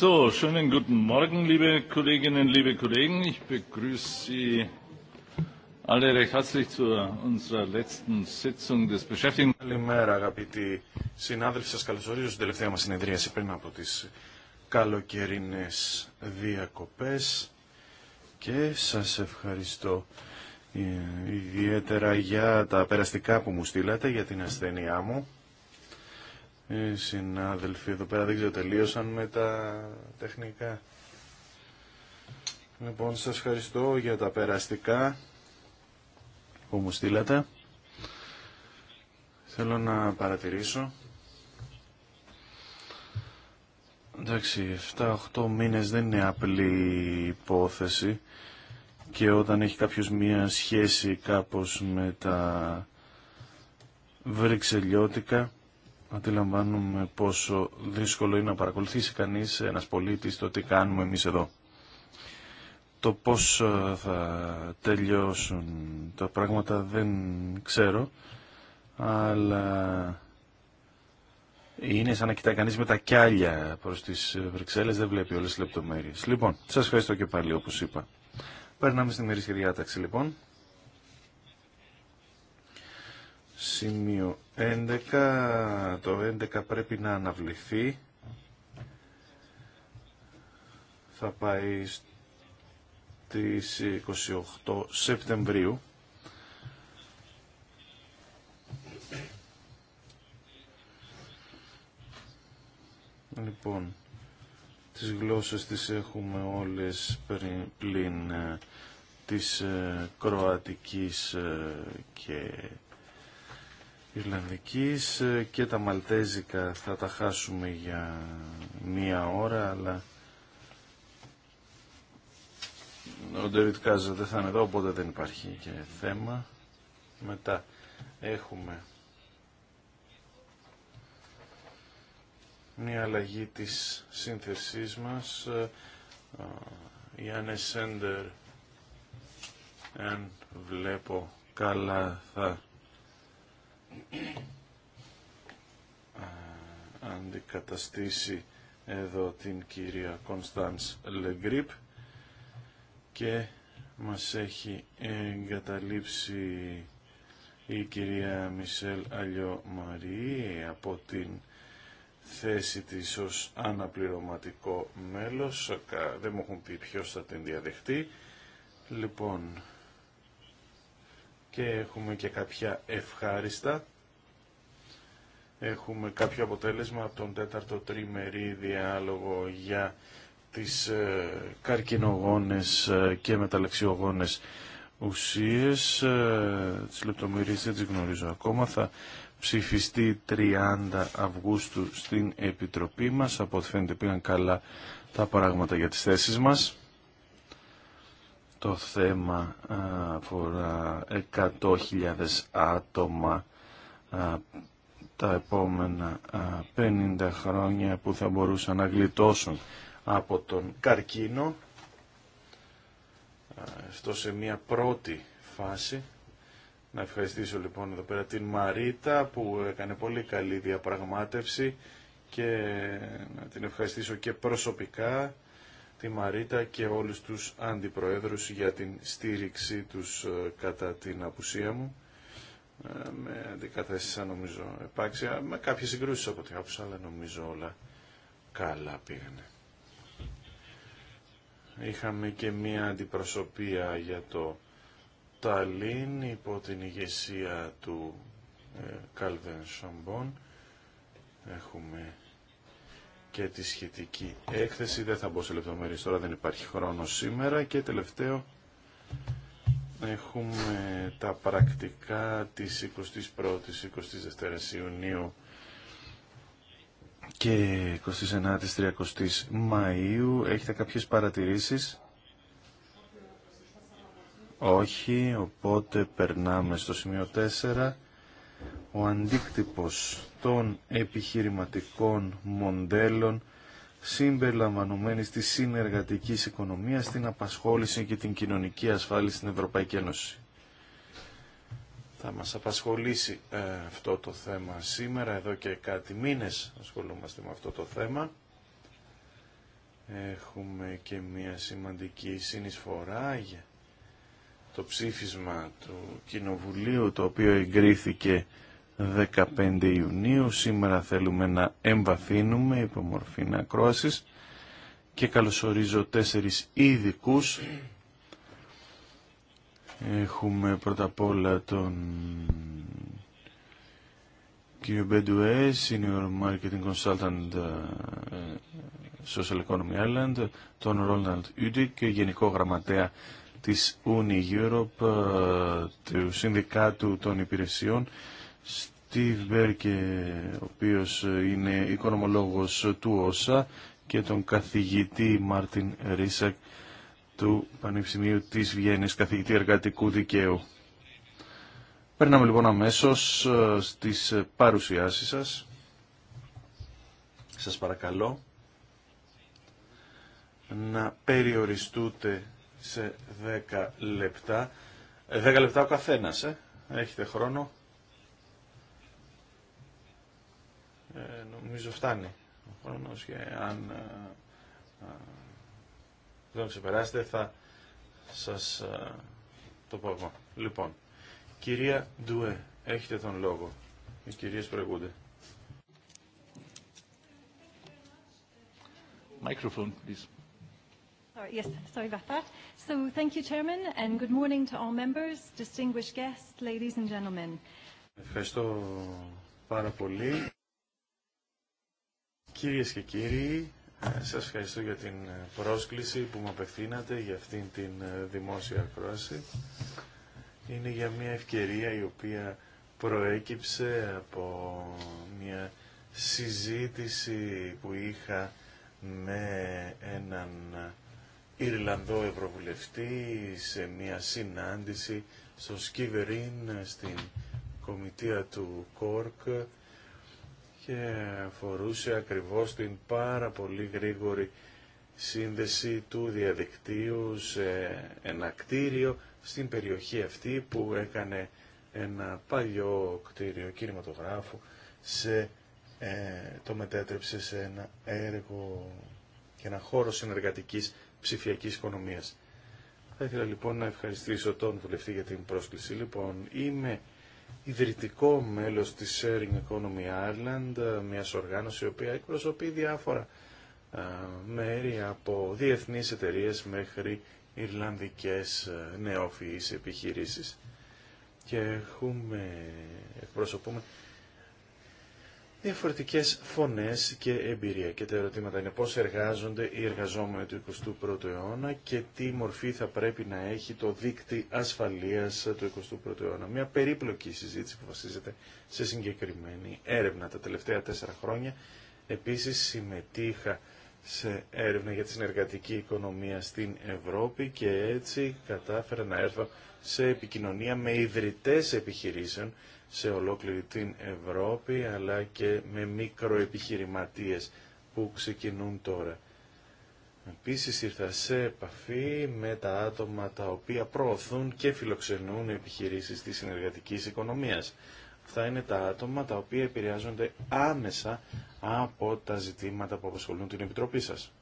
So, Καλημέρα, αγαπητοί συνάδελφοι. Σας καλωσορίζω στην τελευταία μας συνεδρίαση πριν από τις καλοκαιρινές διακοπές και σας ευχαριστώ ε, ιδιαίτερα για τα περαστικά που μου στείλατε για την ασθένειά μου. Οι συνάδελφοι εδώ πέρα δεν ξέρω τελείωσαν με τα τεχνικά. Λοιπόν, σας ευχαριστώ για τα περαστικά που μου στείλατε. Θέλω να παρατηρήσω. Εντάξει, 7-8 μήνες δεν είναι απλή υπόθεση και όταν έχει κάποιος μία σχέση κάπως με τα βρυξελιώτικα αντιλαμβάνουμε πόσο δύσκολο είναι να παρακολουθήσει κανείς ένας πολίτης το τι κάνουμε εμείς εδώ. Το πώς ε, θα τελειώσουν τα πράγματα δεν ξέρω, αλλά είναι σαν να κοιτάει κανείς με τα κιάλια προς τις Βρυξέλλες, δεν βλέπει όλες τις λεπτομέρειες. Λοιπόν, σας ευχαριστώ και πάλι όπως είπα. Περνάμε στην μερίσια διάταξη λοιπόν. Σημείο 11, το 11 πρέπει να αναβληθεί. Θα πάει στις 28 Σεπτεμβρίου. Λοιπόν, τις γλώσσες τις έχουμε όλες πλην ε, της ε, Κροατικής ε, και Ιρλανδικής ε, και τα Μαλτέζικα θα τα χάσουμε για μία ώρα, αλλά ο Ντέβιτ Κάζα δεν θα είναι εδώ, οπότε δεν υπάρχει και θέμα. Μετά έχουμε μία αλλαγή της σύνθεσής μας. Η ε, ε, Άννε Σέντερ, αν βλέπω καλά, θα αντικαταστήσει εδώ την κυρία Κωνσταντς Λεγκρίπ και μας έχει εγκαταλείψει η κυρία Μισελ Αλιό από την θέση της ως αναπληρωματικό μέλος. Δεν μου έχουν πει ποιος θα την διαδεχτεί. Λοιπόν, και έχουμε και κάποια ευχάριστα. Έχουμε κάποιο αποτέλεσμα από τον τέταρτο τριμερή διάλογο για τις ε, καρκινογόνες ε, και μεταλλαξιογόνες ουσίες. Ε, τις λεπτομερίες δεν τις γνωρίζω ακόμα. Θα ψηφιστεί 30 Αυγούστου στην Επιτροπή μας. Από ό,τι φαίνεται πήγαν καλά τα πράγματα για τις θέσεις μας το θέμα αφορά 100.000 άτομα τα επόμενα 50 χρόνια που θα μπορούσαν να γλιτώσουν από τον καρκίνο αυτό σε μια πρώτη φάση να ευχαριστήσω λοιπόν εδώ πέρα την Μαρίτα που έκανε πολύ καλή διαπραγμάτευση και να την ευχαριστήσω και προσωπικά τη Μαρίτα και όλους τους αντιπροέδρους για την στήριξή τους ε, κατά την απουσία μου. Ε, με αντικαθέστησα νομίζω επάξια, με κάποιες συγκρούσεις από την άποψη, αλλά νομίζω όλα καλά πήγανε. Είχαμε και μία αντιπροσωπεία για το Ταλίν υπό την ηγεσία του Καλβεν Έχουμε και τη σχετική έκθεση. Δεν θα μπω σε λεπτομέρειε τώρα, δεν υπάρχει χρόνο σήμερα. Και τελευταίο, έχουμε τα πρακτικά της 21 η 22ης Ιουνίου και 29 η 30ης Μαΐου. Έχετε κάποιες παρατηρήσεις. Όχι, οπότε περνάμε στο σημείο 4 ο αντίκτυπος των επιχειρηματικών μοντέλων συμπεριλαμβανομένης της συνεργατικής οικονομίας, στην απασχόληση και την κοινωνική ασφάλιση στην Ευρωπαϊκή Ένωση. Θα μας απασχολήσει ε, αυτό το θέμα σήμερα, εδώ και κάτι μήνες ασχολούμαστε με αυτό το θέμα. Έχουμε και μια σημαντική συνεισφορά για το ψήφισμα του Κοινοβουλίου, το οποίο εγκρίθηκε 15 Ιουνίου. Σήμερα θέλουμε να εμβαθύνουμε υπό μορφή ακρόασης και καλωσορίζω τέσσερις ειδικού. Έχουμε πρώτα απ' όλα τον κύριο Μπεντουέ, Senior Marketing Consultant ε, Social Economy Island, τον Ρόναλντ Ιούντικ, Γενικό Γραμματέα της Uni Europe, ε, του Συνδικάτου των Υπηρεσιών Στίβ Μπέρκε, ο οποίος είναι οικονομολόγος του ΩΣΑ και τον καθηγητή Μάρτιν Ρίσακ του Πανεπιστημίου της Βιέννης, καθηγητή εργατικού δικαίου. Περνάμε λοιπόν αμέσως ε, στις παρουσιάσεις σας. Σας παρακαλώ να περιοριστούτε σε 10 λεπτά. 10 ε, λεπτά ο καθένας, ε. Έχετε χρόνο. νομίζω φτάνει ο χρόνος και αν δεν ξεπεράσετε θα σας το πω εγώ. Λοιπόν, κυρία Ντουέ, έχετε τον λόγο. Οι κυρίες προηγούνται. Microphone, please. Sorry, yes, sorry about that. So thank you, Chairman, and good morning to all members, distinguished guests, ladies and gentlemen. Ευχαριστώ πάρα πολύ. Κυρίες και κύριοι, ε, σας ευχαριστώ για την ε, πρόσκληση που μου απευθύνατε για αυτήν την ε, δημόσια ακρόαση. Είναι για μια ευκαιρία η οποία προέκυψε από μια συζήτηση που είχα με έναν Ιρλανδό Ευρωβουλευτή σε μια συνάντηση στο Σκιβερίν στην Κομιτεία του Κόρκ και αφορούσε ακριβώς την πάρα πολύ γρήγορη σύνδεση του διαδικτύου σε ένα κτίριο στην περιοχή αυτή που έκανε ένα παλιό κτίριο κινηματογράφου σε, ε, το μετέτρεψε σε ένα έργο και ένα χώρο συνεργατικής ψηφιακής οικονομίας. Θα ήθελα λοιπόν να ευχαριστήσω τον βουλευτή για την πρόσκληση. Λοιπόν, είμαι ιδρυτικό μέλος της Sharing Economy Ireland, ε, μια οργάνωση η οποία εκπροσωπεί διάφορα ε, μέρη από διεθνείς εταιρείες μέχρι Ιρλανδικές ε, νεόφυης επιχειρήσεις. Και έχουμε, εκπροσωπούμε Διαφορετικέ φωνές και εμπειρία. Και τα ερωτήματα είναι πώ εργάζονται οι εργαζόμενοι του 21ου αιώνα και τι μορφή θα πρέπει να έχει το δίκτυ ασφαλείας του 21ου αιώνα. Μια περίπλοκη συζήτηση που βασίζεται σε συγκεκριμένη έρευνα. Τα τελευταία τέσσερα χρόνια επίσης συμμετείχα σε έρευνα για τη συνεργατική οικονομία στην Ευρώπη και έτσι κατάφερα να έρθω σε επικοινωνία με ιδρυτές επιχειρήσεων σε ολόκληρη την Ευρώπη αλλά και με μικροεπιχειρηματίες που ξεκινούν τώρα. Επίσης ήρθα σε επαφή με τα άτομα τα οποία προωθούν και φιλοξενούν επιχειρήσεις της συνεργατικής οικονομίας. Αυτά είναι τα άτομα τα οποία επηρεάζονται άμεσα από τα ζητήματα που απασχολούν την Επιτροπή σας.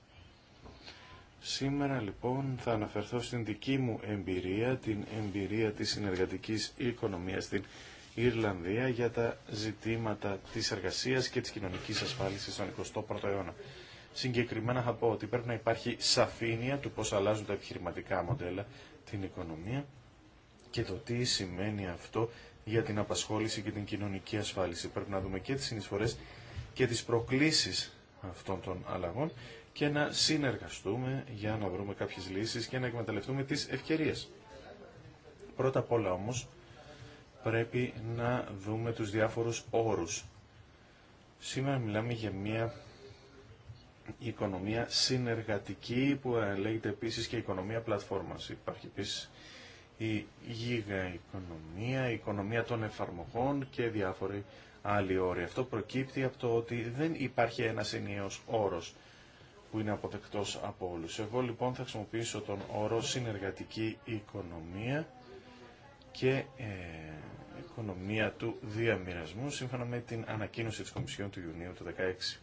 Σήμερα λοιπόν θα αναφερθώ στην δική μου εμπειρία, την εμπειρία της συνεργατικής οικονομίας, την Ιρλανδία για τα ζητήματα της εργασίας και της κοινωνικής ασφάλισης στον 21ο αιώνα. Συγκεκριμένα θα πω ότι πρέπει να υπάρχει σαφήνεια του πώς αλλάζουν τα επιχειρηματικά μοντέλα την οικονομία και το τι σημαίνει αυτό για την απασχόληση και την κοινωνική ασφάλιση. Πρέπει να δούμε και τις συνεισφορές και τις προκλήσεις αυτών των αλλαγών και να συνεργαστούμε για να βρούμε κάποιες λύσεις και να εκμεταλλευτούμε τις ευκαιρίες. Πρώτα απ' όλα όμως πρέπει να δούμε τους διάφορους όρους. Σήμερα μιλάμε για μια οικονομία συνεργατική που λέγεται επίσης και οικονομία πλατφόρμας. Υπάρχει επίσης η γίγα οικονομία, η οικονομία των εφαρμογών και διάφοροι άλλοι όροι. Αυτό προκύπτει από το ότι δεν υπάρχει ένας ενιαίος όρος που είναι αποδεκτός από όλους. Εγώ λοιπόν θα χρησιμοποιήσω τον όρο συνεργατική οικονομία και ε, οικονομία του διαμοιρασμού σύμφωνα με την ανακοίνωση της Κομισιόν του Ιουνίου του 2016.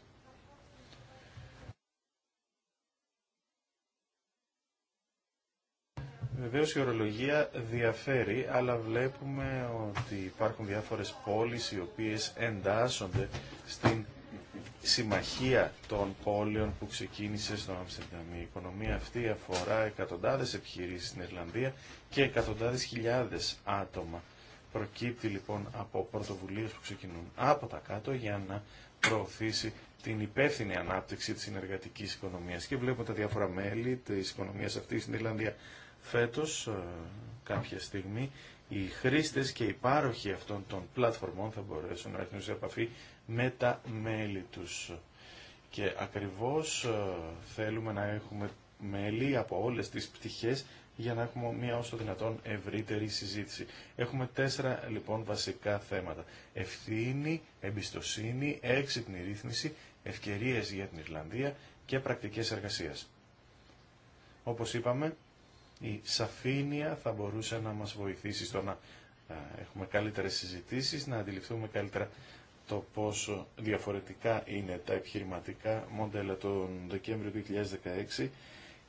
Βεβαίω η ορολογία διαφέρει, αλλά βλέπουμε ότι υπάρχουν διάφορες πόλεις οι οποίες εντάσσονται στην συμμαχία των πόλεων που ξεκίνησε στο Άμστερνταμ. Η οικονομία αυτή αφορά εκατοντάδες επιχειρήσεις στην Ιρλανδία και εκατοντάδες χιλιάδες άτομα Προκύπτει λοιπόν από πρωτοβουλίες που ξεκινούν από τα κάτω για να προωθήσει την υπεύθυνη ανάπτυξη της συνεργατικής οικονομίας. Και βλέπουμε τα διάφορα μέλη της οικονομίας αυτής στην Ιρλανδία φέτος ε, κάποια στιγμή οι χρήστες και οι πάροχοι αυτών των πλατφορμών θα μπορέσουν να έρθουν σε επαφή με τα μέλη τους. Και ακριβώς ε, θέλουμε να έχουμε μέλη από όλες τις πτυχές για να έχουμε μια όσο δυνατόν ευρύτερη συζήτηση. Έχουμε τέσσερα λοιπόν βασικά θέματα. Ευθύνη, εμπιστοσύνη, έξυπνη ρύθμιση, ευκαιρίες για την Ιρλανδία και πρακτικές εργασίας. Όπως είπαμε, η σαφήνεια θα μπορούσε να μας βοηθήσει στο να έχουμε καλύτερες συζητήσεις, να αντιληφθούμε καλύτερα το πόσο διαφορετικά είναι τα επιχειρηματικά μοντέλα τον Δεκέμβριο 2016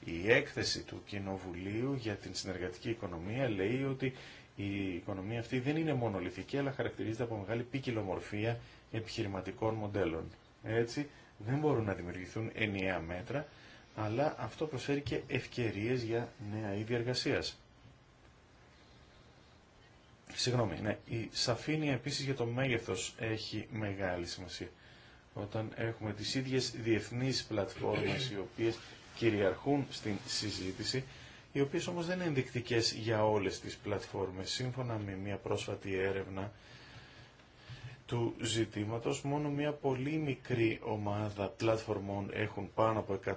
η έκθεση του Κοινοβουλίου για την συνεργατική οικονομία λέει ότι η οικονομία αυτή δεν είναι μονολυθική, αλλά χαρακτηρίζεται από μεγάλη ποικιλομορφία επιχειρηματικών μοντέλων. Έτσι, δεν μπορούν να δημιουργηθούν ενιαία μέτρα, αλλά αυτό προσφέρει και ευκαιρίες για νέα είδη εργασίας. Συγγνώμη, ναι, η σαφήνεια επίσης για το μέγεθος έχει μεγάλη σημασία. Όταν έχουμε τις ίδιες διεθνείς πλατφόρμες οι οποίες κυριαρχούν στην συζήτηση, οι οποίες όμως δεν είναι ενδεικτικές για όλες τις πλατφόρμες. Σύμφωνα με μια πρόσφατη έρευνα του ζητήματος, μόνο μια πολύ μικρή ομάδα πλατφορμών έχουν πάνω από 100.000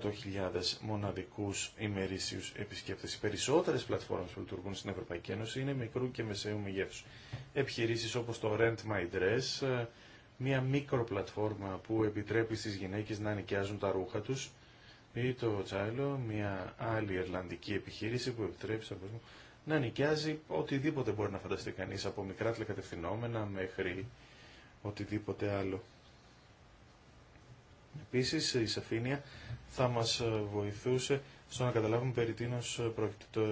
μοναδικούς ημερήσιους επισκέπτες. Οι περισσότερες πλατφόρμες που λειτουργούν στην Ευρωπαϊκή Ένωση είναι μικρού και μεσαίου μεγέθους. Επιχειρήσεις όπως το Rent My Dress, ε, μια μικροπλατφόρμα που επιτρέπει στις γυναίκες να νοικιάζουν τα ρούχα τους, ή το Τσάιλο, μια άλλη ερλαντική επιχείρηση που επιτρέψει ο κόσμος να νοικιάζει οτιδήποτε μπορεί να φανταστεί κανείς, από μικρά τλεκατευθυνόμενα μέχρι οτιδήποτε άλλο. Επίσης η το Τσάιλο, μια άλλη Ιρλανδική επιχείρηση που επιτρέπει στον κόσμο να νοικιάζει οτιδήποτε μπορεί να φανταστεί κανεί από μικρά τηλεκατευθυνόμενα μέχρι οτιδήποτε άλλο. Επίσης, η σαφήνεια θα μας βοηθούσε στο να καταλάβουμε περί τίνο πρόκειται το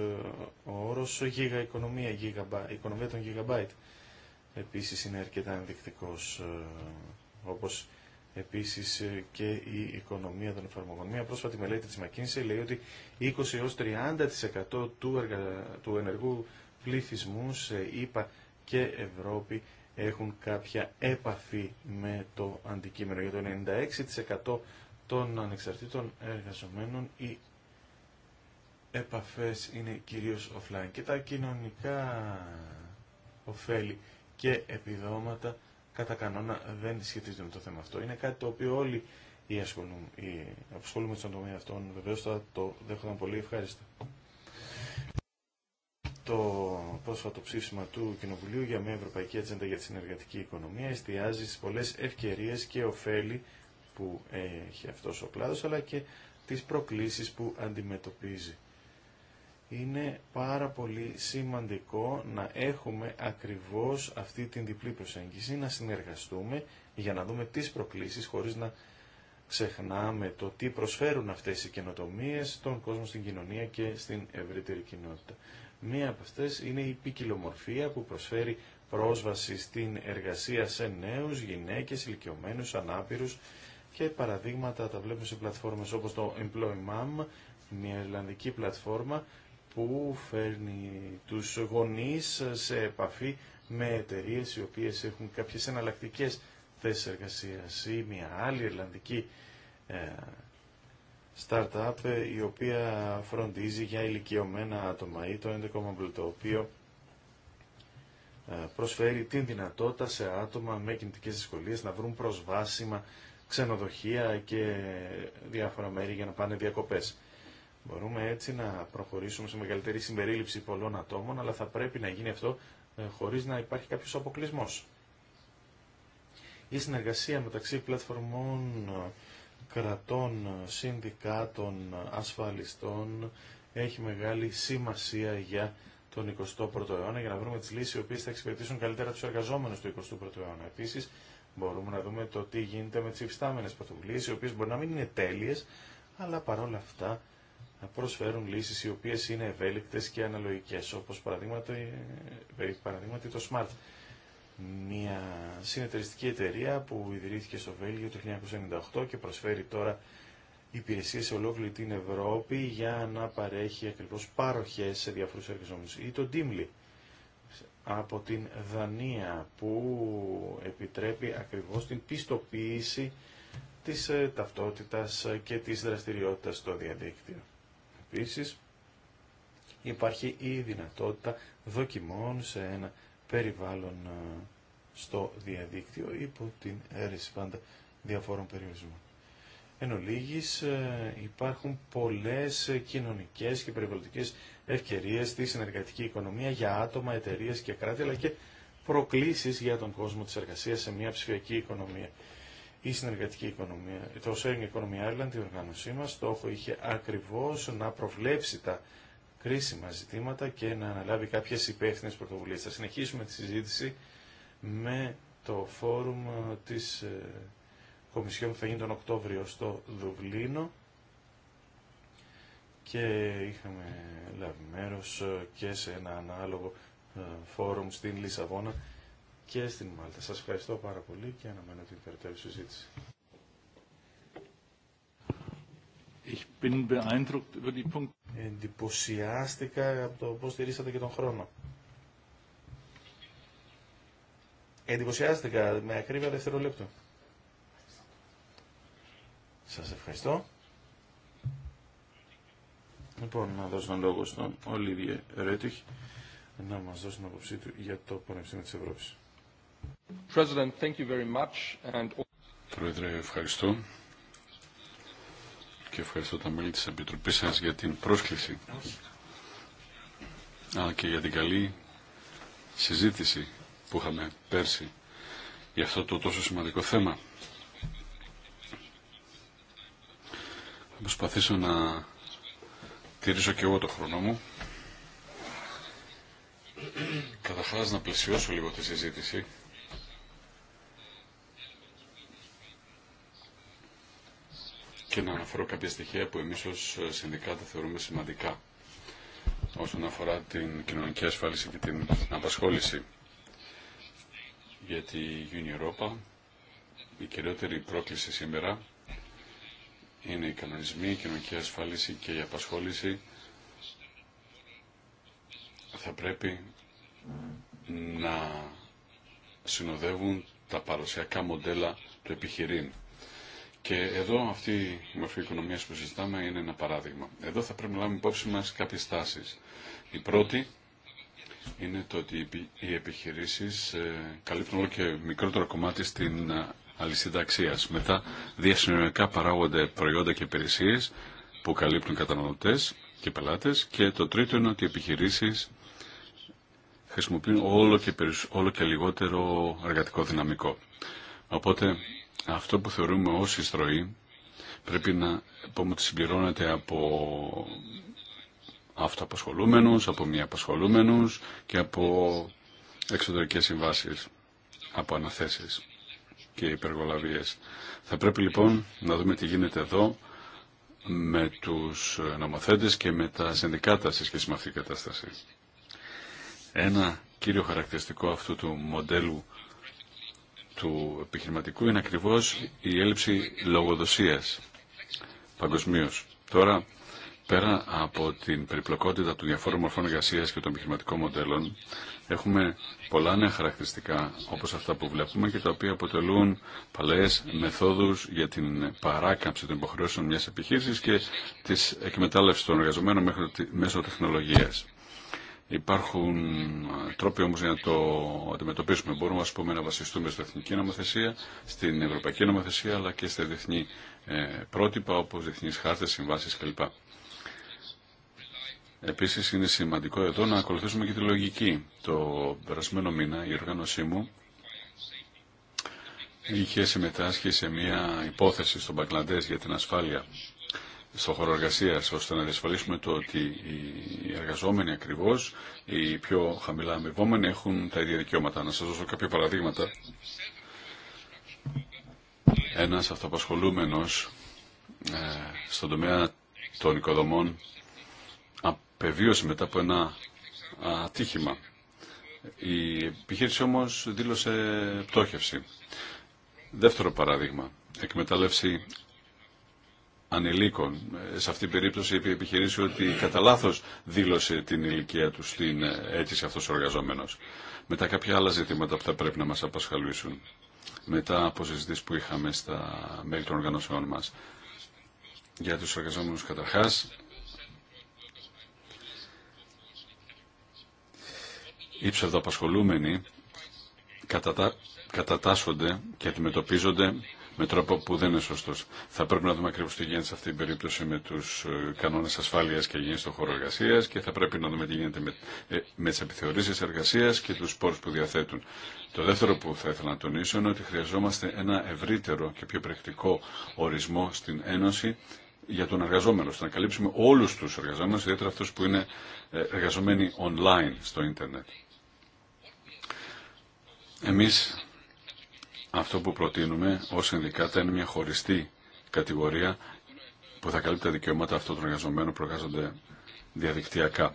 όρος γίγα οικονομία, οικονομία των γιγαμπάιτ. Επίσης είναι αρκετά ενδεικτικός ε, όπως επίσης ε, και η οικονομία των εφαρμογών. Μια πρόσφατη μελέτη της McKinsey λέει ότι 20 30% του, εργα... του ενεργού πληθυσμού σε ήπα και Ευρώπη έχουν κάποια έπαφη με το αντικείμενο. Για το 96% των ανεξαρτήτων εργαζομένων οι επαφές είναι κυρίως offline και τα κοινωνικά ωφέλη και επιδόματα κατά κανόνα δεν σχετίζεται με το θέμα αυτό. Είναι κάτι το οποίο όλοι οι ασχολούμενοι στον τομέα αυτών βεβαίως θα το δέχονταν πολύ ευχάριστα. Το πρόσφατο ψήφισμα του Κοινοβουλίου για μια Ευρωπαϊκή Ατζέντα για τη Συνεργατική Οικονομία εστιάζει στι πολλές ευκαιρίες και ωφέλη που έχει αυτό ο κλάδος αλλά και τι προκλήσει που αντιμετωπίζει είναι πάρα πολύ σημαντικό να έχουμε ακριβώς αυτή την διπλή προσέγγιση, να συνεργαστούμε για να δούμε τις προκλήσεις χωρίς να ξεχνάμε το τι προσφέρουν αυτές οι καινοτομίε στον κόσμο, στην κοινωνία και στην ευρύτερη κοινότητα. Μία από αυτές είναι η ποικιλομορφία που προσφέρει πρόσβαση στην εργασία σε νέους, γυναίκες, ηλικιωμένους, ανάπηρους και παραδείγματα τα βλέπουμε σε πλατφόρμες όπως το Employee Mom, μια ελληνική πλατφόρμα που φέρνει τους γονείς σε επαφή με εταιρείε οι οποίες έχουν κάποιες εναλλακτικέ θέσεις εργασίας ή μια άλλη Ιρλανδική ε, startup ε, η οποία φροντίζει για ηλικιωμένα άτομα ή το έντεκο το οποίο ε, προσφέρει την δυνατότητα σε άτομα με κινητικές δυσκολίες να βρουν προσβάσιμα ξενοδοχεία και διάφορα μέρη για να πάνε διακοπές. Μπορούμε έτσι να προχωρήσουμε σε μεγαλύτερη συμπερίληψη πολλών ατόμων, αλλά θα πρέπει να γίνει αυτό ε, χωρίς να υπάρχει κάποιος αποκλεισμός. Η συνεργασία μεταξύ πλατφορμών, κρατών, συνδικάτων, ασφαλιστών έχει μεγάλη σημασία για τον 21ο αιώνα για να βρούμε τις λύσεις οι οποίες θα εξυπηρετήσουν καλύτερα τους εργαζόμενους του 21ου αιώνα. Επίσης, μπορούμε να δούμε το τι γίνεται με τις υφιστάμενες πρωτοβουλίες, οι οποίες μπορεί να μην είναι τέλειες, αλλά παρόλα αυτά να προσφέρουν λύσεις οι οποίες είναι ευέλικτες και αναλογικές, όπως παραδείγματι το Smart, μια συνεταιριστική εταιρεία που ιδρύθηκε στο Βέλγιο το 1998 και προσφέρει τώρα υπηρεσίες σε ολόκληρη την Ευρώπη για να παρέχει ακριβώς παροχές σε διαφορούς εργαζόμενους. Ή το Dimly από την Δανία που επιτρέπει ακριβώς την πιστοποίηση της ε, ταυτότητας και της δραστηριότητας στο διαδίκτυο. Επίσης, υπάρχει η δυνατότητα δοκιμών σε ένα περιβάλλον ε, στο διαδίκτυο υπό την αίρεση πάντα διαφόρων περιορισμών. Εν ολίγης, ε, υπάρχουν πολλές κοινωνικές και περιβαλλοντικές ευκαιρίες στη συνεργατική οικονομία για άτομα, εταιρείες και κράτη, αλλά και προκλήσεις για τον κόσμο της εργασίας σε μια ψηφιακή οικονομία η συνεργατική οικονομία, το Sharing Economy Island, η οργάνωσή μα, στόχο είχε ακριβώ να προβλέψει τα κρίσιμα ζητήματα και να αναλάβει κάποιε υπεύθυνε πρωτοβουλίε. Θα συνεχίσουμε τη συζήτηση με το φόρουμ ε, της ε, Κομισιόν που θα γίνει τον Οκτώβριο στο Δουβλίνο και είχαμε λάβει μέρος ε, και σε ένα ανάλογο φόρουμ στην Λισαβόνα και στην Μάλτα. Σας ευχαριστώ πάρα πολύ και αναμένω την περαιτέρω συζήτηση. Ich bin beeindruckt über die Εντυπωσιάστηκα από το πώς στηρίσατε και τον χρόνο. Εντυπωσιάστηκα με ακρίβεια δευτερολέπτου. Σας ευχαριστώ. Λοιπόν, να δώσω τον λόγο στον Ολίβιε Ρέτυχ να μας δώσει την άποψή του για το Πανεπιστήμιο της Ευρώπης. Πρόεδρε, ευχαριστώ και ευχαριστώ τα μέλη της Επιτροπής σας για την πρόσκληση αλλά και για την καλή συζήτηση που είχαμε πέρσι για αυτό το τόσο σημαντικό θέμα. Θα προσπαθήσω να τηρήσω και εγώ το χρόνο μου. Καταρχάς να πλαισιώσω λίγο τη συζήτηση και να αναφέρω κάποια στοιχεία που εμείς ως συνδικάτα θεωρούμε σημαντικά όσον αφορά την κοινωνική ασφάλιση και την απασχόληση. Για τη Union Europa η κυριότερη πρόκληση σήμερα είναι οι κανονισμοί, η κοινωνική ασφάλιση και η απασχόληση θα πρέπει να συνοδεύουν τα παρουσιακά μοντέλα του επιχειρήν. Και εδώ αυτή η μορφή οικονομία που συζητάμε είναι ένα παράδειγμα. Εδώ θα πρέπει να λάβουμε υπόψη μα κάποιε τάσει. Η πρώτη είναι το ότι οι επιχειρήσει ε, καλύπτουν όλο και μικρότερο κομμάτι στην ε, αλυσίδα αξία. Μετά διασυνοριακά παράγονται προϊόντα και υπηρεσίε που καλύπτουν καταναλωτέ και πελάτε. Και το τρίτο είναι ότι οι επιχειρήσει χρησιμοποιούν όλο και, όλο και λιγότερο εργατικό δυναμικό. Οπότε αυτό που θεωρούμε ως ιστροή πρέπει να συμπληρώνεται από αυτοαπασχολούμενους, από μη απασχολούμενου και από εξωτερικές συμβάσεις, από αναθέσεις και υπεργολαβίες. Θα πρέπει λοιπόν να δούμε τι γίνεται εδώ με τους νομοθέτες και με τα συνδικάτα σε σχέση με αυτή την κατάσταση. Ένα κύριο χαρακτηριστικό αυτού του μοντέλου του επιχειρηματικού είναι ακριβώς η έλλειψη λογοδοσίας παγκοσμίω. Τώρα, πέρα από την περιπλοκότητα των διαφόρων μορφών εργασία και των επιχειρηματικών μοντέλων, έχουμε πολλά νέα χαρακτηριστικά όπως αυτά που βλέπουμε και τα οποία αποτελούν παλαιές μεθόδους για την παράκαμψη των υποχρεώσεων μιας επιχείρησης και της εκμετάλλευσης των εργαζομένων μέσω τεχνολογίας. Υπάρχουν ε, τρόποι όμως για να το αντιμετωπίσουμε. Μπορούμε ας πούμε, να βασιστούμε στην εθνική νομοθεσία, στην ευρωπαϊκή νομοθεσία αλλά και στα διεθνή ε, πρότυπα όπως διεθνείς χάρτες, συμβάσεις κλπ. Επίσης είναι σημαντικό εδώ να ακολουθήσουμε και τη λογική. Το περασμένο μήνα η οργάνωσή μου είχε συμμετάσχει σε μια υπόθεση στον Μπαγκλαντές για την ασφάλεια στο χώρο εργασία ώστε να διασφαλίσουμε το ότι οι εργαζόμενοι ακριβώ, οι πιο χαμηλά αμοιβόμενοι έχουν τα ίδια δικαιώματα. Να σα δώσω κάποια παραδείγματα. Ένα αυτοπασχολούμενο ε, στον τομέα των οικοδομών απεβίωσε μετά από ένα ατύχημα. Η επιχείρηση όμως δήλωσε πτώχευση. Δεύτερο παράδειγμα, εκμετάλλευση ανηλίκων. Ε, σε αυτή την περίπτωση είπε η επιχειρήση ότι κατά λάθο δήλωσε την ηλικία του στην ε, αίτηση αυτό ο εργαζόμενο. Μετά κάποια άλλα ζητήματα που θα πρέπει να μας απασχολήσουν Μετά από συζητήσει που είχαμε στα μέλη των οργανώσεών μας. Για τους εργαζόμενου καταρχάς, οι ψευδοαπασχολούμενοι κατατάσσονται και αντιμετωπίζονται με τρόπο που δεν είναι σωστό. Θα πρέπει να δούμε ακριβώ τι γίνεται σε αυτή την περίπτωση με του ε, κανόνε ασφάλεια και υγιεινή στον χώρο εργασία και θα πρέπει να δούμε τι γίνεται με, ε, με τις επιθεωρήσεις εργασίας και του πόρου που διαθέτουν. Το δεύτερο που θα ήθελα να τονίσω είναι ότι χρειαζόμαστε ένα ευρύτερο και πιο πρακτικό ορισμό στην Ένωση για τον εργαζόμενο, ώστε να καλύψουμε όλου του εργαζόμενου, ιδιαίτερα αυτού που είναι ε, εργαζομένοι online στο ίντερνετ. Εμείς αυτό που προτείνουμε ως συνδικάτα είναι μια χωριστή κατηγορία που θα καλύπτει τα δικαιώματα αυτών των εργαζομένων που εργάζονται διαδικτυακά.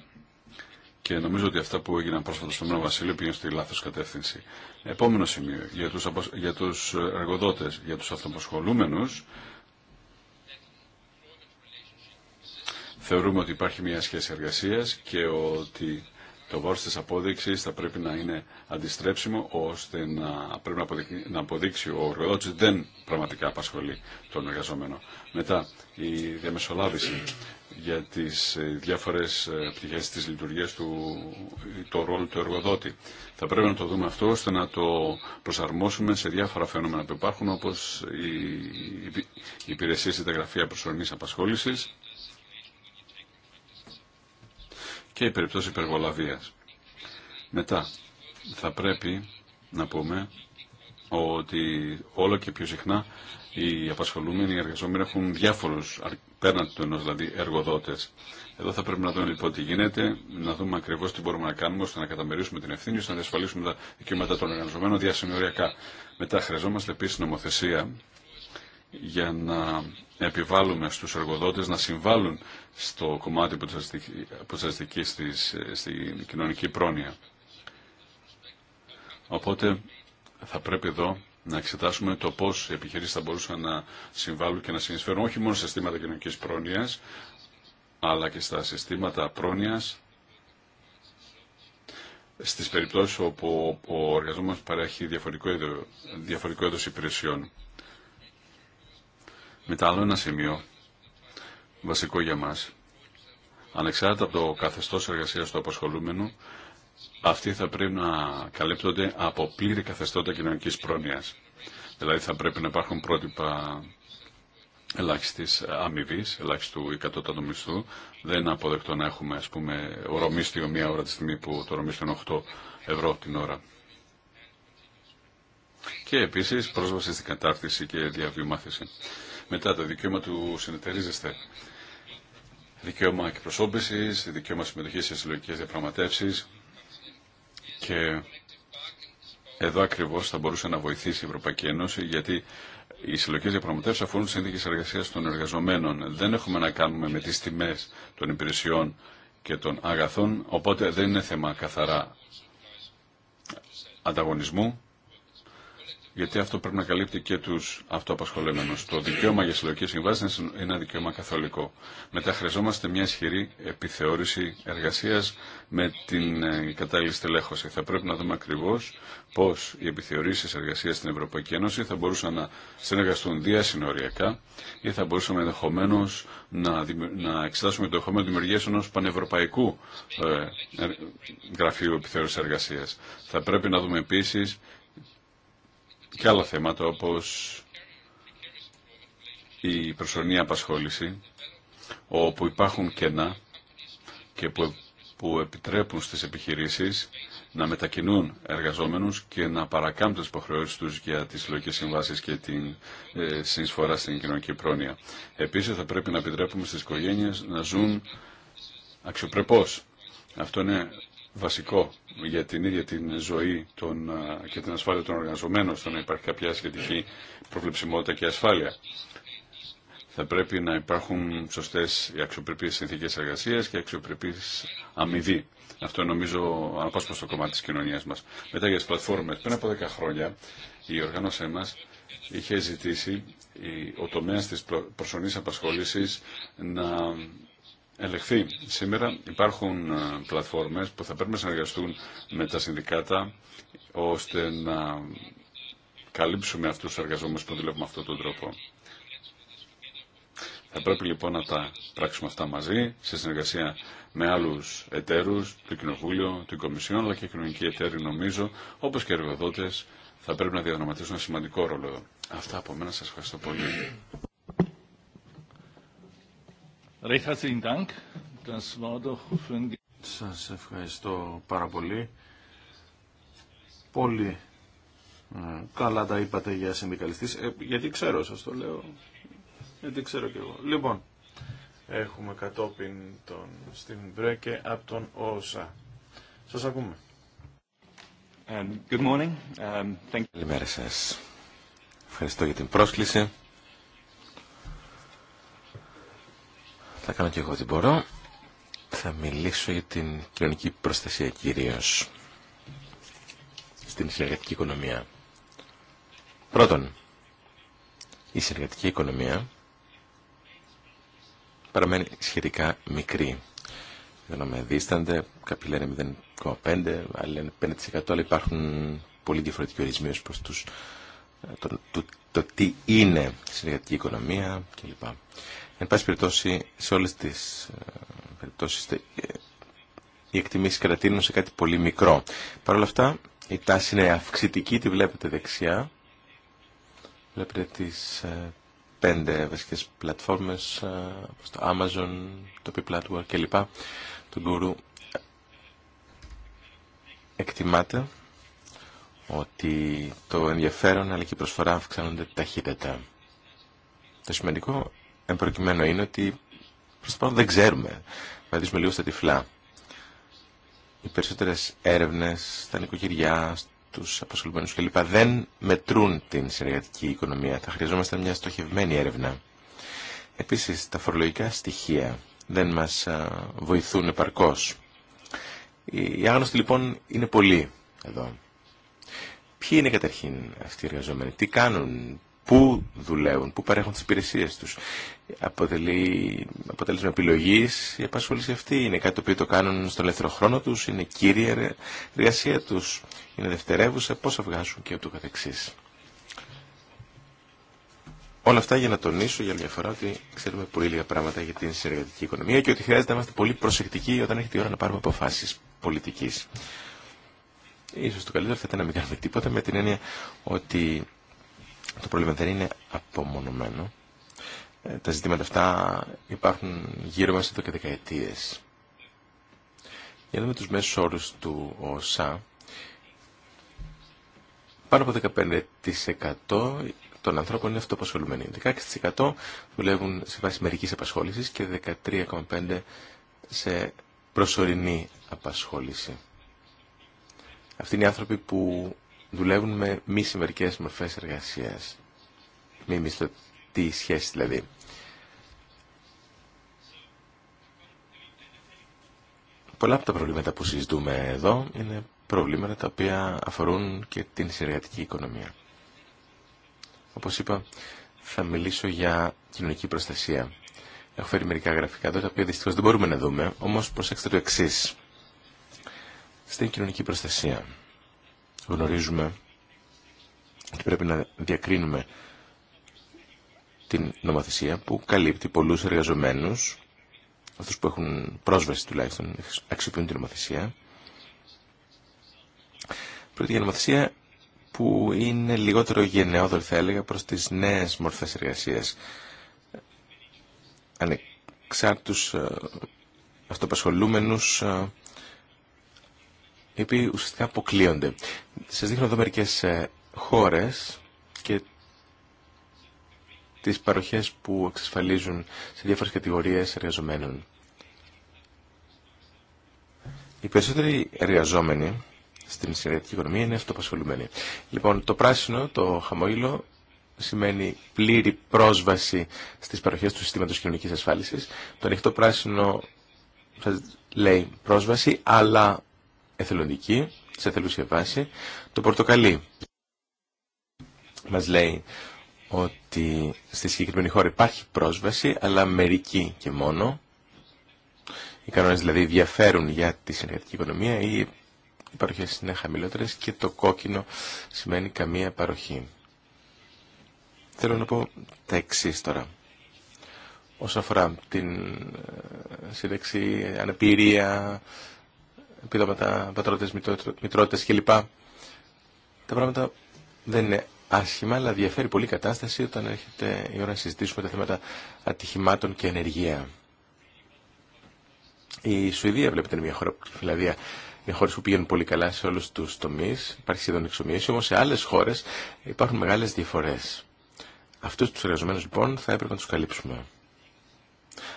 Και νομίζω ότι αυτά που έγιναν πρόσφατα στο Μένο Βασίλειο πήγαν στη λάθο κατεύθυνση. Επόμενο σημείο, για του για τους εργοδότε, για του αυτοπασχολούμενου, θεωρούμε ότι υπάρχει μια σχέση εργασία και ότι το βάρος της απόδειξης θα πρέπει να είναι αντιστρέψιμο ώστε να πρέπει να, αποδείξει ο εργοδότης δεν πραγματικά απασχολεί τον εργαζόμενο. Μετά η διαμεσολάβηση για τις ε, διάφορες ε, πτυχές της λειτουργίας του, το ρόλο του εργοδότη. Θα πρέπει να το δούμε αυτό ώστε να το προσαρμόσουμε σε διάφορα φαινόμενα που υπάρχουν όπως οι υπηρεσία συνταγραφεία προσωρινής απασχόλησης και η περίπτωση υπεργολαβίας. Μετά, θα πρέπει να πούμε ότι όλο και πιο συχνά οι απασχολούμενοι, οι εργαζόμενοι έχουν διάφορους, πέραν του ενός δηλαδή, εργοδότες. Εδώ θα πρέπει να δούμε λοιπόν τι γίνεται, να δούμε ακριβώς τι μπορούμε να κάνουμε ώστε να καταμερίσουμε την ευθύνη, ώστε να διασφαλίσουμε τα δικαιώματα των εργαζομένων διασυνοριακά. Μετά χρειαζόμαστε επίση νομοθεσία για να επιβάλλουμε στους εργοδότες να συμβάλλουν στο κομμάτι που σας δικεί στην κοινωνική πρόνοια. Οπότε θα πρέπει εδώ να εξετάσουμε το πώς οι επιχειρήσεις θα μπορούσαν να συμβάλλουν και να συνεισφέρουν όχι μόνο σε συστήματα κοινωνικής πρόνοιας, αλλά και στα συστήματα πρόνοιας στις περιπτώσεις όπου ο εργαζόμενος παρέχει διαφορετικό είδος υπηρεσιών. Μετά άλλο ένα σημείο βασικό για μας. Ανεξάρτητα από το καθεστώς εργασίας του αποσχολούμενου αυτοί θα πρέπει να καλύπτονται από πλήρη καθεστώτα κοινωνικής πρόνοιας. Δηλαδή θα πρέπει να υπάρχουν πρότυπα ελάχιστη αμοιβή, ελάχιστου εκατότατου μισθού. Δεν είναι αποδεκτό να έχουμε, ας πούμε, ορομίστιο μία ώρα τη στιγμή που το ορομίστιο είναι 8 ευρώ την ώρα. Και επίσης πρόσβαση στην κατάρτιση και διαβιομάθηση. Μετά το δικαίωμα του συνεταιρίζεστε. Δικαίωμα εκπροσώπηση, δικαίωμα συμμετοχή σε συλλογικέ διαπραγματεύσει και εδώ ακριβώ θα μπορούσε να βοηθήσει η Ευρωπαϊκή Ένωση γιατί οι συλλογικέ διαπραγματεύσει αφορούν συνθήκε εργασία των εργαζομένων. Δεν έχουμε να κάνουμε με τι τιμέ των υπηρεσιών και των αγαθών, οπότε δεν είναι θέμα καθαρά ανταγωνισμού, γιατί αυτό πρέπει να καλύπτει και του αυτοαπασχολούμενου. Το δικαίωμα για συλλογικέ συμβάσει είναι ένα δικαίωμα καθολικό. Μετά χρειαζόμαστε μια ισχυρή επιθεώρηση εργασία με την ε, κατάλληλη στελέχωση. Θα πρέπει να δούμε ακριβώ πώ οι επιθεωρήσει εργασία στην Ευρωπαϊκή Ένωση θα μπορούσαν να συνεργαστούν διασυνοριακά ή θα μπορούσαμε ενδεχομένω να, να εξετάσουμε το ενδεχόμενο δημιουργία ενό πανευρωπαϊκού ε, ε γραφείου επιθεώρηση εργασία. Θα πρέπει να δούμε επίση και άλλα θέματα όπως η προσωρινή απασχόληση όπου υπάρχουν κενά και που, που επιτρέπουν στις επιχειρήσεις να μετακινούν εργαζόμενους και να παρακάμπτουν τις υποχρεώσεις τους για τις συλλογικές συμβάσεις και την ε, στην κοινωνική πρόνοια. Επίσης θα πρέπει να επιτρέπουμε στις οικογένειες να ζουν αξιοπρεπώς. Αυτό είναι βασικό για την ίδια την ζωή των, και την ασφάλεια των εργαζομένων στο να υπάρχει κάποια σχετική προβλεψιμότητα και ασφάλεια. Θα πρέπει να υπάρχουν σωστέ οι αξιοπρεπείς συνθήκες εργασίας και αξιοπρεπεί αμοιβή. Αυτό νομίζω αναπόσπαστο κομμάτι τη κοινωνία μα, Μετά για τι πλατφόρμες, πριν από 10 χρόνια η οργάνωσή μα είχε ζητήσει ο τομέα τη προσωρινή απασχόληση να Ελεχθεί. Σήμερα υπάρχουν ε, πλατφόρμες που θα πρέπει να συνεργαστούν με τα συνδικάτα ώστε να καλύψουμε αυτούς τους εργαζόμενους που δουλεύουν με αυτόν τον τρόπο. Θα πρέπει λοιπόν να τα πράξουμε αυτά μαζί, σε συνεργασία με άλλους εταίρους, το Κοινοβούλιο, την Κομισιόν, αλλά και κοινωνικοί εταίροι νομίζω, όπως και εργοδότες, θα πρέπει να διαδραματίσουν ένα σημαντικό ρόλο Αυτά από μένα σας ευχαριστώ πολύ. Σας ευχαριστώ πάρα πολύ. Πολύ ε, καλά τα είπατε για συνδικαλιστής. Ε, γιατί ξέρω, σας το λέω. Γιατί ξέρω κι εγώ. Λοιπόν, έχουμε κατόπιν τον στην Βρέκε από τον ΩΣΑ. Σας ακούμε. Um, um, Καλημέρα σας. Ευχαριστώ για την πρόσκληση. Θα κάνω και εγώ ό,τι μπορώ. Θα μιλήσω για την κοινωνική προστασία κυρίως στην συνεργατική οικονομία. Πρώτον, η συνεργατική οικονομία παραμένει σχετικά μικρή. Δεν με δίστανται, κάποιοι λένε 0,5, άλλοι λένε 5%, αλλά υπάρχουν πολύ διαφορετικοί ορισμοί ως προς τους, ε, το, το, το, τι είναι συνεργατική οικονομία κλπ. Εν πάση περιπτώσει, σε όλες τις ε, περιπτώσεις ε, οι εκτιμήσεις κρατήνουν σε κάτι πολύ μικρό. Παρ' όλα αυτά, η τάση είναι αυξητική, τη βλέπετε δεξιά. Βλέπετε τις ε, πέντε βασικές πλατφόρμες, όπως το Amazon, το p κλπ. Το Guru εκτιμάται ότι το ενδιαφέρον αλλά και η προσφορά αυξάνονται ταχύτερα. Το σημαντικό προκειμένου είναι ότι προς το πάνω δεν ξέρουμε. Να δείσουμε λίγο στα τυφλά. Οι περισσότερες έρευνες στα νοικοκυριά, στου απασχολημένου κλπ. δεν μετρούν την συνεργατική οικονομία. Θα χρειαζόμαστε μια στοχευμένη έρευνα. Επίσης, τα φορολογικά στοιχεία δεν μας βοηθούν επαρκώ. Οι άγνωστοι λοιπόν είναι πολλοί εδώ. Ποιοι είναι καταρχήν αυτοί οι εργαζόμενοι, τι κάνουν, πού δουλεύουν, πού παρέχουν τις υπηρεσίες τους. Αποτελεί αποτέλεσμα επιλογής η απασχόληση αυτή. Είναι κάτι το οποίο το κάνουν στον ελεύθερο χρόνο τους, είναι κύρια εργασία τους, είναι δευτερεύουσα, πώς βγάζουν και ούτω καθεξής. Όλα αυτά για να τονίσω για μια φορά ότι ξέρουμε πολύ λίγα πράγματα για την συνεργατική οικονομία και ότι χρειάζεται να είμαστε πολύ προσεκτικοί όταν έχει τη ώρα να πάρουμε αποφάσεις πολιτικής. Ίσως το καλύτερο θα ήταν να μην κάνουμε τίποτα με την έννοια ότι το πρόβλημα δεν είναι απομονωμένο. Ε, τα ζητήματα αυτά υπάρχουν γύρω μας εδώ και δεκαετίες. Για να δούμε τους μέσους όρους του ΟΣΑ. Πάνω από 15% των ανθρώπων είναι αυτοπασχολουμένοι. 16% δουλεύουν σε βάση μερικής απασχόλησης και 13,5% σε προσωρινή απασχόληση. Αυτοί είναι οι άνθρωποι που δουλεύουν με μη συμμερικές μορφές εργασίας. Μη μισθωτή σχέση δηλαδή. Πολλά από τα προβλήματα που συζητούμε εδώ είναι προβλήματα τα οποία αφορούν και την συνεργατική οικονομία. Όπως είπα, θα μιλήσω για κοινωνική προστασία. Έχω φέρει μερικά γραφικά εδώ, τα οποία δυστυχώς δεν μπορούμε να δούμε, όμως προσέξτε το εξή. Στην κοινωνική προστασία γνωρίζουμε ότι πρέπει να διακρίνουμε την νομοθεσία που καλύπτει πολλούς εργαζομένους, αυτούς που έχουν πρόσβαση τουλάχιστον, αξιοποιούν την νομοθεσία. Πρώτη για νομοθεσία που είναι λιγότερο γενναιόδορη θα έλεγα προς τις νέες μορφές εργασίας. Ανεξάρτητους ε, αυτοπασχολούμενους ε, οι οποίοι ουσιαστικά αποκλείονται. Σας δείχνω εδώ μερικές ε, χώρες και τις παροχέ που εξασφαλίζουν σε διάφορες κατηγορίες εργαζομένων. Οι περισσότεροι εργαζόμενοι στην συνεργατική οικονομία είναι αυτοπασχολουμένοι. Λοιπόν, το πράσινο, το χαμόγελο, σημαίνει πλήρη πρόσβαση στις παροχές του συστήματος κοινωνικής ασφάλισης. Το ανοιχτό πράσινο σας λέει πρόσβαση, αλλά εθελοντική, σε θελούσια βάση. Το πορτοκαλί μας λέει ότι στη συγκεκριμένη χώρα υπάρχει πρόσβαση, αλλά μερική και μόνο. Οι κανόνες δηλαδή διαφέρουν για τη συνεργατική οικονομία ή οι παροχές είναι χαμηλότερες και το κόκκινο σημαίνει καμία παροχή. Θέλω να πω τα εξή τώρα. Όσον αφορά την ε, σύνταξη, αναπηρία, επιδόματα πατρότητες, μητρότητες κλπ. Τα πράγματα δεν είναι άσχημα, αλλά διαφέρει πολύ η κατάσταση όταν έρχεται η ώρα να συζητήσουμε τα θέματα ατυχημάτων και ενεργεία. Η Σουηδία, βλέπετε, είναι μια χώρα, δηλαδή, είναι χώρες που πηγαίνουν πολύ καλά σε όλου του τομεί, υπάρχει σχεδόν εξομοίωση, όμω σε άλλες χώρες υπάρχουν μεγάλες διαφορές. Αυτούς του εργαζομένου, λοιπόν, θα έπρεπε να του καλύψουμε.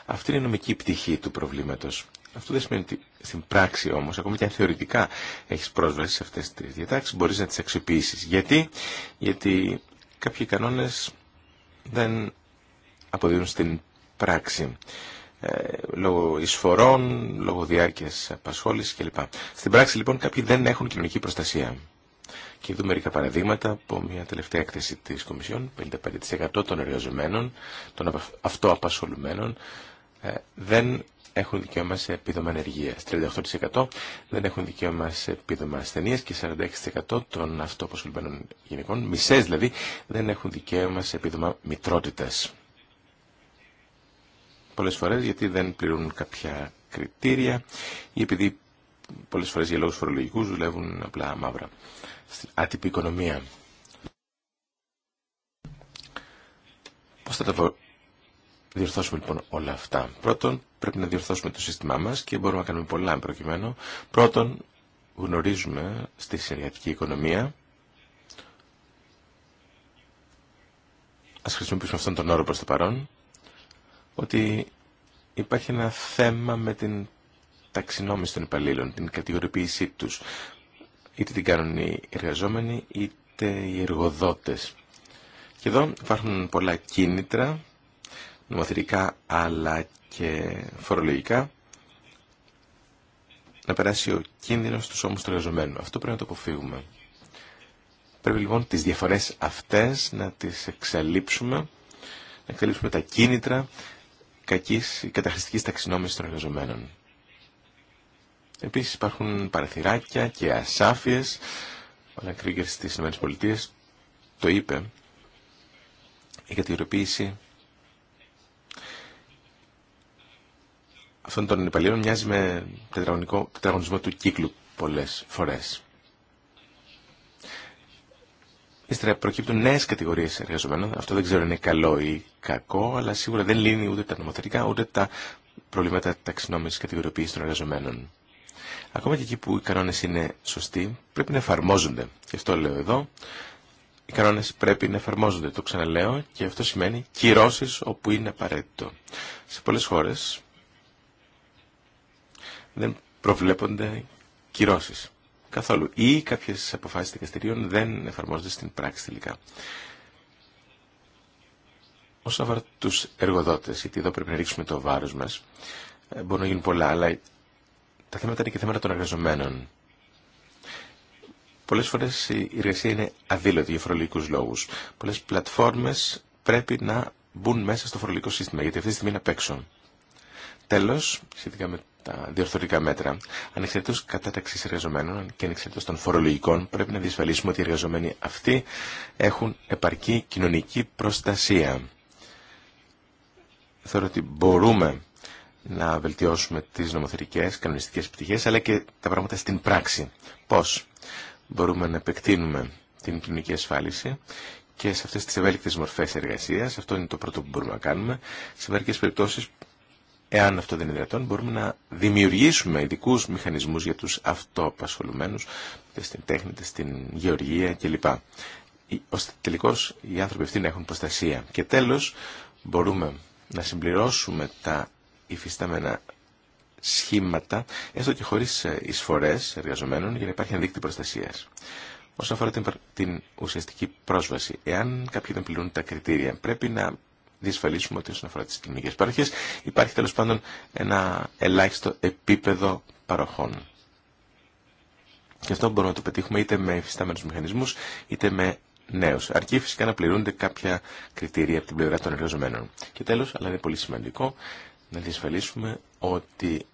Αυτή είναι η νομική πτυχή του προβλήματος. Αυτό δεν σημαίνει ότι στην πράξη όμως, ακόμη και αν θεωρητικά έχεις πρόσβαση σε αυτές τις διατάξεις, μπορείς να τις αξιοποιήσεις. Γιατί, Γιατί κάποιοι κανόνες δεν αποδίδουν στην πράξη. Ε, λόγω εισφορών, λόγω διάρκειας απασχόλησης κλπ. Στην πράξη λοιπόν κάποιοι δεν έχουν κοινωνική προστασία. Και δούμε μερικά παραδείγματα από μια τελευταία έκθεση της Κομισιόν. 55% των εργαζομένων, των αυτοαπασχολουμένων, ε, δεν έχουν δικαίωμα σε επίδομα ανεργία. 38% δεν έχουν δικαίωμα σε επίδομα ασθενεία και 46% των αυτοαποσχολημένων γυναικών, μισέ δηλαδή, δεν έχουν δικαίωμα σε επίδομα μητρότητα. Πολλέ φορέ γιατί δεν πληρούν κάποια κριτήρια ή επειδή πολλέ φορέ για λόγου φορολογικού δουλεύουν απλά μαύρα. Στην άτυπη οικονομία. Πώ θα τα διορθώσουμε λοιπόν όλα αυτά. Πρώτον, πρέπει να διορθώσουμε το σύστημά μας και μπορούμε να κάνουμε πολλά προκειμένου. Πρώτον, γνωρίζουμε στη συνεργατική οικονομία ας χρησιμοποιήσουμε αυτόν τον όρο προς το παρόν ότι υπάρχει ένα θέμα με την ταξινόμηση των υπαλλήλων, την κατηγορηποίησή τους είτε την κάνουν οι εργαζόμενοι είτε οι εργοδότες και εδώ υπάρχουν πολλά κίνητρα νομοθετικά αλλά και φορολογικά, να περάσει ο κίνδυνος στους ώμους του εργαζομένου. Αυτό πρέπει να το αποφύγουμε. Πρέπει λοιπόν τις διαφορές αυτές να τις εξαλείψουμε, να εξαλείψουμε τα κίνητρα κακής καταχρηστικής των εργαζομένων. Επίσης υπάρχουν παραθυράκια και ασάφειες. Ο Λακρίγκερ στις ΗΠΑ το είπε. Η κατηγοριοποίηση αυτών των υπαλλήλων μοιάζει με τετραγωνισμό του κύκλου πολλές φορές. Ύστερα προκύπτουν νέες κατηγορίες εργαζομένων. Αυτό δεν ξέρω αν είναι καλό ή κακό, αλλά σίγουρα δεν λύνει ούτε τα νομοθετικά, ούτε τα προβλήματα ταξινόμησης κατηγοριοποίησης των εργαζομένων. Ακόμα και εκεί που οι κανόνες είναι σωστοί, πρέπει να εφαρμόζονται. Και αυτό λέω εδώ. Οι κανόνες πρέπει να εφαρμόζονται, το ξαναλέω, και αυτό σημαίνει κυρώσεις όπου είναι απαραίτητο. Σε πολλές χώρες δεν προβλέπονται κυρώσεις καθόλου ή κάποιες αποφάσεις δικαστηρίων δεν εφαρμόζονται στην πράξη τελικά. Όσο αφορά του εργοδότε γιατί εδώ πρέπει να ρίξουμε το βάρο μα. Ε, Μπορεί να γίνουν πολλά, αλλά τα θέματα είναι και θέματα των εργαζομένων. Πολλές φορές η καποιε αποφασει δικαστηριων δεν εφαρμοζονται στην πραξη τελικα οσον αφορα του εργοδοτε γιατι εδω πρεπει να ριξουμε το βαρο μα μπορουν να γινουν πολλα αλλα τα θεματα ειναι και θεματα των εργαζομενων πολλε φορε η εργασια ειναι αδηλωτη για φορολογικού λόγου. Πολλέ πλατφόρμε πρέπει να μπουν μέσα στο φορολογικό σύστημα, γιατί αυτή τη στιγμή είναι απ' έξω. Τέλο, σχετικά με τα διορθωτικά μέτρα. Ανεξαρτήτω κατάταξη εργαζομένων και ανεξαρτήτω των φορολογικών, πρέπει να διασφαλίσουμε ότι οι εργαζομένοι αυτοί έχουν επαρκή κοινωνική προστασία. Θεωρώ ότι μπορούμε να βελτιώσουμε τι νομοθετικέ, κανονιστικέ πτυχέ, αλλά και τα πράγματα στην πράξη. Πώ μπορούμε να επεκτείνουμε την κοινωνική ασφάλιση και σε αυτέ τι ευέλικτε μορφέ εργασία, αυτό είναι το πρώτο που μπορούμε να κάνουμε. Σε μερικέ περιπτώσει Εάν αυτό δεν είναι δυνατόν, μπορούμε να δημιουργήσουμε ειδικού μηχανισμού για του αυτοπασχολουμένου είτε στην τέχνη, στην γεωργία κλπ. ώστε τελικώ οι άνθρωποι αυτοί να έχουν προστασία. Και τέλο, μπορούμε να συμπληρώσουμε τα υφιστάμενα σχήματα, έστω και χωρί ε, εισφορέ εργαζομένων, για να υπάρχει δίκτυο προστασία. Όσον αφορά την ουσιαστική πρόσβαση, εάν κάποιοι δεν πληρούν τα κριτήρια, πρέπει να διασφαλίσουμε ότι όσον αφορά τι κοινωνικέ παροχέ υπάρχει τέλο πάντων ένα ελάχιστο επίπεδο παροχών. Και αυτό μπορούμε να το πετύχουμε είτε με υφιστάμενους μηχανισμού είτε με νέου. Αρκεί φυσικά να πληρούνται κάποια κριτήρια από την πλευρά των εργαζομένων. Και τέλο, αλλά είναι πολύ σημαντικό, να διασφαλίσουμε ότι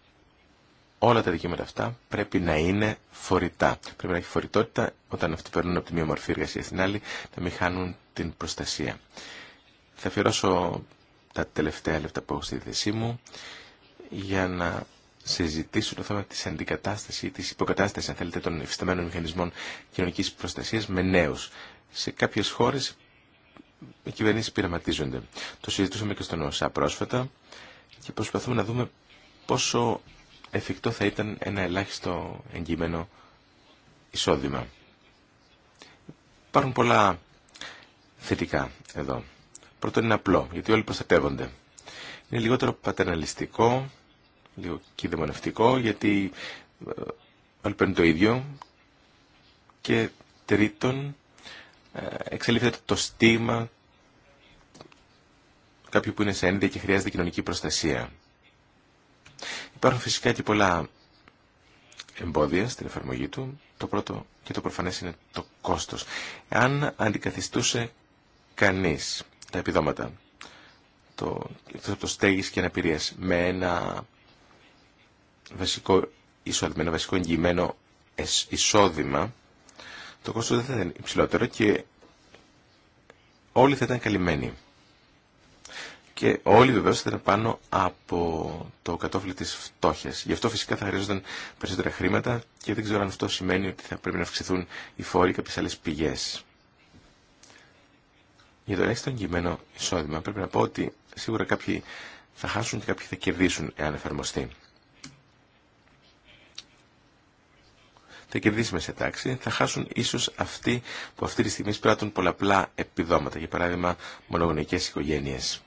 όλα τα δικαιώματα αυτά πρέπει να είναι φορητά. Πρέπει να έχει φορητότητα όταν αυτοί περνούν από τη μία μορφή εργασία στην άλλη, να μην χάνουν την προστασία. Θα αφιερώσω τα τελευταία λεπτά που έχω στη θέση μου για να συζητήσω το θέμα της αντικατάσταση, ή της υποκατάστασης, αν θέλετε, των εφισταμένων μηχανισμών κοινωνικής προστασίας με νέους. Σε κάποιες χώρες οι κυβερνήσεις πειραματίζονται. Το συζητούσαμε και στον ΩΣΑ πρόσφατα και προσπαθούμε να δούμε πόσο εφικτό θα ήταν ένα ελάχιστο εγκείμενο εισόδημα. Υπάρχουν πολλά θετικά εδώ. Πρώτον είναι απλό, γιατί όλοι προστατεύονται. Είναι λιγότερο πατερναλιστικό, λίγο κυδεμονευτικό, γιατί ε, όλοι παίρνουν το ίδιο. Και τρίτον, ε, εξελίφθεται το στίγμα κάποιου που είναι σε ένδια και χρειάζεται κοινωνική προστασία. Υπάρχουν φυσικά και πολλά εμπόδια στην εφαρμογή του. Το πρώτο και το προφανές είναι το κόστος. Αν αντικαθιστούσε κανείς τα επιδόματα. Το, το, το στέγης και αναπηρία με ένα βασικό εισόδημα, βασικό εγγυημένο εισόδημα, το κόστος δεν θα ήταν υψηλότερο και όλοι θα ήταν καλυμμένοι. Και όλοι βεβαίω θα ήταν πάνω από το κατόφλι τη φτώχεια. Γι' αυτό φυσικά θα χρειάζονταν περισσότερα χρήματα και δεν ξέρω αν αυτό σημαίνει ότι θα πρέπει να αυξηθούν οι φόροι και κάποιε άλλε πηγέ. Για το ελάχιστο εγγυημένο εισόδημα πρέπει να πω ότι σίγουρα κάποιοι θα χάσουν και κάποιοι θα κερδίσουν εάν εφαρμοστεί. Θα κερδίσει σε τάξη, θα χάσουν ίσως αυτοί που αυτή τη στιγμή πράττουν πολλαπλά επιδόματα, για παράδειγμα μονογονικές οικογένειες.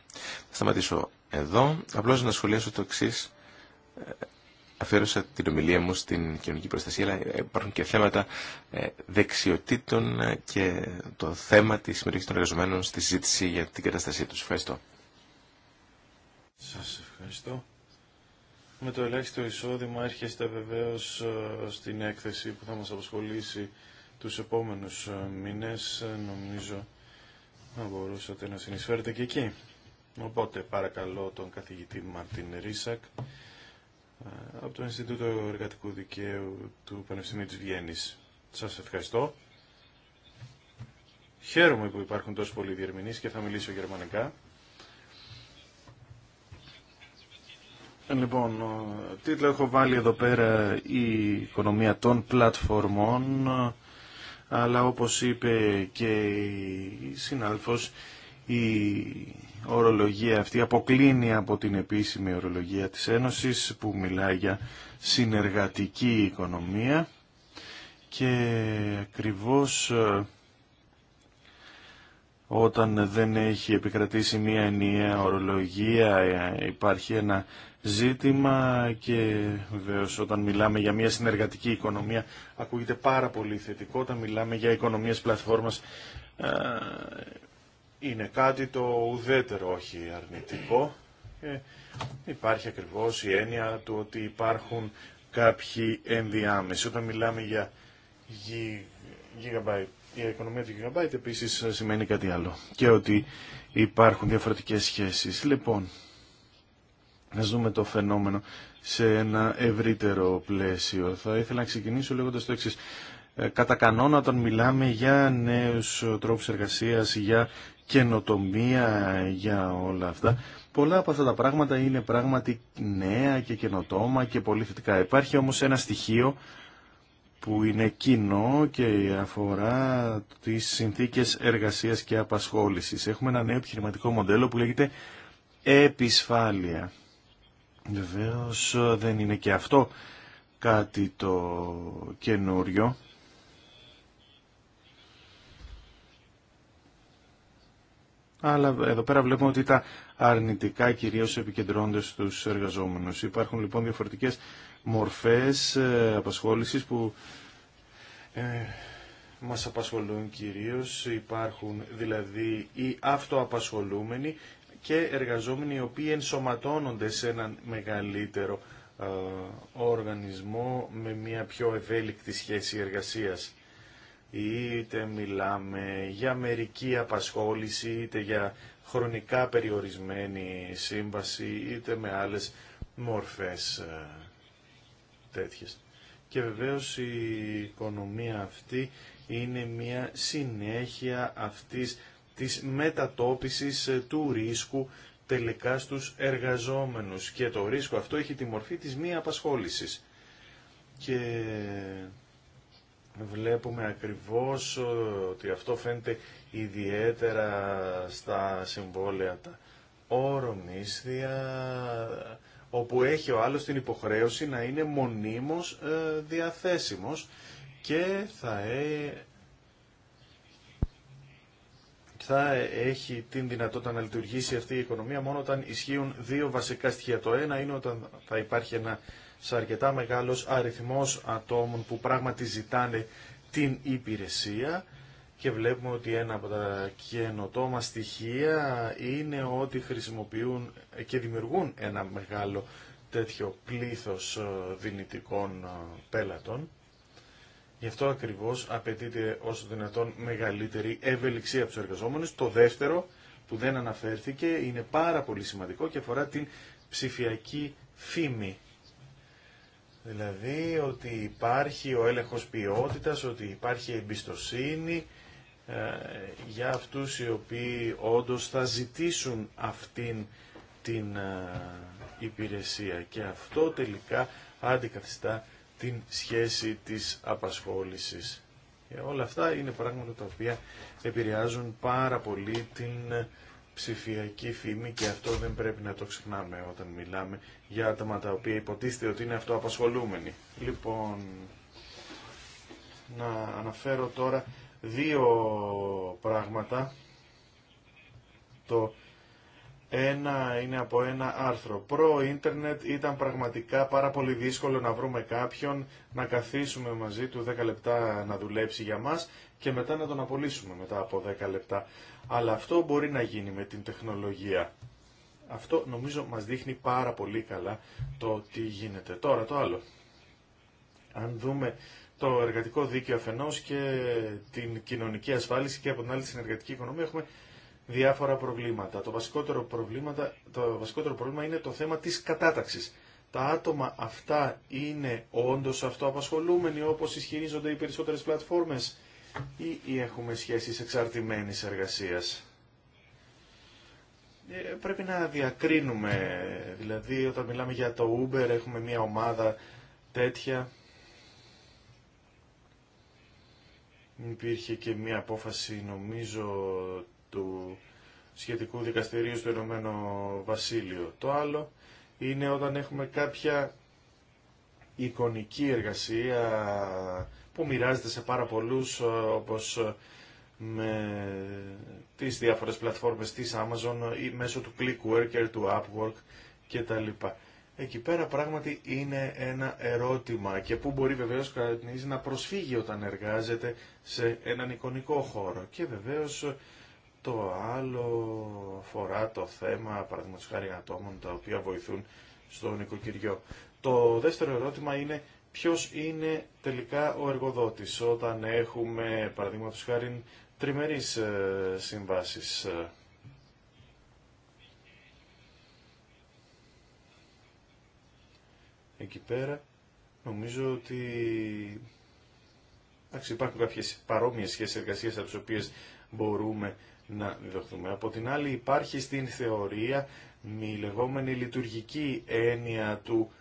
Θα σταματήσω εδώ, απλώς να σχολιάσω το εξή ε, αφιέρωσα την ομιλία μου στην κοινωνική προστασία, αλλά ε, υπάρχουν και θέματα ε, δεξιοτήτων ε, και το θέμα της συμμετοχής των εργαζομένων στη συζήτηση για την κατάστασή τους. Ευχαριστώ. Σας ευχαριστώ. Με το ελάχιστο εισόδημα έρχεστε βεβαίως στην έκθεση που θα μας απασχολήσει τους επόμενους μήνες. Νομίζω να μπορούσατε να συνεισφέρετε και εκεί. Οπότε παρακαλώ τον καθηγητή Μαρτίν Ρίσακ από το Ινστιτούτο Εργατικού Δικαίου του Πανεπιστημίου της Βιέννης. Σας ευχαριστώ. Χαίρομαι που υπάρχουν τόσο πολλοί διερμηνείς και θα μιλήσω γερμανικά. Ε, λοιπόν, τίτλο έχω βάλει εδώ πέρα η οικονομία των πλατφορμών, αλλά όπως είπε και η συνάλφος, η ορολογία αυτή αποκλίνει από την επίσημη ορολογία της Ένωσης που μιλάει για συνεργατική οικονομία και ακριβώς ε, όταν δεν έχει επικρατήσει μία ενιαία ορολογία ε, υπάρχει ένα ζήτημα και βεβαίω όταν μιλάμε για μια συνεργατική οικονομία ακούγεται πάρα πολύ θετικό όταν μιλάμε για οικονομίες πλατφόρμας ε, είναι κάτι το ουδέτερο, όχι αρνητικό. και ε, υπάρχει ακριβώς η έννοια του ότι υπάρχουν κάποιοι ενδιάμεσοι. Όταν μιλάμε για γι, η οικονομία του gigabyte επίσης σημαίνει κάτι άλλο. Και ότι υπάρχουν διαφορετικές σχέσεις. Λοιπόν, να δούμε το φαινόμενο σε ένα ευρύτερο πλαίσιο. Θα ήθελα να ξεκινήσω λέγοντας το εξή. Ε, κατά κανόνα όταν μιλάμε για νέους τρόπους εργασίας, για καινοτομία για όλα αυτά. Πολλά από αυτά τα πράγματα είναι πράγματι νέα και καινοτόμα και πολύ θετικά. Υπάρχει όμως ένα στοιχείο που είναι κοινό και αφορά τις συνθήκες εργασίας και απασχόλησης. Έχουμε ένα νέο επιχειρηματικό μοντέλο που λέγεται επισφάλεια. Βεβαίω δεν είναι και αυτό κάτι το καινούριο. αλλά εδώ πέρα βλέπουμε ότι τα αρνητικά κυρίως επικεντρώνονται στους εργαζόμενους. Υπάρχουν λοιπόν διαφορετικές μορφές ε, απασχόλησης που ε, μας απασχολούν κυρίως. Υπάρχουν δηλαδή οι αυτοαπασχολούμενοι και εργαζόμενοι οι οποίοι ενσωματώνονται σε έναν μεγαλύτερο ε, οργανισμό με μια πιο ευέλικτη σχέση εργασίας είτε μιλάμε για μερική απασχόληση, είτε για χρονικά περιορισμένη σύμβαση, είτε με άλλες μορφές ε, τέτοιες. Και βεβαίως η οικονομία αυτή είναι μια συνέχεια αυτής της μετατόπισης ε, του ρίσκου τελικά στους εργαζόμενους. Και το ρίσκο αυτό έχει τη μορφή της μη απασχόλησης. Και βλέπουμε ακριβώς ε, ότι αυτό φαίνεται ιδιαίτερα στα συμβόλαια τα ορομίσθια, όπου έχει ο άλλος την υποχρέωση να είναι μονίμως ε, διαθέσιμος και θα, ε, θα έχει την δυνατότητα να λειτουργήσει αυτή η οικονομία μόνο όταν ισχύουν δύο βασικά στοιχεία. Το ένα είναι όταν θα υπάρχει ένα σε αρκετά μεγάλος αριθμός ατόμων που πράγματι ζητάνε την υπηρεσία και βλέπουμε ότι ένα από τα καινοτόμα στοιχεία είναι ότι χρησιμοποιούν και δημιουργούν ένα μεγάλο τέτοιο πλήθος ε, δυνητικών ε, πέλατων. Γι' αυτό ακριβώς απαιτείται όσο δυνατόν μεγαλύτερη ευελιξία από τους εργαζόμενους. Το δεύτερο που δεν αναφέρθηκε είναι πάρα πολύ σημαντικό και αφορά την ψηφιακή φήμη. Δηλαδή ότι υπάρχει ο έλεγχος ποιότητας, ότι υπάρχει εμπιστοσύνη ε, για αυτούς οι οποίοι όντως θα ζητήσουν αυτήν την ε, υπηρεσία. Και αυτό τελικά αντικαθιστά την σχέση της απασχόλησης. Και ε, όλα αυτά είναι πράγματα τα οποία επηρεάζουν πάρα πολύ την ψηφιακή φήμη και αυτό δεν πρέπει να το ξεχνάμε όταν μιλάμε για άτομα τα οποία υποτίθεται ότι είναι αυτοαπασχολούμενοι. Λοιπόν, να αναφέρω τώρα δύο πράγματα. Το ένα είναι από ένα άρθρο. Προ ίντερνετ ήταν πραγματικά πάρα πολύ δύσκολο να βρούμε κάποιον, να καθίσουμε μαζί του 10 λεπτά να δουλέψει για μας και μετά να τον απολύσουμε μετά από 10 λεπτά. Αλλά αυτό μπορεί να γίνει με την τεχνολογία. Αυτό νομίζω μας δείχνει πάρα πολύ καλά το τι γίνεται. Τώρα το άλλο. Αν δούμε το εργατικό δίκαιο αφενός και την κοινωνική ασφάλιση και από την άλλη την εργατική οικονομία έχουμε διάφορα προβλήματα. Το βασικότερο, το βασικότερο πρόβλημα είναι το θέμα της κατάταξης. Τα άτομα αυτά είναι όντως αυτοαπασχολούμενοι όπως ισχυρίζονται οι περισσότερες πλατφόρμες ή έχουμε σχέσεις εξαρτημένης εργασίας. Ε, πρέπει να διακρίνουμε, δηλαδή όταν μιλάμε για το Uber έχουμε μια ομάδα τέτοια. Υπήρχε και μια απόφαση νομίζω του σχετικού δικαστηρίου στο Ηνωμένο Βασίλειο. Το άλλο είναι όταν έχουμε κάποια εικονική εργασία που μοιράζεται σε πάρα πολλούς ε, όπως ε, με τις διάφορες πλατφόρμες της Amazon ή μέσω του Clickworker, του Upwork κτλ. Εκεί πέρα πράγματι είναι ένα ερώτημα και που μπορεί βεβαίως κανείς να προσφύγει όταν εργάζεται σε έναν εικονικό χώρο. Και βεβαίως ε, το άλλο αφορά το θέμα παραδείγματος χάρη ατόμων τα οποία βοηθούν στο νοικοκυριό. Το δεύτερο ερώτημα είναι ποιος είναι τελικά ο εργοδότης όταν έχουμε, παραδείγματο χάρη, τριμερείς ε, συμβάσεις. Εκεί πέρα νομίζω ότι υπάρχουν κάποιες παρόμοιες σχέσεις εργασίας από τις οποίες μπορούμε να διδαχθούμε. Από την άλλη υπάρχει στην θεωρία η λεγόμενη λειτουργική έννοια του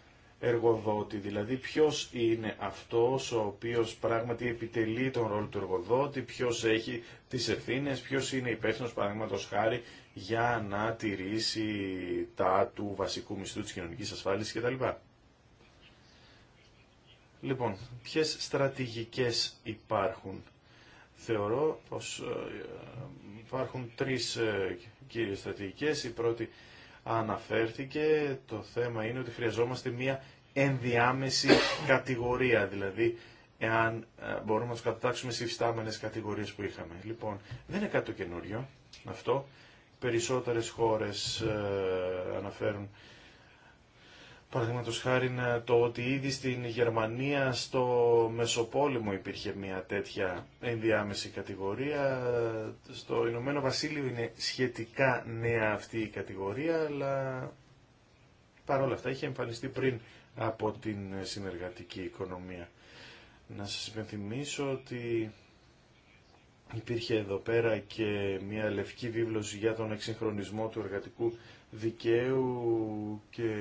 εργοδότη, δηλαδή ποιος είναι αυτός ο οποίος πράγματι επιτελεί τον ρόλο του εργοδότη, ποιος έχει τις ευθύνε, ποιος είναι υπεύθυνος παραδείγματο χάρη για να τηρήσει τα του βασικού μισθού της κοινωνικής ασφάλισης κτλ. Λοιπόν, ποιες στρατηγικές υπάρχουν. Θεωρώ πως ε, ε, υπάρχουν τρεις ε, κύριες στρατηγικές. Η πρώτη αναφέρθηκε, το θέμα είναι ότι χρειαζόμαστε μία ενδιάμεση κατηγορία, δηλαδή εάν ε, μπορούμε να τους κατατάξουμε στις υφιστάμενες κατηγορίες που είχαμε. Λοιπόν, δεν είναι κάτι το καινούριο αυτό. Περισσότερες χώρες ε, αναφέρουν Παραδείγματο χάρη ε, το ότι ήδη στην Γερμανία στο Μεσοπόλεμο υπήρχε μια τέτοια ενδιάμεση κατηγορία. Στο Ηνωμένο Βασίλειο είναι σχετικά νέα αυτή η κατηγορία, αλλά παρόλα αυτά είχε εμφανιστεί πριν από την συνεργατική οικονομία. Να σας υπενθυμίσω ότι υπήρχε εδώ πέρα και μια λευκή βίβλωση για τον εξυγχρονισμό του εργατικού δικαίου και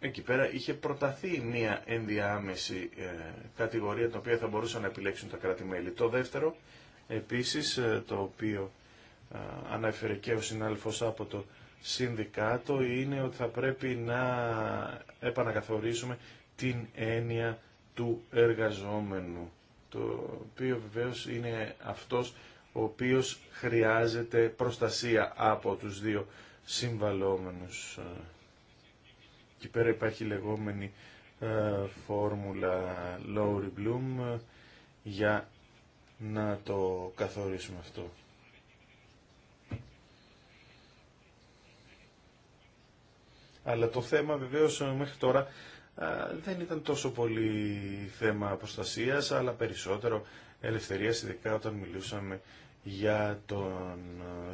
εκεί πέρα είχε προταθεί μια ενδιάμεση ε, κατηγορία την οποία θα μπορούσαν να επιλέξουν τα κράτη-μέλη. Το δεύτερο, επίσης, ε, το οποίο ε, αναφέρει και ο από το Συνδικάτο, είναι ότι θα πρέπει να επανακαθορίσουμε την έννοια του εργαζόμενου, το οποίο βεβαίως είναι αυτός ο οποίος χρειάζεται προστασία από τους δύο συμβαλόμενους Εκεί πέρα υπάρχει λεγόμενη ε, φόρμουλα Lowry Bloom ε, για να το καθορίσουμε αυτό. Αλλά το θέμα βεβαίως ε, μέχρι τώρα δεν ήταν τόσο πολύ θέμα προστασία, αλλά περισσότερο ελευθερία, ειδικά όταν μιλούσαμε για τον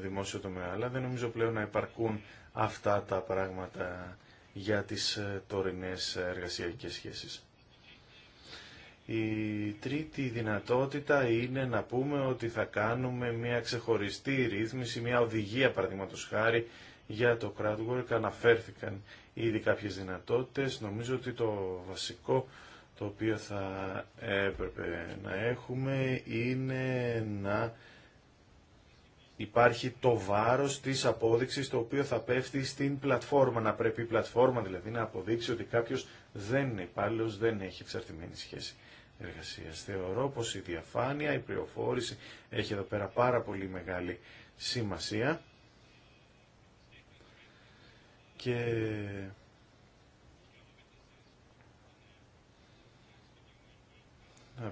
δημόσιο τομέα. Αλλά δεν νομίζω πλέον να υπαρκούν αυτά τα πράγματα για τις ε, τωρινές ε, εργασιακές σχέσεις. Η τρίτη δυνατότητα είναι να πούμε ότι θα κάνουμε μια ξεχωριστή ρύθμιση, μια οδηγία παραδείγματο χάρη για το crowdwork. Αναφέρθηκαν ήδη κάποιες δυνατότητες. Νομίζω ότι το βασικό το οποίο θα έπρεπε να έχουμε είναι να υπάρχει το βάρος της απόδειξης το οποίο θα πέφτει στην πλατφόρμα. Να πρέπει η πλατφόρμα δηλαδή να αποδείξει ότι κάποιος δεν είναι υπάλληλο, δεν έχει εξαρτημένη σχέση εργασίας. Θεωρώ πως η διαφάνεια, η πληροφόρηση έχει εδώ πέρα πάρα πολύ μεγάλη σημασία και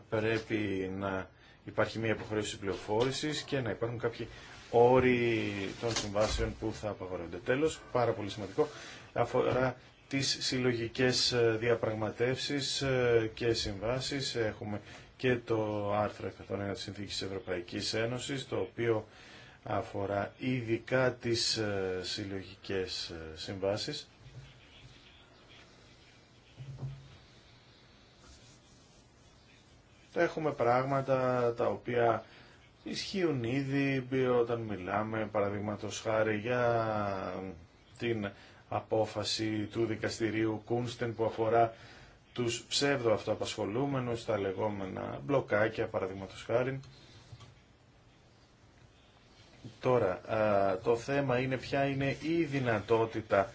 πρέπει να υπάρχει μια υποχρέωση πληροφόρηση και να υπάρχουν κάποιοι όροι των συμβάσεων που θα απαγορεύονται. τέλο, πάρα πολύ σημαντικό, αφορά τις συλλογικέ ε, διαπραγματεύσεις ε, και συμβάσεις. Έχουμε και το άρθρο 101 της συνθήκη Ευρωπαϊκής Ένωσης, το οποίο αφορά ειδικά τις ε, συλλογικές συμβάσεις. Έχουμε πράγματα τα οποία ισχύουν ήδη όταν μιλάμε παραδείγματο χάρη για την απόφαση του δικαστηρίου Κούνστεν που αφορά τους ψεύδο αυτοαπασχολούμενους, τα λεγόμενα μπλοκάκια παραδείγματο χάρη. Τώρα, το θέμα είναι ποια είναι η δυνατότητα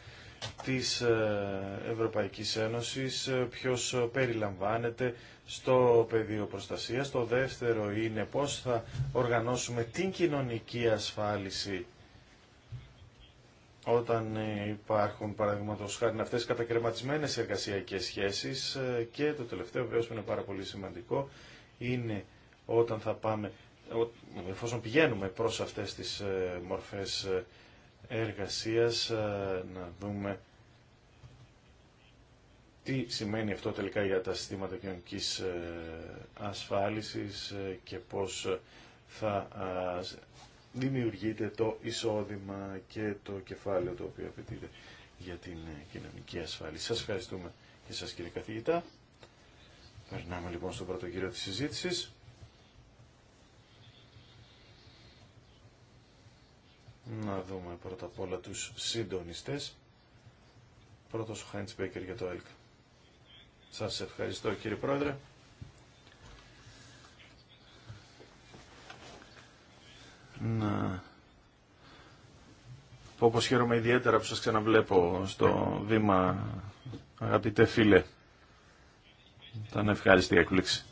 της ε, Ευρωπαϊκής Ένωσης, ε, ποιος ε, περιλαμβάνεται, στο πεδίο προστασίας. Το δεύτερο είναι πώς θα οργανώσουμε την κοινωνική ασφάλιση όταν υπάρχουν παραδείγματο χάρη αυτές οι κατακρεματισμένες εργασιακές σχέσεις και το τελευταίο βέβαια που είναι πάρα πολύ σημαντικό είναι όταν θα πάμε, εφόσον πηγαίνουμε προς αυτές τις ε, μορφές ε, εργασίας ε, να δούμε τι σημαίνει αυτό τελικά για τα συστήματα κοινωνική ε, ασφάλισης ε, και πώς ε, θα δημιουργείται το εισόδημα και το κεφάλαιο το οποίο απαιτείται για την κοινωνική ασφάλιση. Σας ευχαριστούμε και σας κύριε καθηγητά. Περνάμε λοιπόν στον πρώτο κύριο της συζήτησης. Να δούμε πρώτα απ' όλα τους συντονιστές. Πρώτος ο Χάιντς Μπέκερ για το ΕΛΚ. Σας ευχαριστώ κύριε Πρόεδρε. Να πω πως χαίρομαι ιδιαίτερα που σας ξαναβλέπω στο βήμα αγαπητέ φίλε. Ήταν ευχαριστή εκπλήξη.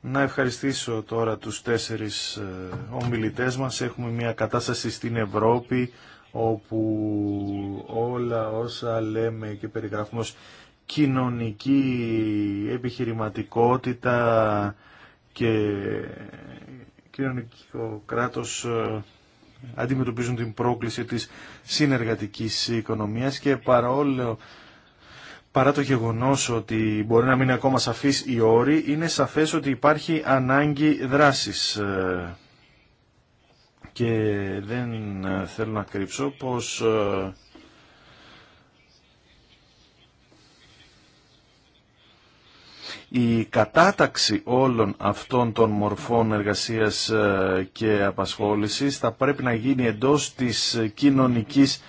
Να ευχαριστήσω τώρα τους τέσσερις ε, ομιλητές μας. Έχουμε μια κατάσταση στην Ευρώπη όπου όλα όσα λέμε και περιγράφουμε κοινωνική επιχειρηματικότητα και κοινωνικό κράτος ε, αντιμετωπίζουν την πρόκληση της συνεργατικής οικονομίας και παρόλο παρά το γεγονός ότι μπορεί να μην είναι ακόμα σαφής η όρη, είναι σαφές ότι υπάρχει ανάγκη δράσης. Ε, και δεν θέλω να κρύψω πως ε, η κατάταξη όλων αυτών των μορφών εργασίας ε, και απασχόλησης θα πρέπει να γίνει εντός της κοινωνικής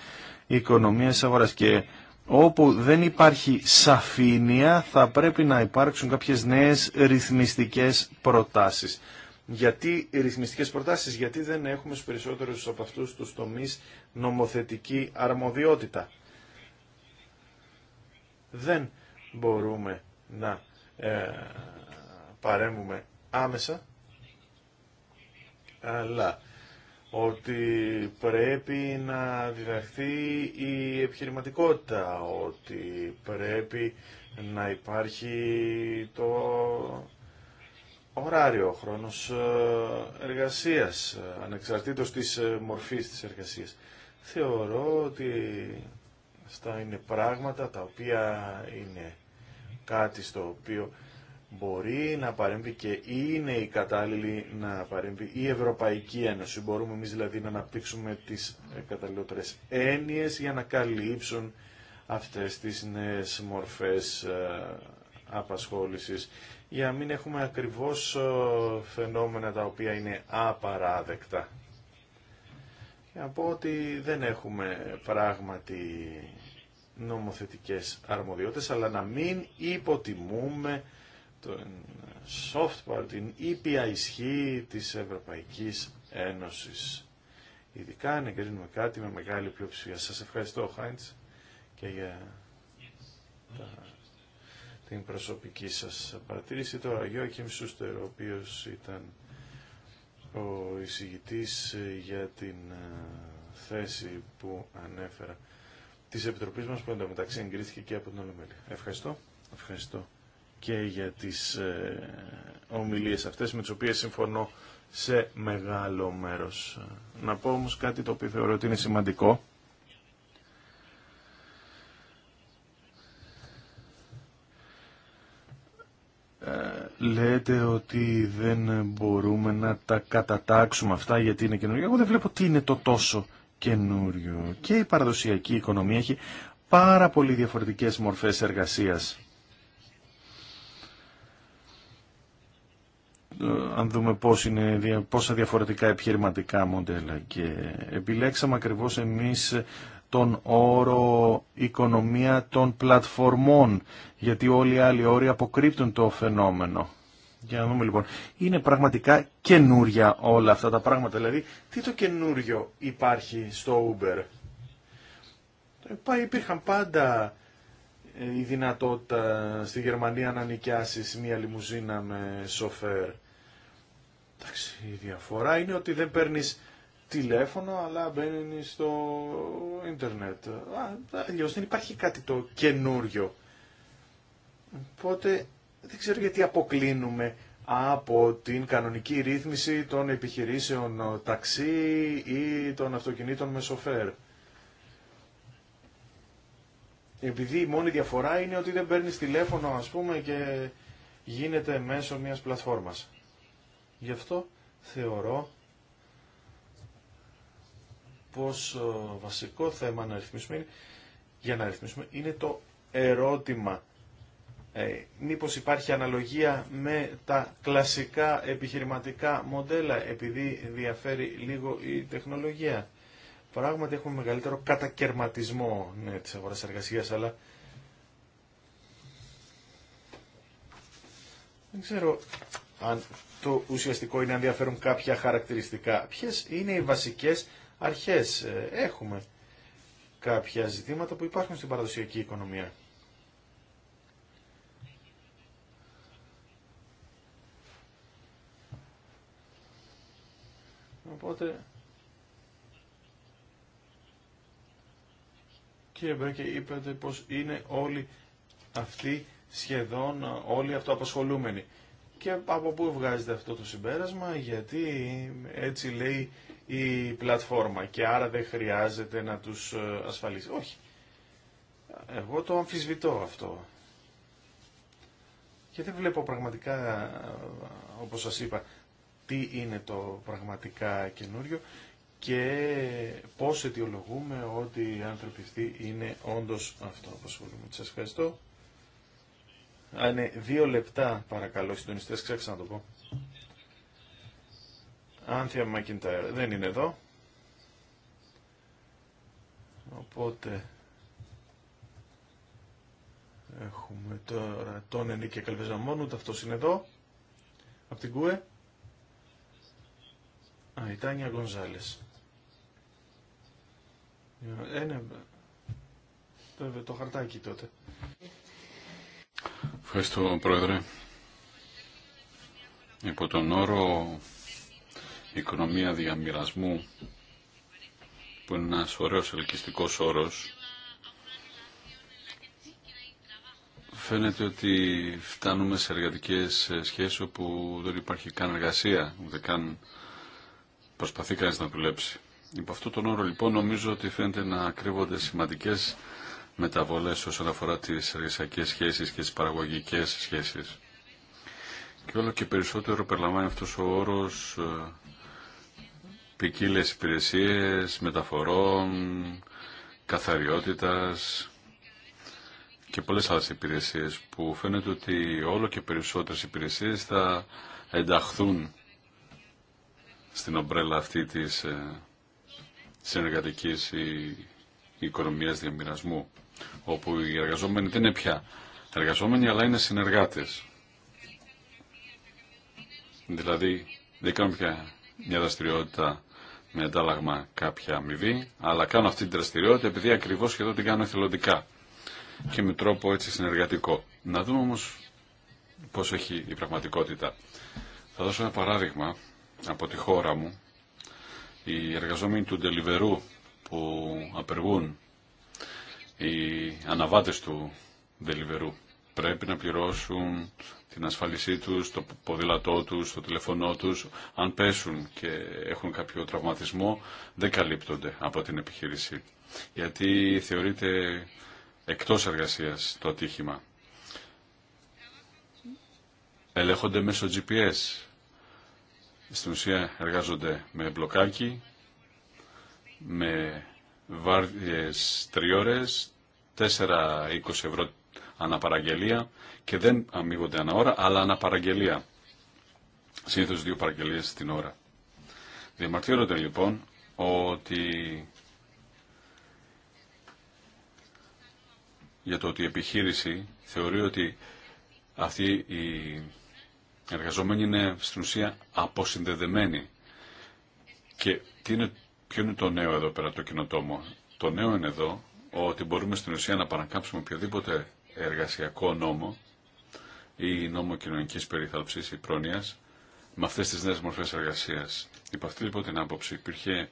οικονομίας αγοράς και όπου δεν υπάρχει σαφήνεια θα πρέπει να υπάρξουν κάποιες νέες ρυθμιστικές προτάσεις. Γιατί ρυθμιστικές προτάσεις, γιατί δεν έχουμε στους περισσότερους από αυτούς τους τομείς νομοθετική αρμοδιότητα. Δεν μπορούμε να ε, παρέμβουμε άμεσα, αλλά ότι πρέπει να διδαχθεί η επιχειρηματικότητα, ότι πρέπει να υπάρχει το ωράριο, ο χρόνος ε, εργασίας, ανεξαρτήτως της ε, μορφής της εργασίας. Θεωρώ ότι αυτά είναι πράγματα τα οποία είναι κάτι στο οποίο μπορεί να παρέμβει και είναι η κατάλληλη να παρέμβει η Ευρωπαϊκή Ένωση. Μπορούμε εμείς δηλαδή να αναπτύξουμε τις ε, καταλληλότερες έννοιες για να καλύψουν αυτές τις νέες μορφές ε, απασχόλησης για να μην έχουμε ακριβώς ε, φαινόμενα τα οποία είναι απαράδεκτα. Και να ότι δεν έχουμε πράγματι νομοθετικές αρμοδιότητες, αλλά να μην υποτιμούμε τον soft την ήπια e ισχύ της Ευρωπαϊκής Ένωσης. Ειδικά αν εγκρίνουμε κάτι με μεγάλη πλειοψηφία. Σας ευχαριστώ, Χάιντς, και για την προσωπική σας παρατήρηση. Τώρα, Γιώργη Σούστερ, ο οποίος ήταν ο εισηγητής για την ε, θέση που ανέφερα Τη επιτροπή μας που εντωμεταξύ εγκρίθηκε και από την Ολομέλη. Ευχαριστώ. Ευχαριστώ και για τις ε, ομιλίες αυτές με τις οποίες συμφωνώ σε μεγάλο μέρος. Να πω όμω κάτι το οποίο θεωρώ ότι είναι σημαντικό. Ε, λέτε ότι δεν μπορούμε να τα κατατάξουμε αυτά γιατί είναι καινούργια. Εγώ δεν βλέπω τι είναι το τόσο καινούριο. Και η παραδοσιακή οικονομία έχει πάρα πολύ διαφορετικές μορφές εργασίας. Ε, αν δούμε πώς είναι, πόσα διαφορετικά επιχειρηματικά μοντέλα και επιλέξαμε ακριβώς εμείς τον όρο οικονομία των πλατφορμών γιατί όλοι οι άλλοι όροι αποκρύπτουν το φαινόμενο. Για να δούμε λοιπόν. Είναι πραγματικά καινούρια όλα αυτά τα πράγματα. Δηλαδή, τι το καινούριο υπάρχει στο Uber. Ε, υπήρχαν πάντα ε, η δυνατότητα στη Γερμανία να νοικιάσεις μία λιμουζίνα με σοφέρ. Εντάξει, η διαφορά είναι ότι δεν παίρνεις τηλέφωνο, αλλά μπαίνει στο ίντερνετ. Αλλιώ δεν υπάρχει κάτι το καινούριο. Οπότε δεν ξέρω γιατί αποκλίνουμε από την κανονική ρύθμιση των επιχειρήσεων ταξί ή των αυτοκινήτων με σοφέρ. Επειδή η μόνη διαφορά είναι ότι δεν παίρνεις τηλέφωνο ας πούμε και γίνεται μέσω μιας πλατφόρμας. Γι' αυτό θεωρώ πως ε, βασικό θέμα να για να ρυθμίσουμε είναι το ερώτημα ε, μήπως υπάρχει αναλογία με τα κλασικά επιχειρηματικά μοντέλα επειδή διαφέρει λίγο η τεχνολογία. Πράγματι έχουμε μεγαλύτερο κατακαιρματισμό ναι, της αγοράς αλλά δεν ξέρω αν το ουσιαστικό είναι αν διαφέρουν κάποια χαρακτηριστικά. Ποιες είναι οι βασικές αρχές. Ε, έχουμε κάποια ζητήματα που υπάρχουν στην παραδοσιακή οικονομία. Οπότε κύριε Μπέκε είπατε πως είναι όλοι αυτοί σχεδόν όλοι αυτοαπασχολούμενοι. Και από πού βγάζετε αυτό το συμπέρασμα, γιατί έτσι λέει η πλατφόρμα και άρα δεν χρειάζεται να τους ε, ασφαλίσει. Όχι. Εγώ το αμφισβητώ αυτό. Και δεν βλέπω πραγματικά, ε, όπως σας είπα, τι είναι το πραγματικά καινούριο και πώς αιτιολογούμε ότι η άνθρωποι είναι όντως αυτό που ασχολούμαι. Σας ευχαριστώ. Α, είναι δύο λεπτά παρακαλώ συντονιστές, ξέχασα να το πω. Άνθια Μακιντάιρ δεν είναι εδώ. Οπότε έχουμε τώρα τον Ενίκη Καλβεζαμόνου, ούτε αυτός είναι εδώ. Από την ΚΟΕ. Α, η Τάνια Γκονζάλης. Ε, βέβαια, το χαρτάκι τότε. Ευχαριστώ, Πρόεδρε. Υπό τον όρο οικονομία διαμοιρασμού, που είναι ένας ωραίος ελκυστικός όρος, φαίνεται ότι φτάνουμε σε εργατικές ε, σχέσεις όπου δεν υπάρχει καν εργασία, ούτε καν προσπαθεί κανείς να δουλέψει. Υπό αυτόν τον όρο λοιπόν νομίζω ότι φαίνεται να κρύβονται σημαντικές μεταβολές όσον αφορά τις εργασιακές σχέσεις και τις παραγωγικές σχέσεις. Και όλο και περισσότερο περιλαμβάνει αυτός ο όρος ε, ποικίλε υπηρεσίες, μεταφορών, καθαριότητας και πολλές άλλες υπηρεσίες που φαίνεται ότι όλο και περισσότερες υπηρεσίες θα ενταχθούν στην ομπρέλα αυτή της ε, συνεργατικής οικονομίας διαμοιρασμού, όπου οι εργαζόμενοι δεν είναι πια εργαζόμενοι, αλλά είναι συνεργάτες. Δηλαδή, δεν κάνουν πια μια δραστηριότητα με αντάλλαγμα κάποια αμοιβή, αλλά κάνω αυτή την δραστηριότητα επειδή ακριβώς και εδώ την κάνω εθελοντικά και με τρόπο έτσι συνεργατικό. Να δούμε όμως πώς έχει η πραγματικότητα. Θα δώσω ένα παράδειγμα από τη χώρα μου, οι εργαζόμενοι του Deliveroo που απεργούν, οι αναβάτες του Deliveroo πρέπει να πληρώσουν την ασφάλισή τους, το ποδήλατό τους, το τηλεφωνό τους. Αν πέσουν και έχουν κάποιο τραυματισμό, δεν καλύπτονται από την επιχείρηση. Γιατί θεωρείται εκτός εργασίας το ατύχημα. Ελέγχονται μέσω GPS στην ουσία εργάζονται με μπλοκάκι, με βάρδιες τριώρες, 4-20 ευρώ αναπαραγγελία και δεν αμείβονται ανά ώρα, αλλά αναπαραγγελία. Συνήθως δύο παραγγελίες την ώρα. Διαμαρτύρονται λοιπόν ότι για το ότι η επιχείρηση θεωρεί ότι αυτή η εργαζόμενοι είναι στην ουσία αποσυνδεδεμένοι. Και τι είναι, ποιο είναι το νέο εδώ πέρα το κοινοτόμο. Το νέο είναι εδώ ότι μπορούμε στην ουσία να παρακάψουμε οποιοδήποτε εργασιακό νόμο ή νόμο κοινωνικη περιθαλψής ή πρόνοιας με αυτές τις νέες μορφές εργασίας. Υπ' αυτή λοιπόν την άποψη υπήρχε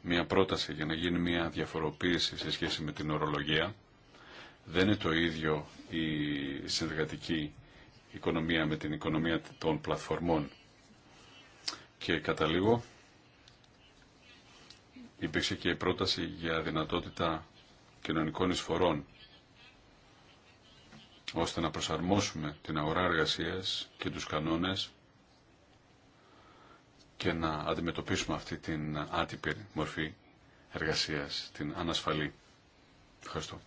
μια πρόταση για να γίνει μια διαφοροποίηση σε σχέση με την ορολογία. Δεν είναι το ίδιο η συνεργατική οικονομία με την οικονομία των πλατφορμών. Και κατά λίγο υπήρξε και η πρόταση για δυνατότητα κοινωνικών εισφορών ώστε να προσαρμόσουμε την αγορά εργασίας και τους κανόνες και να αντιμετωπίσουμε αυτή την άτυπη μορφή εργασίας, την ανασφαλή. Ευχαριστώ.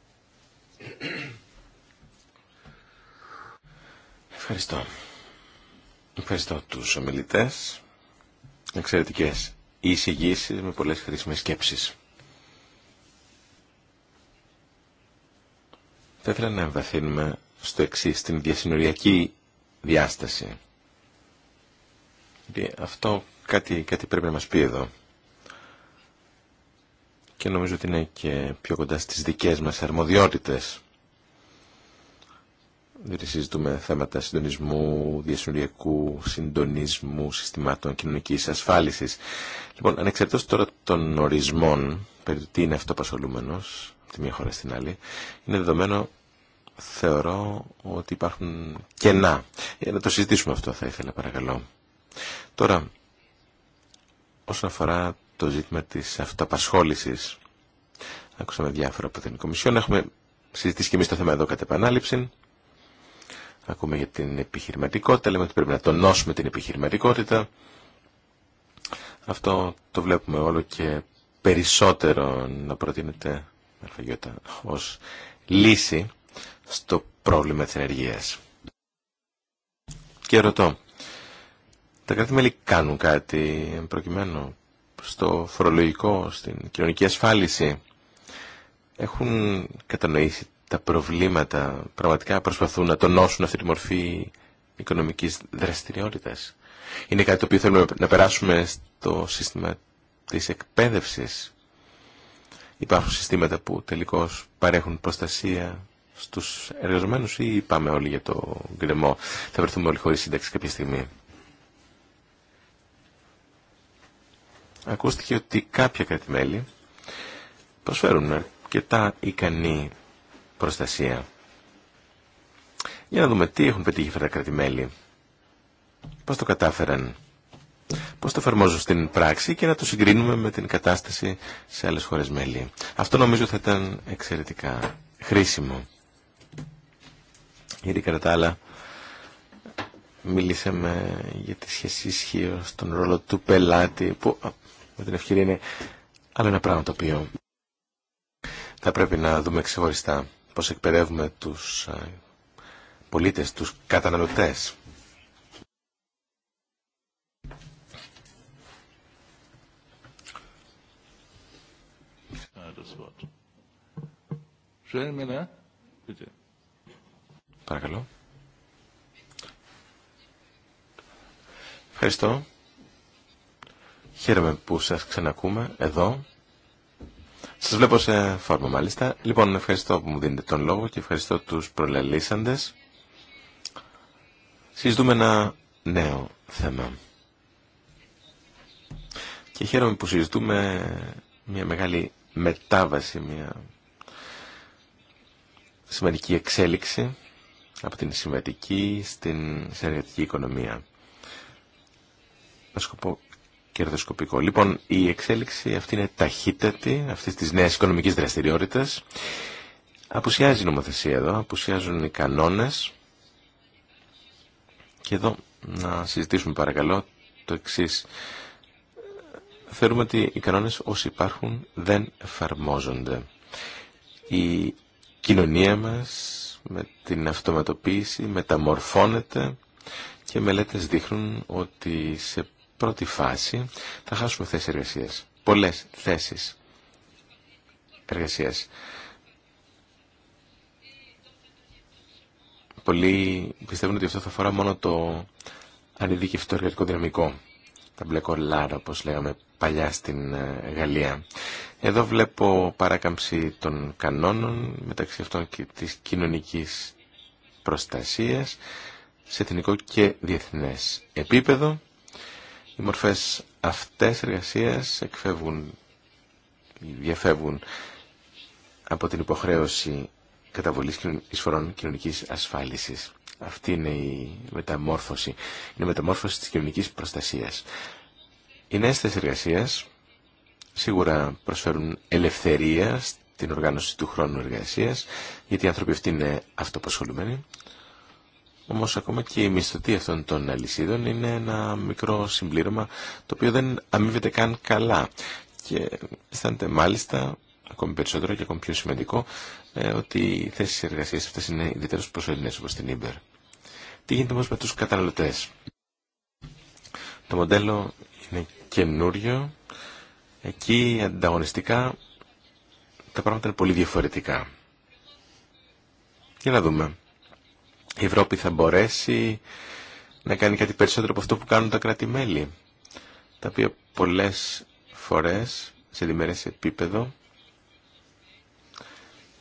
Ευχαριστώ. Ευχαριστώ τους ομιλητές. Εξαιρετικές εισηγήσει με πολλές χρήσιμες σκέψεις. Θα ήθελα να εμβαθύνουμε στο εξή, στην διασυνοριακή διάσταση. Γιατί αυτό κάτι, κάτι πρέπει να μας πει εδώ. Και νομίζω ότι είναι και πιο κοντά στις δικές μας αρμοδιότητες διότι συζητούμε θέματα συντονισμού, διασυνοριακού συντονισμού συστημάτων κοινωνική ασφάλισης. Λοιπόν, ανεξαρτήτω τώρα των ορισμών, περί τι είναι αυτοπασχολούμενος, από τη μία χώρα στην άλλη, είναι δεδομένο, θεωρώ, ότι υπάρχουν κενά. Για να το συζητήσουμε αυτό θα ήθελα, παρακαλώ. Τώρα, όσον αφορά το ζήτημα τη αυτοπασχόληση, άκουσαμε διάφορα από την Κομισιόν, έχουμε συζητήσει και εμεί το θέμα εδώ κατά επανάληψη, Ακούμε για την επιχειρηματικότητα, λέμε ότι πρέπει να τονώσουμε την επιχειρηματικότητα. Αυτό το βλέπουμε όλο και περισσότερο να προτείνεται αλφαγιώτα, ως λύση στο πρόβλημα της ενεργείας. Και ρωτώ, τα κράτη-μέλη κάνουν κάτι προκειμένου στο φορολογικό, στην κοινωνική ασφάλιση. Έχουν κατανοήσει τα προβλήματα πραγματικά προσπαθούν να τονώσουν αυτή τη μορφή οικονομικής δραστηριότητας. Είναι κάτι το οποίο θέλουμε να περάσουμε στο σύστημα της εκπαίδευσης. Υπάρχουν συστήματα που τελικώς παρέχουν προστασία στους εργαζομένους ή πάμε όλοι για το γκρεμό. Θα βρεθούμε όλοι χωρίς σύνταξη κάποια στιγμή. Ακούστηκε ότι κάποια κρατημέλη προσφέρουν αρκετά ικανή προστασία. Για να δούμε τι έχουν πετύχει αυτά τα κρατημέλη. Πώς το κατάφεραν. Πώς το εφαρμόζουν στην πράξη και να το συγκρίνουμε με την κατάσταση σε άλλες χώρες μέλη. Αυτό νομίζω θα ήταν εξαιρετικά χρήσιμο. Γιατί κατά τα άλλα μιλήσαμε για τη σχέση ισχύω στον ρόλο του πελάτη που με την ευκαιρία είναι άλλο ένα πράγμα το οποίο θα πρέπει να δούμε ξεχωριστά πώς εκπαιδεύουμε τους ε, πολίτες, τους καταναλωτές. Παρακαλώ. Ευχαριστώ. Χαίρομαι που σας ξανακούμε εδώ. Σας βλέπω σε φόρμα μάλιστα. Λοιπόν, ευχαριστώ που μου δίνετε τον λόγο και ευχαριστώ τους προλαλήσαντες. Συζητούμε ένα νέο θέμα. Και χαίρομαι που συζητούμε μια μεγάλη μετάβαση, μια σημαντική εξέλιξη από την συμβατική στην συνεργατική οικονομία. Με σκοπό κερδοσκοπικό. Λοιπόν, η εξέλιξη αυτή είναι ταχύτατη, αυτή τη νέα οικονομική δραστηριότητα, Απουσιάζει η νομοθεσία εδώ, απουσιάζουν οι κανόνες. Και εδώ να συζητήσουμε παρακαλώ το εξή. Θεωρούμε ότι οι κανόνες όσοι υπάρχουν δεν εφαρμόζονται. Η κοινωνία μας με την αυτοματοποίηση μεταμορφώνεται και μελέτες δείχνουν ότι σε πρώτη φάση θα χάσουμε θέσεις εργασίας. Πολλές θέσεις εργασίας. Πολλοί πιστεύουν ότι αυτό θα αφορά μόνο το ανειδίκευτο εργατικό δυναμικό. Τα μπλε κολλάρα, όπως λέγαμε παλιά στην ε, Γαλλία. Εδώ βλέπω παράκαμψη των κανόνων μεταξύ αυτών και της κοινωνικής προστασίας σε εθνικό και διεθνές επίπεδο. Οι μορφές αυτές εργασίας εκφεύγουν, διαφεύγουν από την υποχρέωση καταβολής εισφορών κοινωνικής ασφάλισης. Αυτή είναι η μεταμόρφωση. Είναι η μεταμόρφωση της κοινωνικής προστασίας. Οι νέες θέσεις εργασίας σίγουρα προσφέρουν ελευθερία στην οργάνωση του χρόνου εργασίας, γιατί οι άνθρωποι αυτοί είναι Όμω ακόμα και η μισθωτή αυτών των αλυσίδων είναι ένα μικρό συμπλήρωμα το οποίο δεν αμείβεται καν καλά. Και αισθάνεται μάλιστα, ακόμη περισσότερο και ακόμη πιο σημαντικό, ε, ότι οι θέσει εργασία αυτέ είναι ιδιαίτερε προσωρινέ όπω την Uber. Τι γίνεται όμω με του καταναλωτέ. Το μοντέλο είναι καινούριο. Εκεί ανταγωνιστικά τα πράγματα είναι πολύ διαφορετικά. Για να δούμε η Ευρώπη θα μπορέσει να κάνει κάτι περισσότερο από αυτό που κάνουν τα κράτη-μέλη, τα οποία πολλές φορές σε διμερές επίπεδο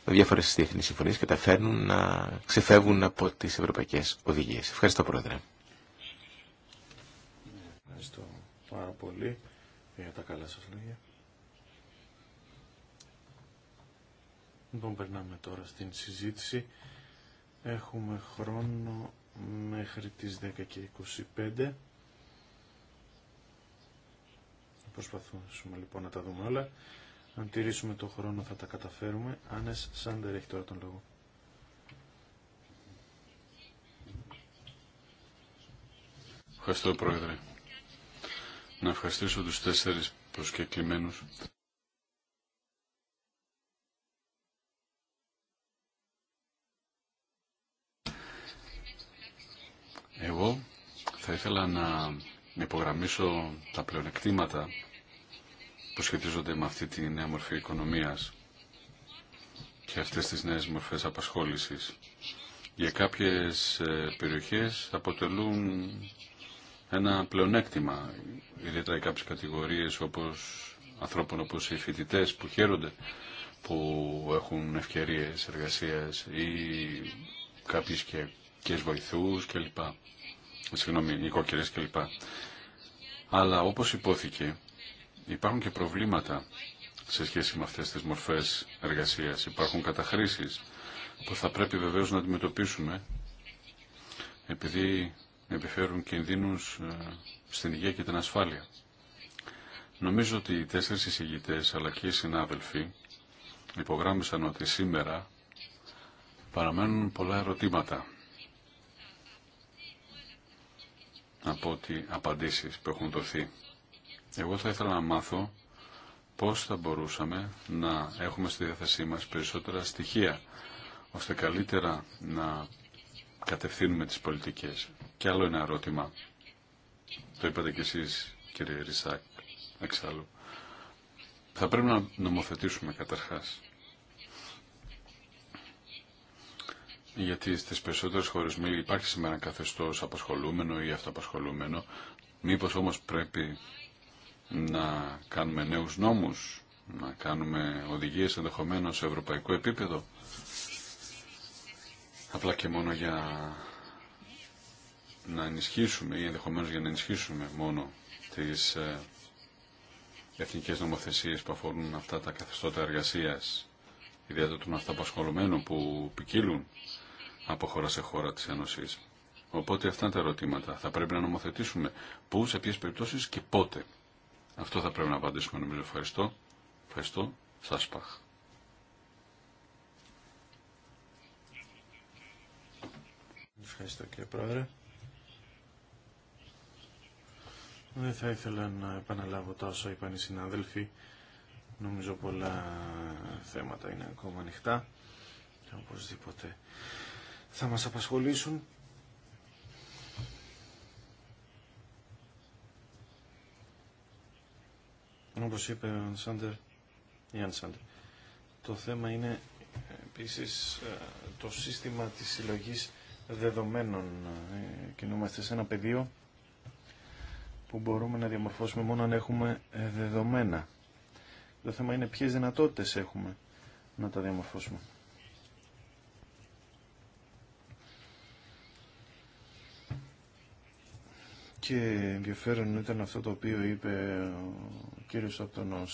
με διάφορες διεθνείς συμφωνίες καταφέρνουν να ξεφεύγουν από τις ευρωπαϊκές οδηγίες. Ευχαριστώ Πρόεδρε. Ευχαριστώ πάρα πολύ για τα καλά σας λόγια. Λοιπόν, περνάμε τώρα στην συζήτηση. Έχουμε χρόνο μέχρι τις 10 και 25. Προσπαθούμε λοιπόν να τα δούμε όλα. Αν τηρήσουμε το χρόνο θα τα καταφέρουμε. Άνες Σάντερ έχει τώρα τον λόγο. Ευχαριστώ Πρόεδρε. Να ευχαριστήσω τους τέσσερις προσκεκλημένους εγώ θα ήθελα να υπογραμμίσω τα πλεονεκτήματα που σχετίζονται με αυτή τη νέα μορφή οικονομίας και αυτές τις νέες μορφές απασχόλησης. Για κάποιες ε, περιοχές αποτελούν ένα πλεονέκτημα, ιδιαίτερα για κάποιες κατηγορίες όπως ανθρώπων όπως οι φοιτητέ που χαίρονται που έχουν ευκαιρίες εργασίας ή κάποιε και βοηθούς κλπ συγγνώμη, οικοκυρές κλπ. Αλλά όπως υπόθηκε, υπάρχουν και προβλήματα σε σχέση με αυτές τις μορφές εργασίας. Υπάρχουν καταχρήσεις που θα πρέπει βεβαίως να αντιμετωπίσουμε επειδή επιφέρουν κινδύνους ε, στην υγεία και την ασφάλεια. Νομίζω ότι οι τέσσερις εισηγητές αλλά και οι συνάδελφοι υπογράμμισαν ότι σήμερα παραμένουν πολλά ερωτήματα από ότι απαντήσεις που έχουν δοθεί. Εγώ θα ήθελα να μάθω πώς θα μπορούσαμε να έχουμε στη διάθεσή μας περισσότερα στοιχεία, ώστε καλύτερα να κατευθύνουμε τις πολιτικές. Και άλλο ένα ερώτημα. Το είπατε κι εσείς, κύριε Ρισάκ, εξάλλου. Θα πρέπει να νομοθετήσουμε καταρχάς. γιατί στις περισσότερες χώρες μη υπάρχει σήμερα καθεστώς απασχολούμενο ή αυτοαπασχολούμενο. Μήπως όμως πρέπει να κάνουμε νέους νόμους, να κάνουμε οδηγίες ενδεχομένως σε ευρωπαϊκό επίπεδο, απλά και μόνο για να ενισχύσουμε ή ενδεχομένως για να ενισχύσουμε μόνο τις ε, εθνικές νομοθεσίες που αφορούν αυτά τα καθεστώτα εργασίας, ιδιαίτερα των αυτοαπασχολουμένων που ποικίλουν από χώρα σε χώρα της Ένωσης. Οπότε αυτά είναι τα ερωτήματα. Θα πρέπει να νομοθετήσουμε πού, σε ποιες περιπτώσεις και πότε. Αυτό θα πρέπει να απαντήσουμε νομίζω. Ευχαριστώ. Ευχαριστώ. Σας παχ. Ευχαριστώ κύριε Πρόεδρε. Δεν θα ήθελα να επαναλάβω τα όσα είπαν οι συνάδελφοι. Νομίζω πολλά θέματα είναι ακόμα ανοιχτά. Και οπωσδήποτε θα μας απασχολήσουν. Όπως είπε ο η το θέμα είναι επίσης ε, το σύστημα της συλλογής δεδομένων. Ε, κινούμαστε σε ένα πεδίο που μπορούμε να διαμορφώσουμε μόνο αν έχουμε ε, δεδομένα. Το θέμα είναι ποιες δυνατότητες έχουμε να τα διαμορφώσουμε. και ενδιαφέρον ήταν αυτό το οποίο είπε ο κύριος από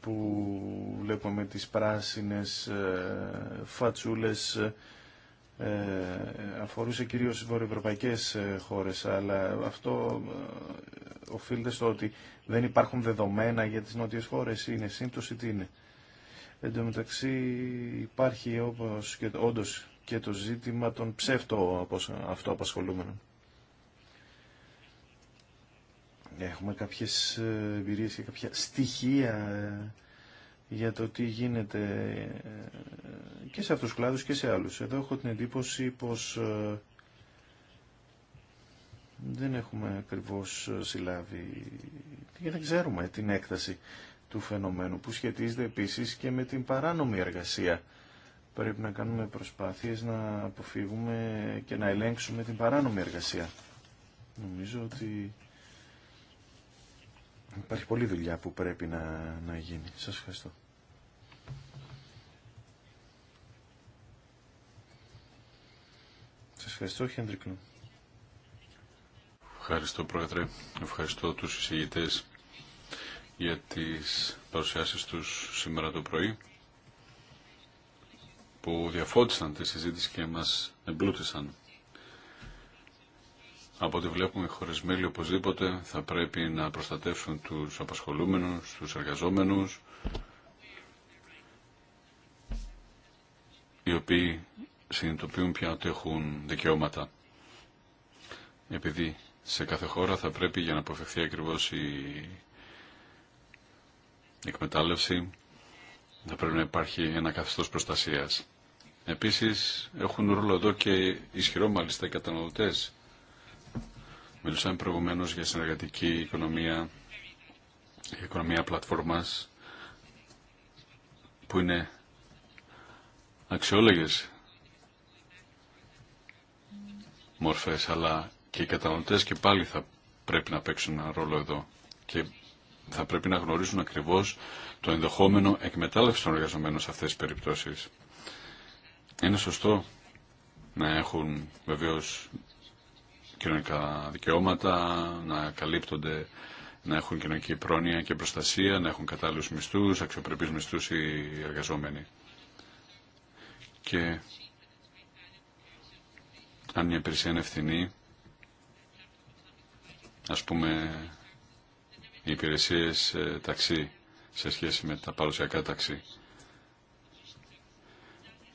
που βλέπουμε τις πράσινες ε, φατσούλες ε, αφορούσε κυρίως βορειοευρωπαϊκές ε, χώρες αλλά αυτό οφείλεται στο ότι δεν υπάρχουν δεδομένα για τις νότιες χώρες είναι σύμπτωση τι είναι εν τω μεταξύ υπάρχει όπως και, όντως και το ζήτημα των ψεύτων αυτό Έχουμε κάποιες ε, εμπειρίες και κάποια στοιχεία ε, για το τι γίνεται ε, και σε αυτούς τους κλάδους και σε άλλους. Εδώ έχω την εντύπωση πως δεν έχουμε ακριβώς συλλάβει και δεν ξέρουμε την έκταση του φαινομένου που σχετίζεται επίσης και με την παράνομη εργασία. Πρέπει να κάνουμε προσπάθειες να αποφύγουμε και να ελέγξουμε την παράνομη εργασία. Νομίζω ότι Υπάρχει πολλή δουλειά που πρέπει να, να γίνει. Σας ευχαριστώ. Σας ευχαριστώ, Χέντρικλου. Ευχαριστώ, Πρόεδρε. Ευχαριστώ τους εισηγητές για τις παρουσιάσεις τους σήμερα το πρωί που διαφώτισαν τη συζήτηση και μας εμπλούτησαν. Από ό,τι βλέπουμε, οι χώρες μέλη οπωσδήποτε θα πρέπει να προστατεύσουν τους απασχολούμενους, τους εργαζόμενους, οι οποίοι συνειδητοποιούν πια ότι έχουν δικαιώματα. Επειδή σε κάθε χώρα θα πρέπει για να αποφευθεί ακριβώς η εκμετάλλευση, θα πρέπει να υπάρχει ένα καθεστώς προστασίας. Επίσης έχουν ρόλο εδώ και ισχυρό μάλιστα οι καταναλωτές Μιλούσαμε προηγουμένως για συνεργατική οικονομία, η οικονομία πλατφόρμας, που είναι αξιόλογες μορφές, αλλά και οι καταναλωτές και πάλι θα πρέπει να παίξουν ένα ρόλο εδώ και θα πρέπει να γνωρίζουν ακριβώς το ενδεχόμενο εκμετάλλευση των εργαζομένων σε αυτές τις περιπτώσεις. Είναι σωστό να έχουν βεβαίως κοινωνικά δικαιώματα, να καλύπτονται, να έχουν κοινωνική πρόνοια και προστασία, να έχουν κατάλληλους μισθούς, αξιοπρεπείς μισθούς οι εργαζόμενοι. Και αν μια υπηρεσία είναι ευθυνή, ας πούμε οι υπηρεσίες ε, ταξί σε σχέση με τα παρουσιακά ταξί.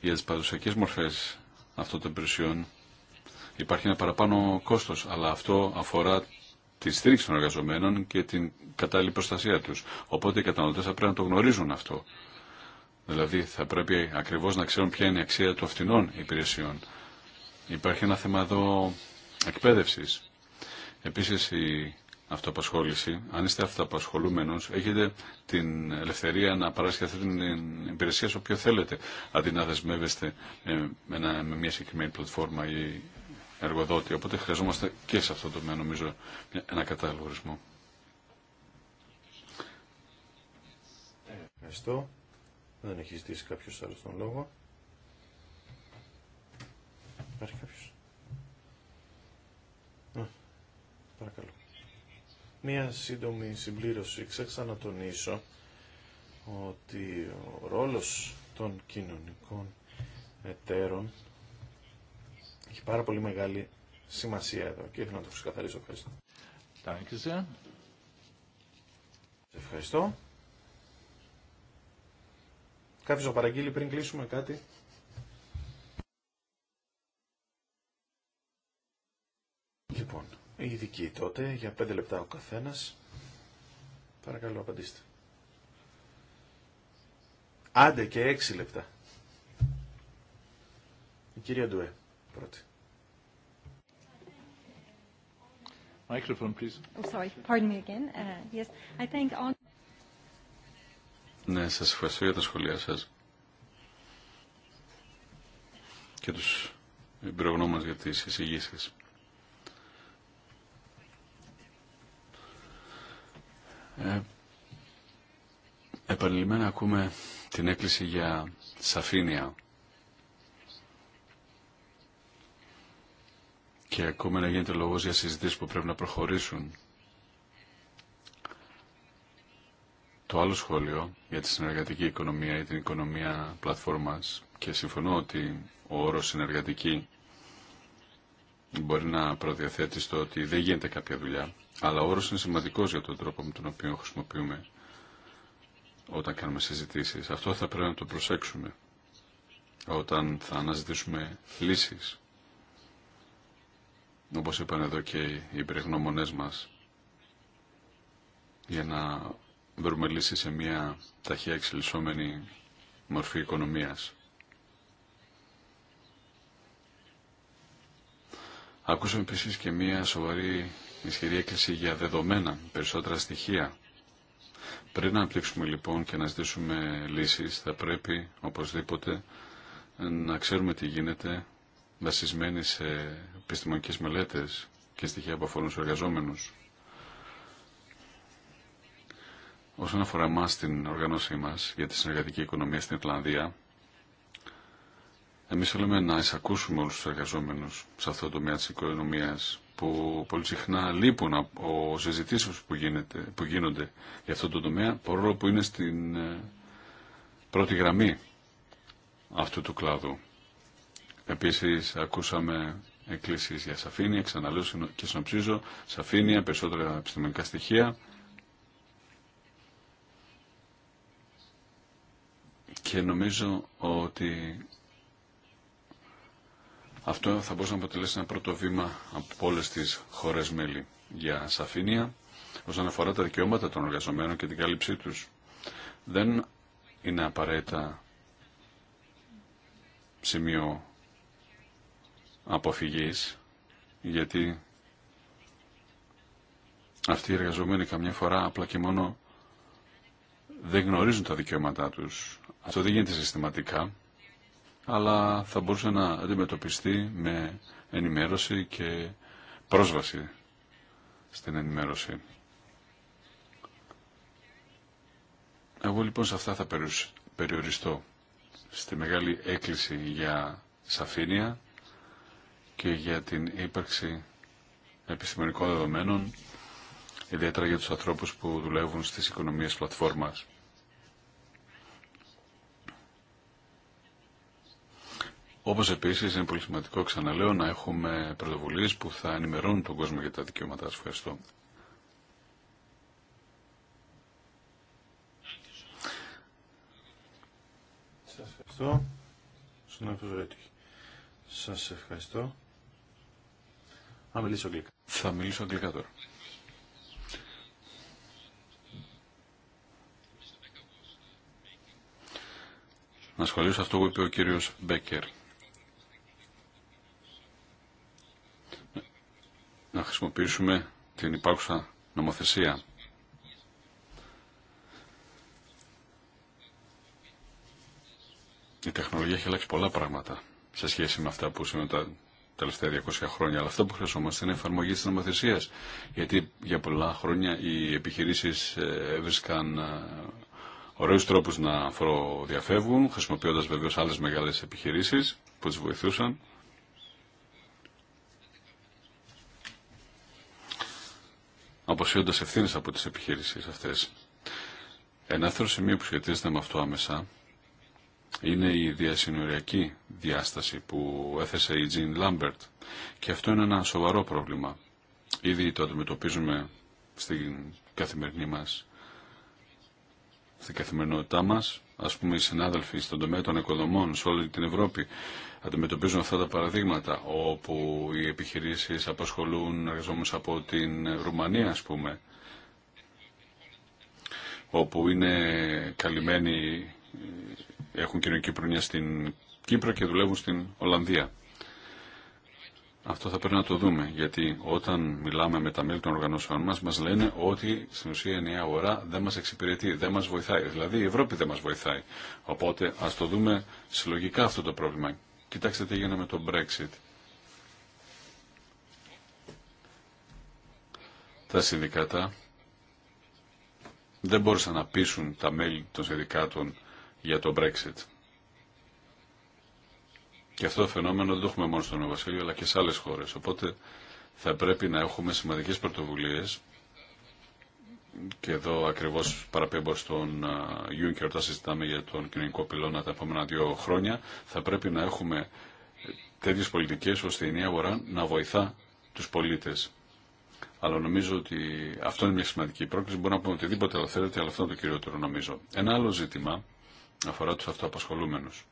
Για τις παραδοσιακές μορφές αυτών των υπηρεσιών υπάρχει ένα παραπάνω κόστος, αλλά αυτό αφορά τη στήριξη των εργαζομένων και την κατάλληλη προστασία τους. Οπότε οι καταναλωτέ θα πρέπει να το γνωρίζουν αυτό. Δηλαδή θα πρέπει ακριβώς να ξέρουν ποια είναι η αξία των φθηνών υπηρεσιών. Υπάρχει ένα θέμα εδώ εκπαίδευσης. Επίσης η αυτοαπασχόληση, αν είστε αυτοαπασχολούμενος, έχετε την ελευθερία να παράσχετε αυτή την υπηρεσία σε όποιο θέλετε, αντί να δεσμεύεστε ε, με μια συγκεκριμένη πλατφόρμα ή εργοδότη. Οπότε χρειαζόμαστε και σε αυτό το τομέα νομίζω ένα κατάλληλο ορισμό. Ευχαριστώ. Δεν έχει ζητήσει κάποιο άλλο τον λόγο. Υπάρχει κάποιο. παρακαλώ. Μία σύντομη συμπλήρωση. Ξέχασα να τονίσω ότι ο ρόλος των κοινωνικών εταίρων έχει πάρα πολύ μεγάλη σημασία εδώ και ήθελα να το ξεκαθαρίσω. Ευχαριστώ. σε. Ευχαριστώ. Κάποιος να παραγγείλει πριν κλείσουμε κάτι. Λοιπόν, η ειδικοί τότε, για πέντε λεπτά ο καθένας. Παρακαλώ, απαντήστε. Άντε και έξι λεπτά. Η κυρία Ντουέ πρώτη. Microphone, please. Oh, sorry. Pardon me again. Uh, yes, I think on... Ναι, σας ευχαριστώ για τα σχολεία σας και τους εμπειρογνώμας για τις εισηγήσεις. Ε, επανειλημμένα ακούμε την έκκληση για σαφήνεια και ακόμα να γίνεται λόγος για συζητήσεις που πρέπει να προχωρήσουν. Το άλλο σχόλιο για τη συνεργατική οικονομία ή την οικονομία πλατφόρμας και συμφωνώ ότι ο όρος συνεργατική μπορεί να προδιαθέτει στο ότι δεν γίνεται κάποια δουλειά, αλλά ο όρος είναι σημαντικός για τον τρόπο με τον οποίο χρησιμοποιούμε όταν κάνουμε συζητήσεις. Αυτό θα πρέπει να το προσέξουμε όταν θα αναζητήσουμε λύσεις όπως είπαν εδώ και οι υπηρεγνώμονές μας, για να βρούμε λύση σε μια ταχεία εξελισσόμενη μορφή οικονομίας. Ακούσαμε επίση και μια σοβαρή ισχυρή έκκληση για δεδομένα, περισσότερα στοιχεία. Πριν να αναπτύξουμε λοιπόν και να ζητήσουμε λύσεις, θα πρέπει οπωσδήποτε να ξέρουμε τι γίνεται βασισμένη σε επιστημονικές μελέτες και στοιχεία που αφορούν στους εργαζόμενους. Όσον αφορά εμά την οργανώσή μας για τη συνεργατική οικονομία στην Ιρλανδία, εμείς θέλουμε να εισακούσουμε όλους τους εργαζόμενους σε αυτό το τομέα της οικονομίας που πολύ συχνά λείπουν από συζητήσεις που, γίνεται, που γίνονται για αυτό το τομέα, παρόλο που είναι στην ε, πρώτη γραμμή αυτού του κλάδου. Επίσης ακούσαμε εκκλήσεις για σαφήνεια, ξαναλέω και συνοψίζω, σαφήνεια, περισσότερα επιστημονικά στοιχεία και νομίζω ότι αυτό θα μπορούσε να αποτελέσει ένα πρώτο βήμα από όλες τις χώρες μέλη για σαφήνεια όσον αφορά τα δικαιώματα των εργαζομένων και την κάλυψή τους. Δεν είναι απαραίτητα σημείο αποφυγής γιατί αυτοί οι εργαζομένοι καμιά φορά απλά και μόνο δεν γνωρίζουν τα δικαιώματά τους. Αυτό δεν γίνεται συστηματικά, αλλά θα μπορούσε να αντιμετωπιστεί με ενημέρωση και πρόσβαση στην ενημέρωση. Εγώ λοιπόν σε αυτά θα περιοριστώ. Στη μεγάλη έκκληση για σαφήνεια, και για την ύπαρξη επιστημονικών δεδομένων, ιδιαίτερα για τους ανθρώπους που δουλεύουν στις οικονομίες πλατφόρμας. Όπως επίσης είναι πολύ σημαντικό, ξαναλέω, να έχουμε πρωτοβουλίες που θα ενημερώνουν τον κόσμο για τα δικαιώματά. Σας ευχαριστώ. Σας ευχαριστώ. Σας ευχαριστώ. Θα μιλήσω αγγλικά. Θα μιλήσω αγγλικά τώρα. Να ασχολήσω αυτό που είπε ο κύριος Μπέκερ. Να χρησιμοποιήσουμε την υπάρχουσα νομοθεσία. Η τεχνολογία έχει αλλάξει πολλά πράγματα σε σχέση με αυτά που σήμερα τελευταία 200 χρόνια, αλλά αυτό που χρειαζόμαστε είναι εφαρμογή τη νομοθεσία. Γιατί για πολλά χρόνια οι επιχειρήσει έβρισκαν ε, ε, ωραίου τρόπου να φοροδιαφεύγουν, χρησιμοποιώντα βεβαίω άλλε μεγάλε επιχειρήσει που τι βοηθούσαν. αποσύροντας ευθύνες από τις επιχειρήσεις αυτές. Ένα άλλο σημείο που σχετίζεται με αυτό άμεσα είναι η διασυνοριακή διάσταση που έθεσε η Τζιν Λάμπερτ και αυτό είναι ένα σοβαρό πρόβλημα. Ήδη το αντιμετωπίζουμε στην καθημερινή μας, στην καθημερινότητά μας. Ας πούμε οι συνάδελφοι στον τομέα των οικοδομών σε όλη την Ευρώπη αντιμετωπίζουν αυτά τα παραδείγματα όπου οι επιχειρήσεις απασχολούν εργαζόμενους από την Ρουμανία ας πούμε όπου είναι καλυμμένοι έχουν προνοια στην Κύπρο και δουλεύουν στην Ολλανδία. Αυτό θα πρέπει να το δούμε, γιατί όταν μιλάμε με τα μέλη των οργανώσεων μας, μας λένε ότι στην ουσία η νέα αγορά δεν μας εξυπηρετεί, δεν μας βοηθάει. Δηλαδή η Ευρώπη δεν μας βοηθάει. Οπότε ας το δούμε συλλογικά αυτό το πρόβλημα. Κοιτάξτε τι έγινε με το Brexit. Τα συνδικάτα δεν μπόρεσαν να πείσουν τα μέλη των συνδικάτων για το Brexit. Και αυτό το φαινόμενο δεν το έχουμε μόνο στον Βασίλειο αλλά και σε άλλες χώρες. Οπότε θα πρέπει να έχουμε σημαντικές πρωτοβουλίες και εδώ ακριβώς παραπέμπω στον Juncker όταν συζητάμε για τον κοινωνικό πυλώνα τα επόμενα δύο χρόνια θα πρέπει να έχουμε τέτοιες πολιτικές ώστε η νέα αγορά να βοηθά τους πολίτες. Αλλά νομίζω ότι αυτό είναι μια σημαντική πρόκληση. Μπορούμε να πούμε οτιδήποτε άλλο θέλετε, αλλά αυτό είναι το κυριότερο νομίζω. Ένα άλλο ζήτημα αφορά τους αυτοαπασχολούμενους.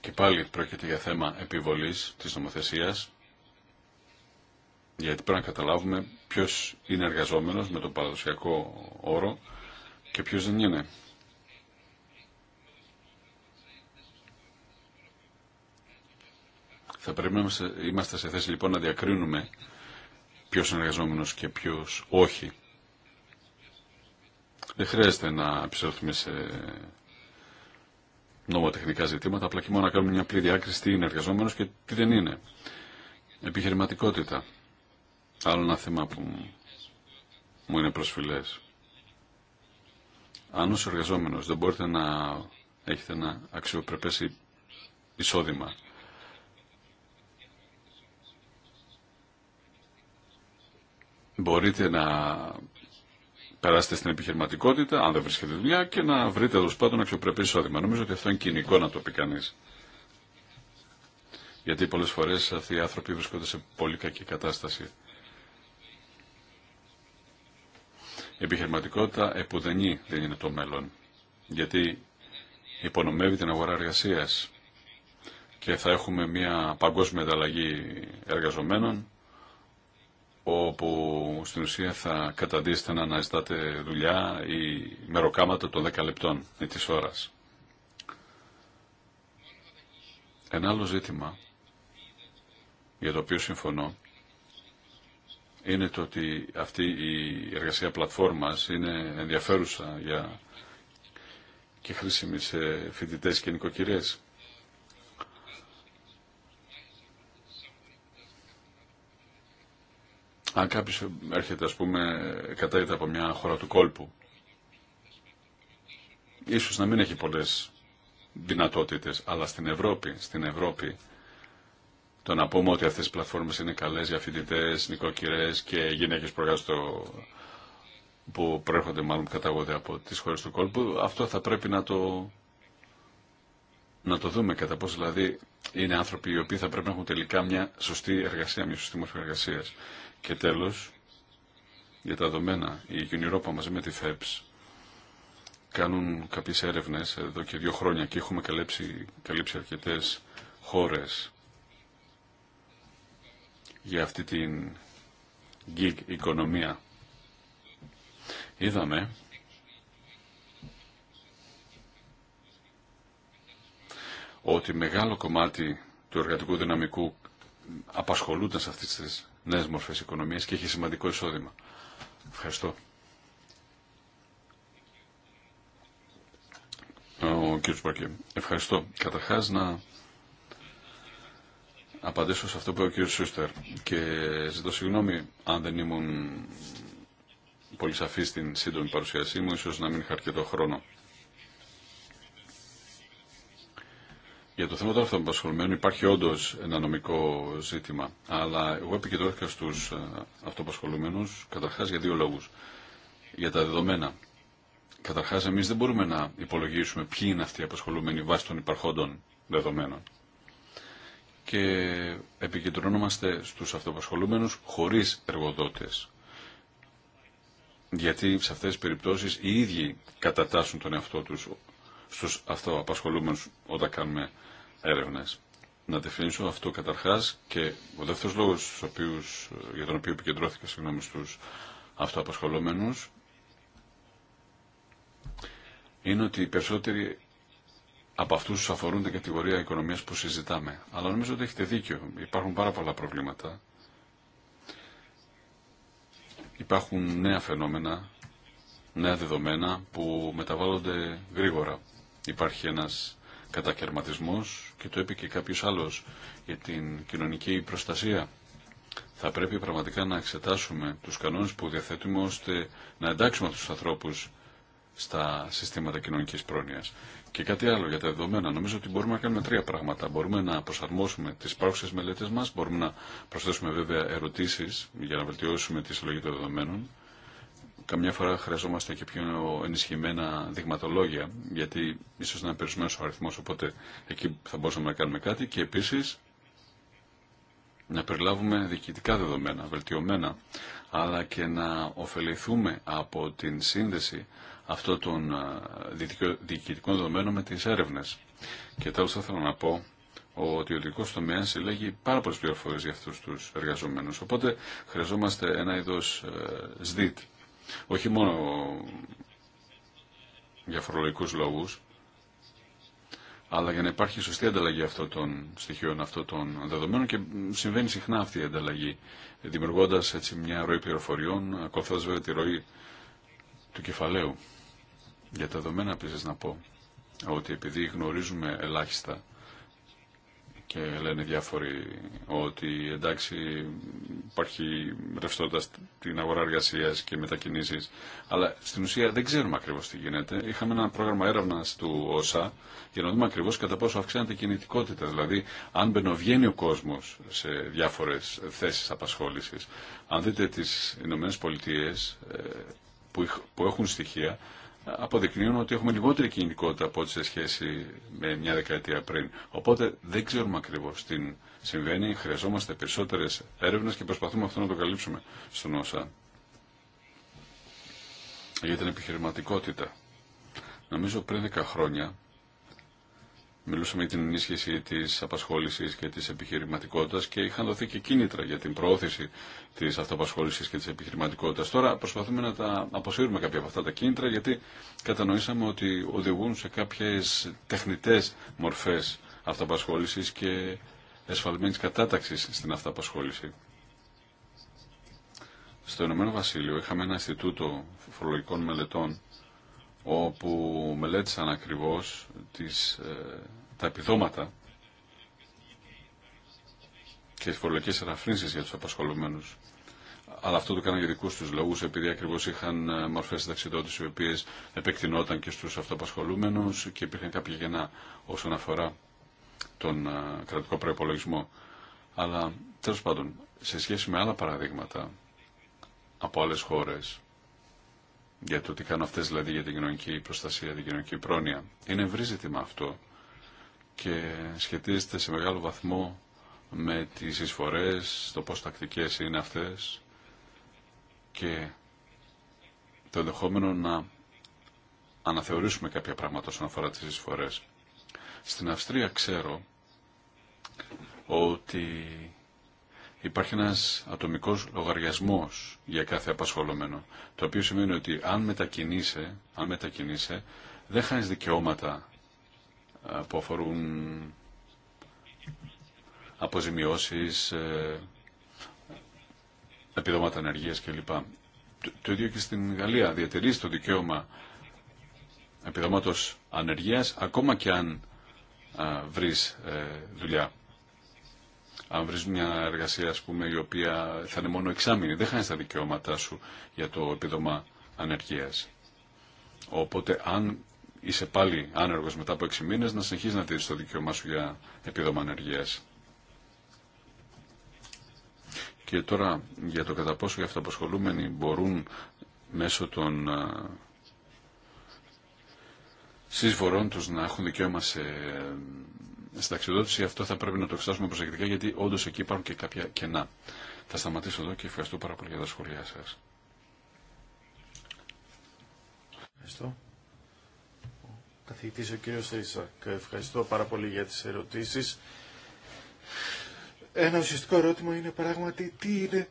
Και πάλι πρόκειται για θέμα επιβολής της νομοθεσίας, γιατί πρέπει να καταλάβουμε ποιος είναι εργαζόμενος με τον παραδοσιακό όρο και ποιος δεν είναι. Θα πρέπει να είμαστε σε θέση λοιπόν να διακρίνουμε ποιος είναι εργαζόμενος και ποιο όχι. Δεν χρειάζεται να επιστρέφουμε σε νομοτεχνικά ζητήματα, απλά και μόνο να κάνουμε μια πλήρη άκρηση τι είναι εργαζόμενος και τι δεν είναι. Επιχειρηματικότητα. Άλλο ένα θέμα που μου είναι προσφυλέ. Αν ω εργαζόμενος δεν μπορείτε να έχετε ένα αξιοπρεπέ εισόδημα μπορείτε να περάσετε στην επιχειρηματικότητα, αν δεν βρίσκετε δουλειά, και να βρείτε τέλο πάντων αξιοπρεπή εισόδημα. Νομίζω ότι αυτό είναι κοινικό να το πει κανεί. Γιατί πολλέ φορέ αυτοί οι άνθρωποι βρίσκονται σε πολύ κακή κατάσταση. Η επιχειρηματικότητα επουδενή δεν είναι το μέλλον. Γιατί υπονομεύει την αγορά εργασία και θα έχουμε μια παγκόσμια ανταλλαγή εργαζομένων όπου στην ουσία θα καταντήσετε να αναζητάτε δουλειά ή μεροκάματα των 10 λεπτών ή της ώρας. Ένα άλλο ζήτημα για το οποίο συμφωνώ είναι το ότι αυτή η εργασία πλατφόρμας είναι ενδιαφέρουσα για και χρήσιμη σε φοιτητές και νοικοκυρές. Αν κάποιο έρχεται, α πούμε, κατάγεται από μια χώρα του κόλπου, ίσως να μην έχει πολλές δυνατότητες, αλλά στην Ευρώπη, στην Ευρώπη, το να πούμε ότι αυτές οι πλατφόρμες είναι καλές για φοιτητέ, νοικοκυρές και γυναίκες που που προέρχονται μάλλον κατάγονται από τις χώρες του κόλπου, αυτό θα πρέπει να το, να το δούμε κατά πόσο δηλαδή είναι άνθρωποι οι οποίοι θα πρέπει να έχουν τελικά μια σωστή εργασία, μια σωστή μορφή εργασίας. Και τέλος, για τα δομένα. η Γιουνιρόπα μαζί με τη ΦΕΠΣ κάνουν κάποιες έρευνες εδώ και δύο χρόνια και έχουμε καλύψει, καλύψει αρκετές χώρες για αυτή την gig οικονομία. Είδαμε ότι μεγάλο κομμάτι του εργατικού δυναμικού απασχολούνται σε αυτές τις νέες μορφές οικονομίας και έχει σημαντικό εισόδημα. Ευχαριστώ. Ο κύριος Ευχαριστώ. Καταρχάς να απαντήσω σε αυτό που είπε ο κύριος Σούστερ και ζητώ συγγνώμη αν δεν ήμουν πολύ σαφή στην σύντομη παρουσίασή μου, ίσως να μην είχα αρκετό χρόνο. Για το θέμα των αυτοαπασχολημένων υπάρχει όντω ένα νομικό ζήτημα. Αλλά εγώ επικεντρώθηκα στου ε, αυτοαπασχολούμενου καταρχά για δύο λόγου. Για τα δεδομένα. Καταρχά, εμεί δεν μπορούμε να υπολογίσουμε ποιοι είναι αυτοί οι απασχολούμενοι βάσει των υπαρχόντων δεδομένων. Και επικεντρωνόμαστε στου αυτοαπασχολούμενου χωρί εργοδότε. Γιατί σε αυτέ τι περιπτώσει οι ίδιοι κατατάσσουν τον εαυτό του στου αυτοαπασχολούμενους όταν κάνουμε να τελειώσω αυτό καταρχάς και ο δεύτερος λόγος οποίους, για τον οποίο επικεντρώθηκα συγγνώμη στους αυτοαπασχολόμενους είναι ότι οι περισσότεροι από αυτούς αφορούν την κατηγορία οικονομίας που συζητάμε. Αλλά νομίζω ότι έχετε δίκιο. Υπάρχουν πάρα πολλά προβλήματα. Υπάρχουν νέα φαινόμενα, νέα δεδομένα που μεταβάλλονται γρήγορα. Υπάρχει ένας κατακαιρματισμός και το είπε και κάποιος άλλος για την κοινωνική προστασία. Θα πρέπει πραγματικά να εξετάσουμε τους κανόνες που διαθέτουμε ώστε να εντάξουμε τους ανθρώπους στα συστήματα κοινωνικής πρόνοιας. Και κάτι άλλο για τα δεδομένα. Νομίζω ότι μπορούμε να κάνουμε τρία πράγματα. Μπορούμε να προσαρμόσουμε τις πρόξεις μελέτε μας, μπορούμε να προσθέσουμε βέβαια ερωτήσεις για να βελτιώσουμε τη συλλογή των δεδομένων καμιά φορά χρειαζόμαστε και πιο ενισχυμένα δειγματολόγια, γιατί ίσω να είναι περισσότερος ο αριθμό, οπότε εκεί θα μπορούσαμε να κάνουμε κάτι και επίση να περιλάβουμε διοικητικά δεδομένα, βελτιωμένα, αλλά και να ωφεληθούμε από την σύνδεση αυτών των ε, διοικητικών δεδομένων με τι έρευνε. Και τέλο θα ήθελα να πω ότι ο ιδιωτικό τομέα συλλέγει πάρα πολλέ πληροφορίε για αυτού του εργαζομένου. Οπότε χρειαζόμαστε ένα είδο ε, ΣΔΙΤ, όχι μόνο για φορολογικούς λόγους, αλλά για να υπάρχει σωστή ανταλλαγή αυτών των στοιχείων, αυτών των δεδομένων και συμβαίνει συχνά αυτή η ανταλλαγή, δημιουργώντας έτσι μια ροή πληροφοριών, ακολουθώντας βέβαια τη ροή του κεφαλαίου. Για τα δεδομένα επίσης να πω ότι επειδή γνωρίζουμε ελάχιστα και λένε διάφοροι ότι εντάξει υπάρχει ρευστότητα στην αγορά εργασία και μετακινήσεις αλλά στην ουσία δεν ξέρουμε ακριβώς τι γίνεται. Είχαμε ένα πρόγραμμα έρευνας του ΩΣΑ για να δούμε ακριβώς κατά πόσο αυξάνεται η κινητικότητα δηλαδή αν μπαινοβγαίνει ο κόσμος σε διάφορες θέσεις απασχόλησης. Αν δείτε τις Ηνωμένε Πολιτείε ε, που έχουν στοιχεία αποδεικνύουν ότι έχουμε λιγότερη κινητικότητα από ό,τι σε σχέση με μια δεκαετία πριν. Οπότε δεν ξέρουμε ακριβώ τι συμβαίνει. Χρειαζόμαστε περισσότερε έρευνε και προσπαθούμε αυτό να το καλύψουμε στον ΩΣΑ. Για την επιχειρηματικότητα. Νομίζω πριν 10 χρόνια Μιλούσαμε για την ενίσχυση της απασχόλησης και της επιχειρηματικότητας και είχαν δοθεί και κίνητρα για την προώθηση της αυτοπασχόληση και της επιχειρηματικότητας. Τώρα προσπαθούμε να τα αποσύρουμε κάποια από αυτά τα κίνητρα γιατί κατανοήσαμε ότι οδηγούν σε κάποιες τεχνητέ μορφές αυτοπασχόληση και εσφαλμένη κατάταξη στην αυτοπασχόληση. Στο Ηνωμένο Βασίλειο είχαμε ένα Ινστιτούτο Φορολογικών Μελετών όπου μελέτησαν ακριβώς τις, ε, τα επιδόματα και τις φορολογικές εραφρύνσεις για τους απασχολουμένους. Αλλά αυτό το κάνανε για δικού του λόγου, επειδή ακριβώ είχαν ε, μορφέ συνταξιδότηση οι οποίε επεκτηνόταν και στου αυτοαπασχολούμενου και υπήρχαν κάποια γενά όσον αφορά τον ε, κρατικό προπολογισμό. Αλλά τέλο πάντων, σε σχέση με άλλα παραδείγματα από άλλε χώρε, για το τι κάνουν αυτές δηλαδή για την κοινωνική προστασία, την κοινωνική πρόνοια. Είναι ευρύ ζήτημα αυτό και σχετίζεται σε μεγάλο βαθμό με τις εισφορές, το πώς τακτικές είναι αυτές και το ενδεχόμενο να αναθεωρήσουμε κάποια πράγματα όσον αφορά τις εισφορές. Στην Αυστρία ξέρω ότι υπάρχει ένας ατομικός λογαριασμός για κάθε απασχολούμενο, το οποίο σημαίνει ότι αν μετακινείσαι, αν μετακινείσαι δεν χάνεις δικαιώματα ε, που αφορούν αποζημιώσεις, ε, επιδόματα ανεργίας κλπ. Το ίδιο και στην Γαλλία διατηρείς το δικαίωμα επιδόματος ανεργίας ακόμα και αν ε, βρεις δουλειά αν βρει μια εργασία ας πούμε, η οποία θα είναι μόνο εξάμηνη, δεν χάνει τα δικαιώματά σου για το επίδομα ανεργία. Οπότε αν είσαι πάλι άνεργο μετά από 6 μήνε, να συνεχίζει να τηρεί το δικαίωμά σου για επίδομα ανεργίας. Και τώρα για το κατά πόσο οι αυτοαπασχολούμενοι μπορούν μέσω των συσφορών τους να έχουν δικαίωμα σε συνταξιοδότηση, αυτό θα πρέπει να το εξετάσουμε προσεκτικά γιατί όντω εκεί υπάρχουν και κάποια κενά. Θα σταματήσω εδώ και ευχαριστώ πάρα πολύ για τα σχόλιά σα. Ευχαριστώ. Ο καθηγητής ο κύριος Θεϊσακ, ευχαριστώ πάρα πολύ για τι ερωτήσεις. Ένα ουσιαστικό ερώτημα είναι πράγματι τι είναι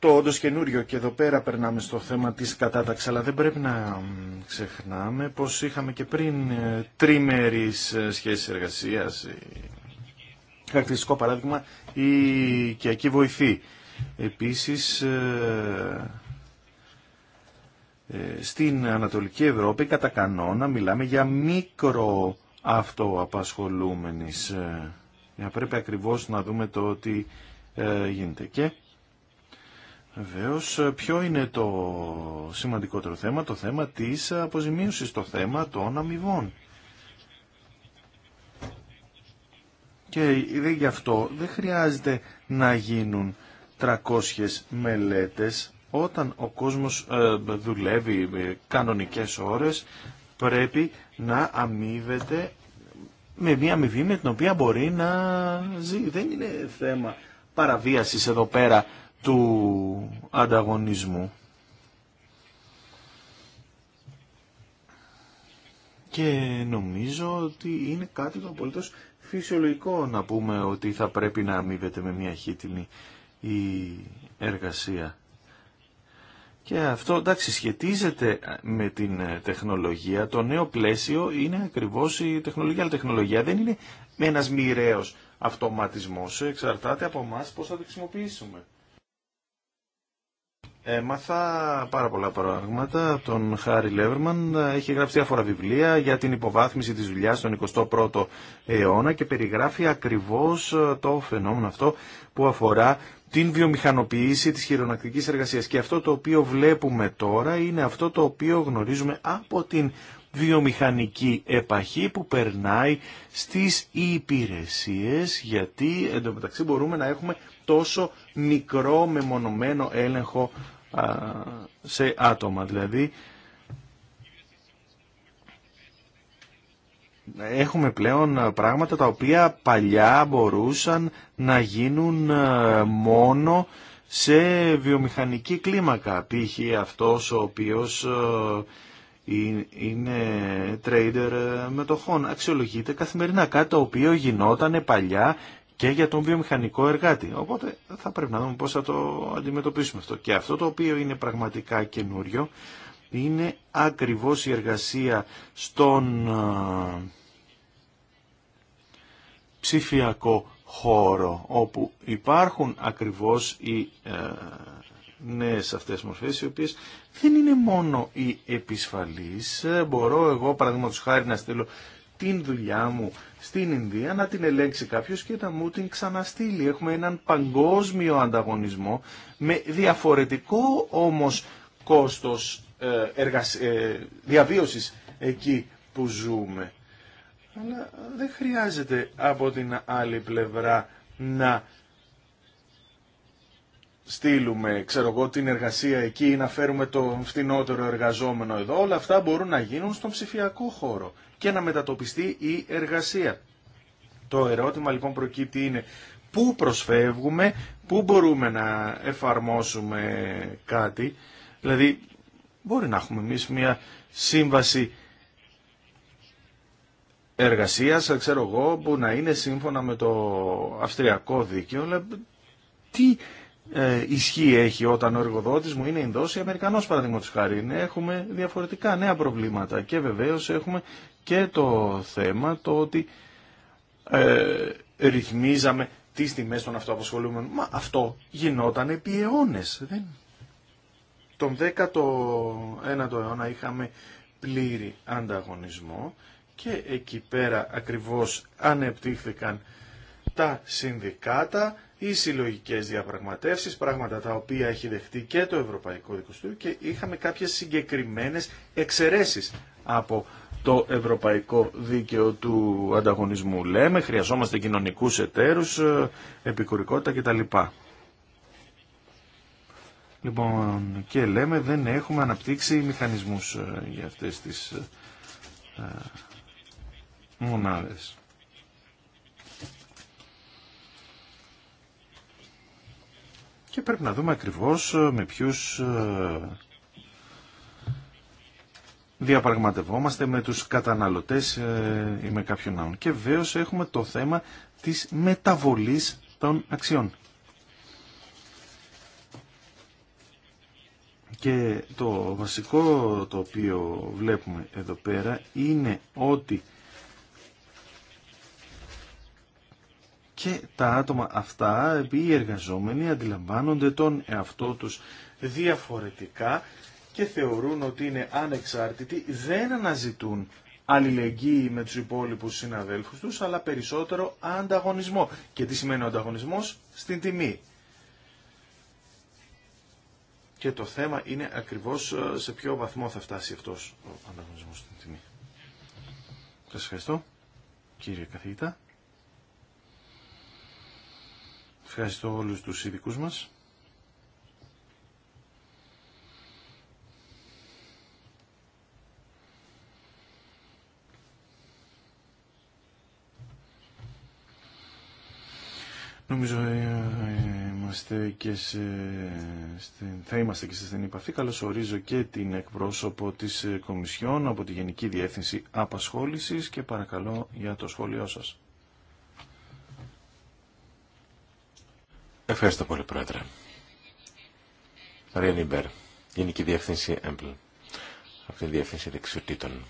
το όντω καινούριο και εδώ πέρα περνάμε στο θέμα της κατάταξης, αλλά δεν πρέπει να ξεχνάμε πως είχαμε και πριν ε, τρίμερης ε, σχέσεις εργασίας, χαρακτηριστικό παράδειγμα, η οικιακή βοηθή. Επίσης, ε, στην Ανατολική Ευρώπη κατά κανόνα μιλάμε για μικρο αυτοαπασχολούμενης. Πρέπει ακριβώς να δούμε το ότι γίνεται. Και Βεβαίω, ποιο είναι το σημαντικότερο θέμα, το θέμα της αποζημίωσης, το θέμα των αμοιβών. Και γι' αυτό δεν χρειάζεται να γίνουν 300 μελέτες όταν ο κόσμος ε, δουλεύει κανονικές ώρες πρέπει να αμείβεται με μια αμοιβή με την οποία μπορεί να ζει. Δεν είναι θέμα παραβίασης εδώ πέρα του ανταγωνισμού και νομίζω ότι είναι κάτι το απολύτως φυσιολογικό να πούμε ότι θα πρέπει να αμείβεται με μια χίτινη η εργασία. Και αυτό εντάξει σχετίζεται με την ε, τεχνολογία. Το νέο πλαίσιο είναι ακριβώς η τεχνολογία, αλλά η τεχνολογία δεν είναι ένας μοιραίος αυτοματισμός. Εξαρτάται από εμά πώς θα το χρησιμοποιήσουμε. Έμαθα πάρα πολλά πράγματα από τον Χάρη Λέβερμαν. Έχει ε, γράψει διάφορα βιβλία για την υποβάθμιση της δουλειά στον 21ο αιώνα και περιγράφει ακριβώς ε, το φαινόμενο αυτό που αφορά την βιομηχανοποίηση της χειρονακτικής εργασίας. Και αυτό το οποίο βλέπουμε τώρα είναι αυτό το οποίο γνωρίζουμε από την βιομηχανική επαχή που περνάει στις υπηρεσίες γιατί μεταξύ μπορούμε να έχουμε τόσο μικρό μεμονωμένο έλεγχο σε άτομα. Δηλαδή, έχουμε πλέον πράγματα τα οποία παλιά μπορούσαν να γίνουν μόνο σε βιομηχανική κλίμακα. Π.χ. αυτός ο οποίος είναι trader ε, μετοχών. Αξιολογείται καθημερινά κάτι το οποίο γινόταν παλιά και για τον βιομηχανικό εργάτη. Οπότε θα πρέπει να δούμε πώς θα το αντιμετωπίσουμε αυτό. Και αυτό το οποίο είναι πραγματικά καινούριο είναι ακριβώς η εργασία στον ψηφιακό χώρο όπου υπάρχουν ακριβώς οι ε, νέες αυτές μορφές οι οποίες δεν είναι μόνο οι επισφαλείς. Μπορώ εγώ παραδείγματος χάρη να στείλω την δουλειά μου στην Ινδία, να την ελέγξει κάποιος και να μου την ξαναστείλει. Έχουμε έναν παγκόσμιο ανταγωνισμό με διαφορετικό όμως κόστος ε, εργασ... Ε, διαβίωσης εκεί που ζούμε. Αλλά δεν χρειάζεται από την άλλη πλευρά να στείλουμε, ξέρω την εργασία εκεί ή να φέρουμε το φθηνότερο εργαζόμενο εδώ. Όλα αυτά μπορούν να γίνουν στον ψηφιακό χώρο και να μετατοπιστεί η εργασία. Το ερώτημα λοιπόν προκύπτει είναι πού προσφεύγουμε, πού μπορούμε να εφαρμόσουμε κάτι. Δηλαδή μπορεί να έχουμε εμεί μια σύμβαση εργασίας, ξέρω εγώ, που να είναι σύμφωνα με το αυστριακό δίκαιο, τι ε, ισχύ έχει όταν ο εργοδότης μου είναι Ινδός ή Αμερικανός παραδείγματο χάρη. Ναι, έχουμε διαφορετικά νέα προβλήματα και βεβαίως έχουμε και το θέμα το ότι ε, ρυθμίζαμε τις τιμές των αυτοαποσχολούμενων Μα αυτό γινόταν επί αιώνες. Δεν... Τον 19ο αιώνα είχαμε πλήρη ανταγωνισμό και εκεί πέρα ακριβώς ανεπτύχθηκαν τα συνδικάτα οι συλλογικέ διαπραγματεύσεις, πράγματα τα οποία έχει δεχτεί και το Ευρωπαϊκό Δικαστήριο και είχαμε κάποιες συγκεκριμένες εξαιρεσει από το ευρωπαϊκό δίκαιο του ανταγωνισμού. Λέμε, χρειαζόμαστε κοινωνικούς εταίρους, ε, επικουρικότητα κτλ. Λοιπόν, και λέμε δεν έχουμε αναπτύξει μηχανισμούς ε, για αυτές τις ε, μονάδες. και πρέπει να δούμε ακριβώς ε, με ποιους ε, διαπραγματευόμαστε με τους καταναλωτές ε, ή με κάποιον άλλον. Και βεβαίω έχουμε το θέμα της μεταβολής των αξιών. Και το βασικό το οποίο βλέπουμε εδώ πέρα είναι ότι και τα άτομα αυτά, οι εργαζόμενοι αντιλαμβάνονται τον εαυτό τους διαφορετικά και θεωρούν ότι είναι ανεξάρτητοι, δεν αναζητούν αλληλεγγύη με τους υπόλοιπους συναδέλφους τους, αλλά περισσότερο ανταγωνισμό. Και τι σημαίνει ο ανταγωνισμός? Στην τιμή. Και το θέμα είναι ακριβώς ε, σε ποιο βαθμό θα φτάσει αυτός ο ανταγωνισμός στην τιμή. Σας ευχαριστώ, κύριε καθηγητά. Ευχαριστώ όλους τους ειδικούς μας. Νομίζω ε, είμαστε και σε, θα είμαστε και σε στενή επαφή. Καλώς ορίζω και την εκπρόσωπο της ε, Κομισιόν από τη Γενική Διεύθυνση Απασχόλησης και παρακαλώ για το σχόλιο σας. Ευχαριστώ πολύ, Πρόεδρε. Μαρία Νιμπέρ, Γενική Διεύθυνση Έμπλ, από την Διεύθυνση Δεξιοτήτων.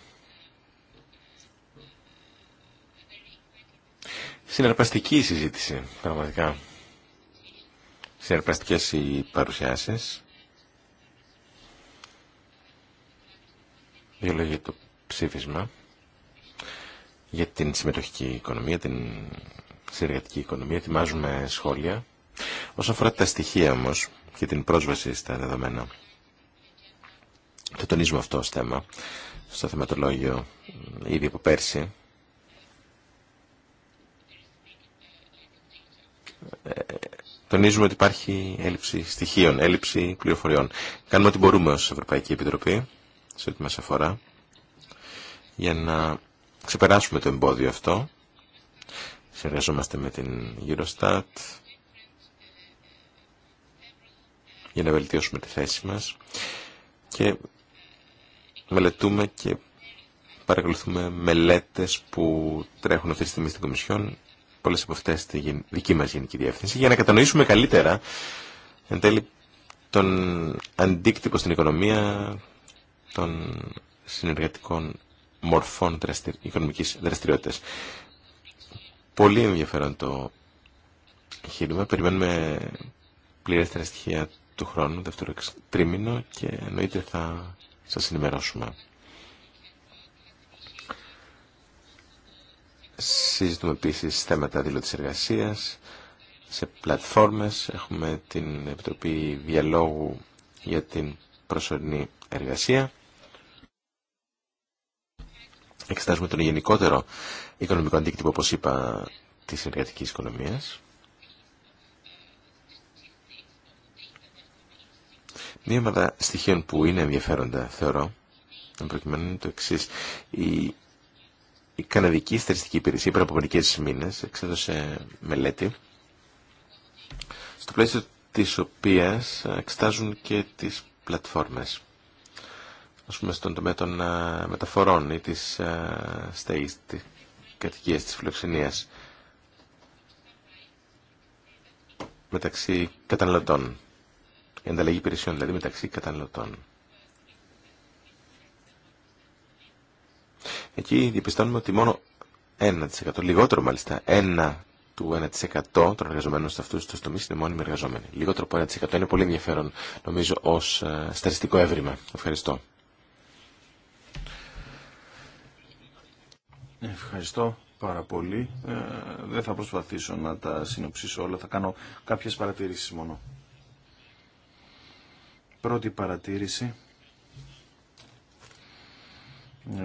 Συνερπαστική συζήτηση, πραγματικά. Συνερπαστικές οι παρουσιάσεις. Δύο λόγια το ψήφισμα για την συμμετοχική οικονομία, την συνεργατική οικονομία. Ετοιμάζουμε σχόλια. Όσον αφορά τα στοιχεία όμω και την πρόσβαση στα δεδομένα, το τονίζουμε αυτό ως θέμα στο θεματολόγιο ήδη από πέρσι. Ε, τονίζουμε ότι υπάρχει έλλειψη στοιχείων, έλλειψη πληροφοριών. Κάνουμε ό,τι μπορούμε ως Ευρωπαϊκή Επιτροπή, σε ό,τι μας αφορά, για να ξεπεράσουμε το εμπόδιο αυτό. Συνεργαζόμαστε με την Eurostat, για να βελτιώσουμε τη θέση μας και μελετούμε και παρακολουθούμε μελέτες που τρέχουν αυτή τη στιγμή στην Κομισιόν πολλές από αυτές στη δική μας Γενική Διεύθυνση για να κατανοήσουμε καλύτερα εν τέλει τον αντίκτυπο στην οικονομία των συνεργατικών μορφών δραστηρι... οικονομικής δραστηριότητας. Πολύ ενδιαφέρον το χείριμα. Περιμένουμε πληρέστερα στοιχεία του χρόνου, δεύτερο τρίμηνο και εννοείται θα σας ενημερώσουμε. Συζητούμε επίσης θέματα δήλωτης εργασίας, σε πλατφόρμες έχουμε την Επιτροπή Διαλόγου για την προσωρινή εργασία. Εξετάζουμε τον γενικότερο οικονομικό αντίκτυπο, όπως είπα, της εργατικής οικονομίας. Μία ομάδα στοιχείων που είναι ενδιαφέροντα, θεωρώ, εν προκειμένου είναι το εξή. Η, Καναδική Στατιστική Υπηρεσία πριν από μερικέ μήνε εξέδωσε μελέτη, στο πλαίσιο τη οποία εξετάζουν και τι πλατφόρμες α πούμε στον τομέα των μεταφορών ή τη στέγη τη της κατοικίας, μεταξύ καταναλωτών. Η ανταλλαγή υπηρεσιών δηλαδή μεταξύ καταναλωτών. Εκεί διαπιστώνουμε ότι μόνο 1%, λιγότερο μάλιστα, 1 του 1% των εργαζομένων σε αυτού του τομεί είναι μόνιμοι εργαζόμενοι. Λιγότερο από 1%. Είναι πολύ ενδιαφέρον, νομίζω, ω ε, στατιστικό έβριμα. Ευχαριστώ. Ευχαριστώ πάρα πολύ. Ε, δεν θα προσπαθήσω να τα συνοψίσω όλα. Θα κάνω κάποιες παρατηρήσεις μόνο. Πρώτη παρατήρηση.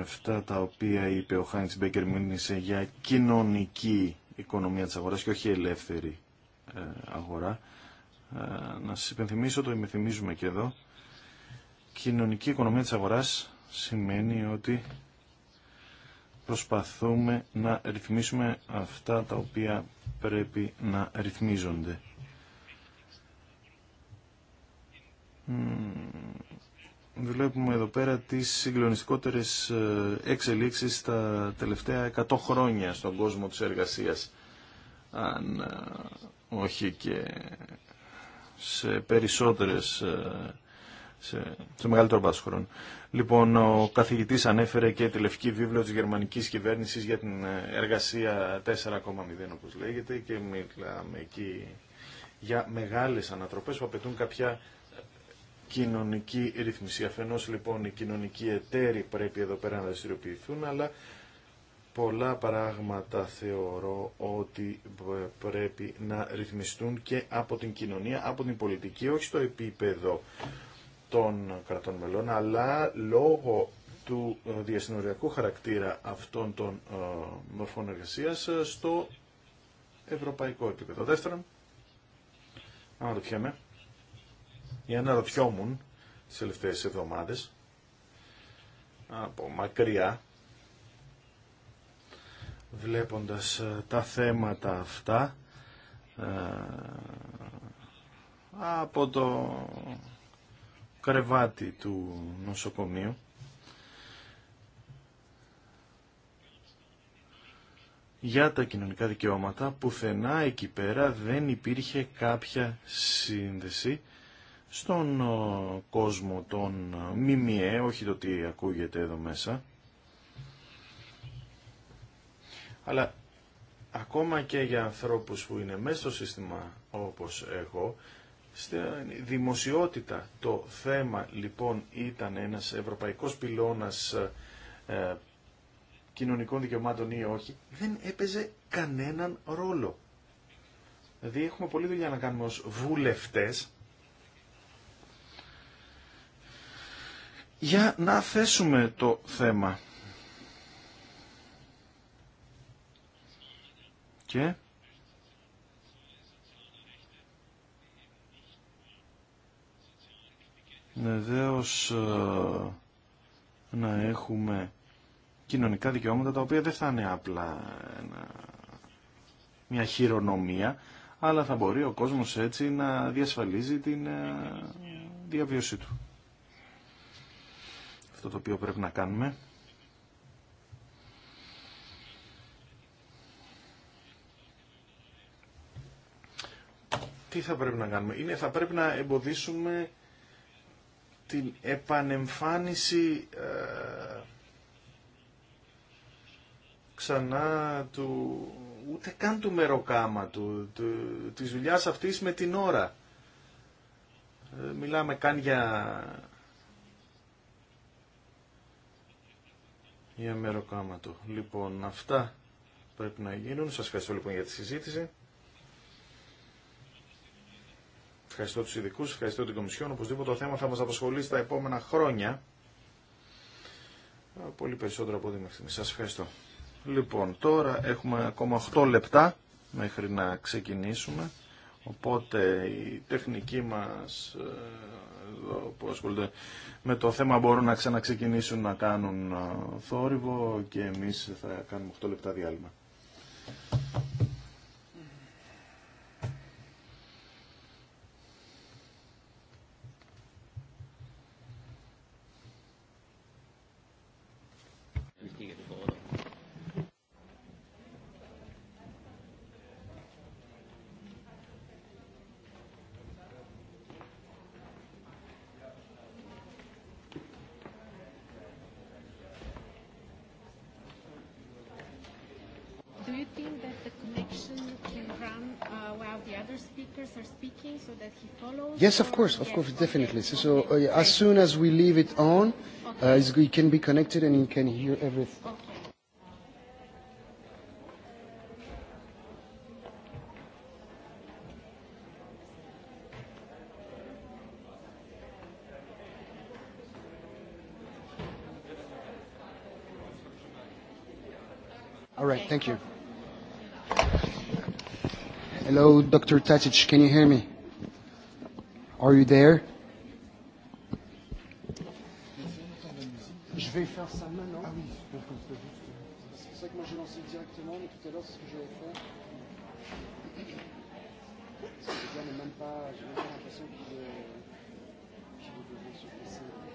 Αυτά τα οποία είπε ο Χάιντς Μπέκερ για κοινωνική οικονομία της αγοράς και όχι ελεύθερη ε, αγορά. Ε, να σας υπενθυμίσω, το υπενθυμίζουμε και εδώ. Κοινωνική οικονομία της αγοράς σημαίνει ότι προσπαθούμε να ρυθμίσουμε αυτά τα οποία πρέπει να ρυθμίζονται. Βλέπουμε εδώ πέρα τις συγκλονιστικότερες ε, εξελίξεις τα τελευταία 100 χρόνια στον κόσμο της εργασίας. Αν ε, όχι και σε περισσότερες ε, σε, σε μεγαλύτερο βάθος Λοιπόν, ο καθηγητής ανέφερε και τη Λευκή Βίβλο της Γερμανικής Κυβέρνησης για την εργασία 4,0 όπως λέγεται και μιλάμε εκεί για μεγάλες ανατροπές που απαιτούν κάποια κοινωνική ρύθμιση. Αφενός λοιπόν οι κοινωνικοί εταίροι πρέπει εδώ πέρα να δραστηριοποιηθούν, αλλά πολλά πράγματα θεωρώ ότι πρέπει να ρυθμιστούν και από την κοινωνία, από την πολιτική, όχι στο επίπεδο των κρατών μελών, αλλά λόγω του ε, διασυνοριακού χαρακτήρα αυτών των ε, μορφών εργασία ε, στο ευρωπαϊκό επίπεδο. Δεύτερον, να το πιέμε, για να ρωτιόμουν τις τελευταίες εβδομάδες από μακριά βλέποντας ε, τα θέματα αυτά ε, από το κρεβάτι του νοσοκομείου για τα κοινωνικά δικαιώματα πουθενά εκεί πέρα δεν υπήρχε κάποια σύνδεση στον κόσμο των ΜΜΕ, όχι το τι ακούγεται εδώ μέσα, αλλά ακόμα και για ανθρώπους που είναι μέσα στο σύστημα όπως εγώ, στη δημοσιότητα το θέμα λοιπόν ήταν ένας ευρωπαϊκός πυλώνας ε, κοινωνικών δικαιωμάτων ή όχι, δεν έπαιζε κανέναν ρόλο. Δηλαδή έχουμε πολλή δουλειά να κάνουμε ως βουλευτές για να θέσουμε το θέμα. Και... Βεβαίω ε, να έχουμε κοινωνικά δικαιώματα τα οποία δεν θα είναι απλά μια χειρονομία αλλά θα μπορεί ο κόσμος έτσι να διασφαλίζει την ε, διαβίωσή του το οποίο πρέπει να κάνουμε. Τι θα πρέπει να κάνουμε. Είναι θα πρέπει να εμποδίσουμε την επανεμφάνιση ε, ξανά του ούτε καν του μεροκάμα του, του, της δουλειάς αυτής με την ώρα. Ε, μιλάμε καν για για μεροκάματο. Λοιπόν, αυτά πρέπει να γίνουν. Σας ευχαριστώ λοιπόν για τη συζήτηση. Ευχαριστώ τους ειδικού, ευχαριστώ την Κομισιόν. Οπωσδήποτε το θέμα θα μας απασχολήσει τα επόμενα χρόνια. Πολύ περισσότερο από ό,τι μέχρι στιγμή. Σας ευχαριστώ. Λοιπόν, τώρα έχουμε ακόμα 8 λεπτά μέχρι να ξεκινήσουμε. Οπότε οι τεχνικοί μας ε, που ασχολούνται με το θέμα μπορούν να ξαναξεκινήσουν να κάνουν ε, θόρυβο και εμείς θα κάνουμε 8 λεπτά διάλειμμα. Yes, of course, of course, definitely. So as soon as we leave it on, it can be connected and you can hear everything. All right, thank you. Hello, Dr. Tatic, can you hear me? Are you there? Je vais faire ça maintenant. Ah oui, c'est pour ça que moi j'ai lancé directement, mais tout à l'heure c'est ce que j'avais fait. C'est bien, mais même pas, j'ai pas l'impression qu'il est, qu'il est besoin de se passer.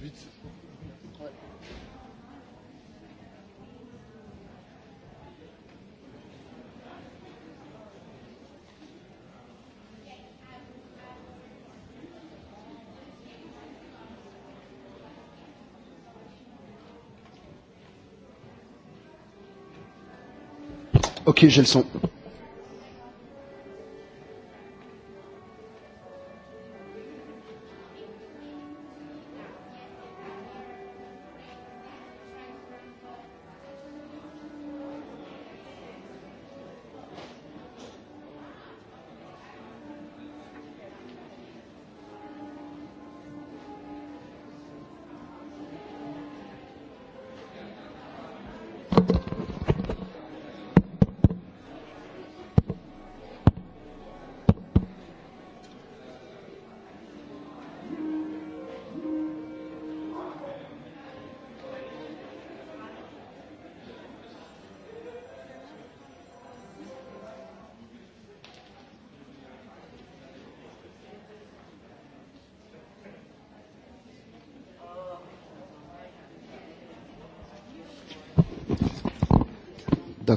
vite. Ok, j'ai le son.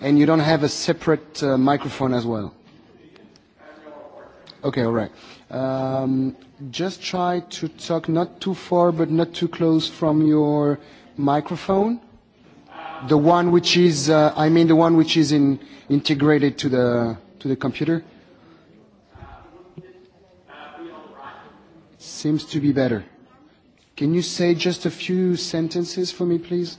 And you don't have a separate microphone as well? Okay, all right. Um, just try to talk not too far but not too close from your microphone. The one which is, uh, I mean the one which is in, integrated to the, to the computer. Seems to be better. Can you say just a few sentences for me, please?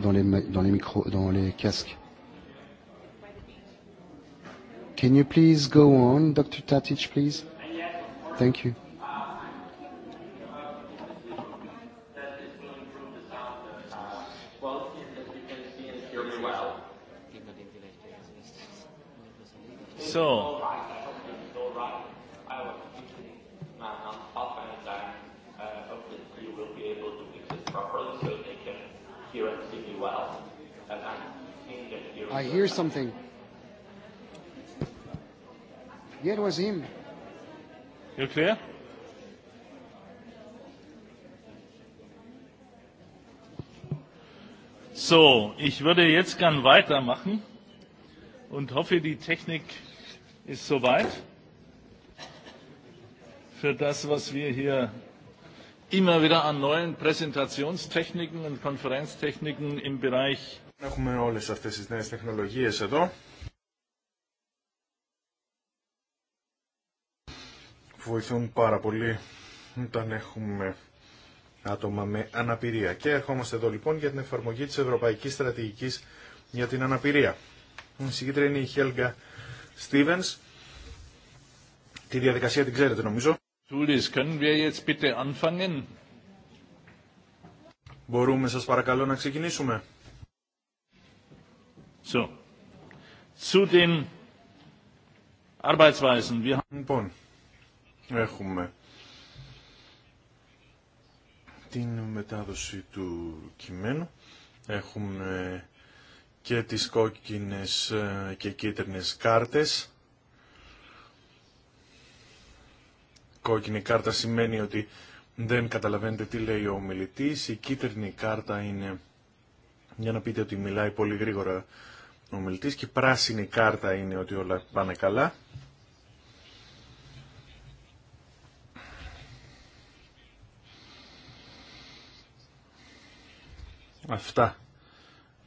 dans les, dans les micros, dans les casques. Can you please go on, Dr. Tatic, please? Thank you. So, hear something. it was him. You clear? So, ich würde jetzt gern weitermachen und hoffe, die Technik ist soweit für das, was wir hier immer wieder an neuen Präsentationstechniken und Konferenztechniken im Bereich Έχουμε όλες αυτές τις νέες τεχνολογίες εδώ. Βοηθούν πάρα πολύ όταν έχουμε άτομα με αναπηρία. Και ερχόμαστε εδώ λοιπόν για την εφαρμογή της Ευρωπαϊκής Στρατηγικής για την Αναπηρία. Η συγκίτρια είναι η Χέλγκα Στίβενς. Τη διαδικασία την ξέρετε νομίζω. Μπορούμε σας παρακαλώ να ξεκινήσουμε. Λοιπόν, έχουμε την μετάδοση του κειμένου. Έχουμε και τις κόκκινες ε, και κίτρινες κάρτες. Κόκκινη κάρτα σημαίνει ότι δεν καταλαβαίνετε τι λέει ο μιλητής. Η κίτρινη κάρτα είναι για να πείτε ότι μιλάει πολύ γρήγορα ομιλητής και πράσινη κάρτα είναι ότι όλα πάνε καλά. Αυτά.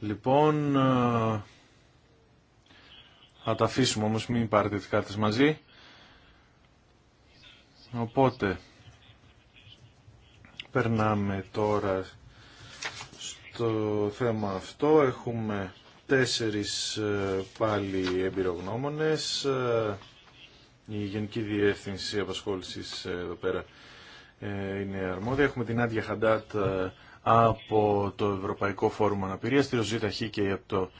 Λοιπόν, ε, θα τα αφήσουμε όμως, μην πάρετε τις κάρτες μαζί. Οπότε, περνάμε τώρα στο θέμα αυτό. Έχουμε τέσσερις ε, πάλι εμπειρογνώμονες. Ε, η Γενική Διεύθυνση Απασχόλησης εδώ πέρα ε, είναι αρμόδια. Έχουμε την Άντια Χαντάτ από το Ευρωπαϊκό Φόρουμ Αναπηρίας, τη Ροζίτα Χίκη από το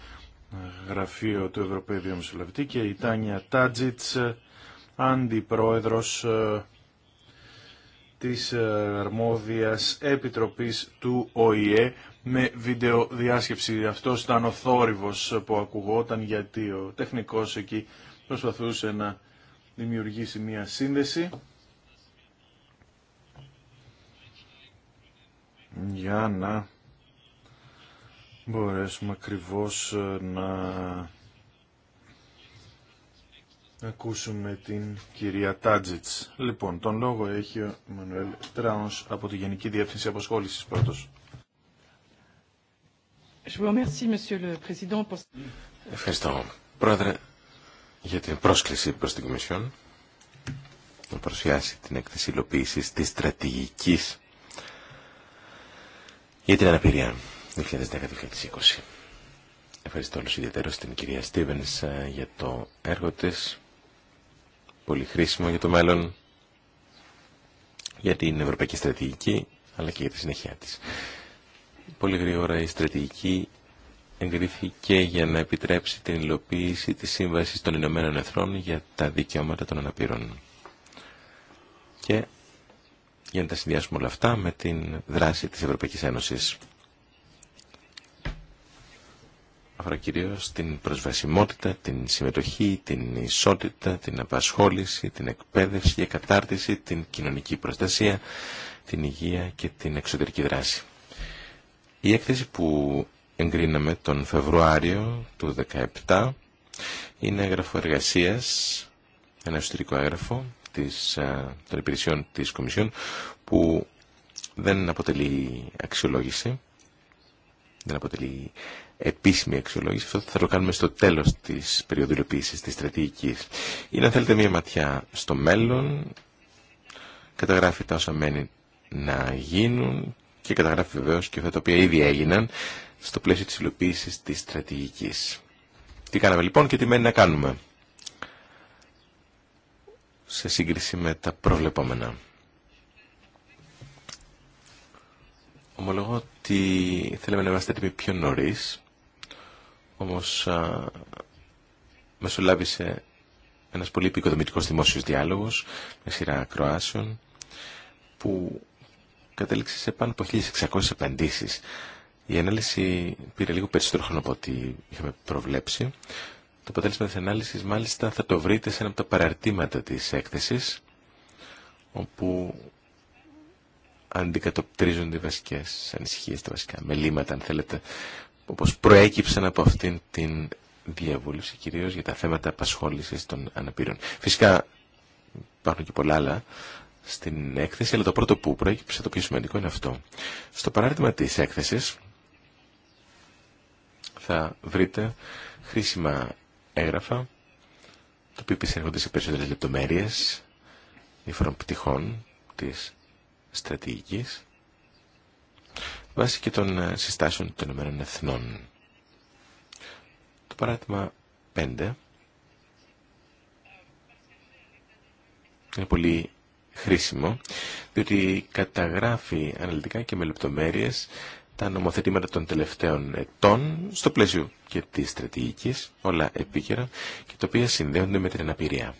Γραφείο του Ευρωπαίου Διαμεσολαβητή και η Τάνια Τάτζιτς, αντιπρόεδρος της αρμόδιας επιτροπής του ΟΗΕ με βίντεο Αυτό ήταν ο θόρυβο που ακουγόταν γιατί ο τεχνικός εκεί προσπαθούσε να δημιουργήσει μία σύνδεση. Για να μπορέσουμε ακριβώς ε, να ακούσουμε την κυρία Τάτζιτς. Λοιπόν, τον λόγο έχει ο Μανουέλ Τράουνς από τη Γενική Διεύθυνση Αποσχόλησης πρώτος. Ευχαριστώ, Πρόεδρε, για την πρόσκληση προς την Κομισιόν να παρουσιάσει την έκθεση υλοποίηση της στρατηγικής για την αναπηρία 2010-2020. Ευχαριστώ όλους ιδιαίτερως την κυρία Στίβενς ε, για το έργο της, πολύ χρήσιμο για το μέλλον, για την ευρωπαϊκή στρατηγική, αλλά και για τη συνεχεία της πολύ γρήγορα η στρατηγική εγκρίθηκε για να επιτρέψει την υλοποίηση της Σύμβασης των Ηνωμένων Εθνών για τα δικαιώματα των αναπήρων. Και για να τα συνδυάσουμε όλα αυτά με την δράση της Ευρωπαϊκής Ένωσης. Αφορά κυρίως την προσβασιμότητα, την συμμετοχή, την ισότητα, την απασχόληση, την εκπαίδευση και κατάρτιση, την κοινωνική προστασία, την υγεία και την εξωτερική δράση. Η έκθεση που εγκρίναμε τον Φεβρουάριο του 2017 είναι έγγραφο εργασίας, ένα εσωτερικό έγγραφο της, ε, των υπηρεσιών της Κομισιόν που δεν αποτελεί αξιολόγηση, δεν αποτελεί επίσημη αξιολόγηση. Αυτό θα το κάνουμε στο τέλος της περίοδου τη της στρατηγικής. Ή να θέλετε μια ματιά στο μέλλον, καταγράφει τα όσα μένει να γίνουν και καταγράφει βεβαίω και αυτά τα οποία ήδη έγιναν στο πλαίσιο της υλοποίηση της στρατηγικής. Τι κάναμε λοιπόν και τι μένει να κάνουμε σε σύγκριση με τα προβλεπόμενα. Ομολογώ ότι θέλαμε να είμαστε έτοιμοι πιο νωρί, όμως α, μεσολάβησε ένας πολύ επικοδομητικός δημόσιος διάλογος με σειρά ακροάσεων που κατέληξε σε πάνω από 1.600 απαντήσεις. Η ανάλυση πήρε λίγο περισσότερο χρόνο από ό,τι είχαμε προβλέψει. Το αποτέλεσμα της ανάλυσης μάλιστα θα το βρείτε σε ένα από τα παραρτήματα της έκθεσης, όπου αντικατοπτρίζονται οι βασικές ανησυχίες, τα βασικά μελήματα, αν θέλετε, όπως προέκυψαν από αυτήν την διαβούλευση, κυρίως για τα θέματα απασχόλησης των αναπήρων. Φυσικά υπάρχουν και πολλά άλλα στην έκθεση, αλλά το πρώτο που προέκυψε το πιο σημαντικό είναι αυτό. Στο παράδειγμα της έκθεσης θα βρείτε χρήσιμα έγγραφα, το οποίο επισέρχονται σε περισσότερες λεπτομέρειες διαφορών πτυχών της στρατηγικής, βάσει και των ε, συστάσεων των Ηνωμένων Εθνών. Το παράδειγμα 5 είναι πολύ χρήσιμο, διότι καταγράφει αναλυτικά και με λεπτομέρειες τα νομοθετήματα των τελευταίων ετών στο πλαίσιο και της στρατηγικής, όλα επίκαιρα και τα οποία συνδέονται με την αναπηρία.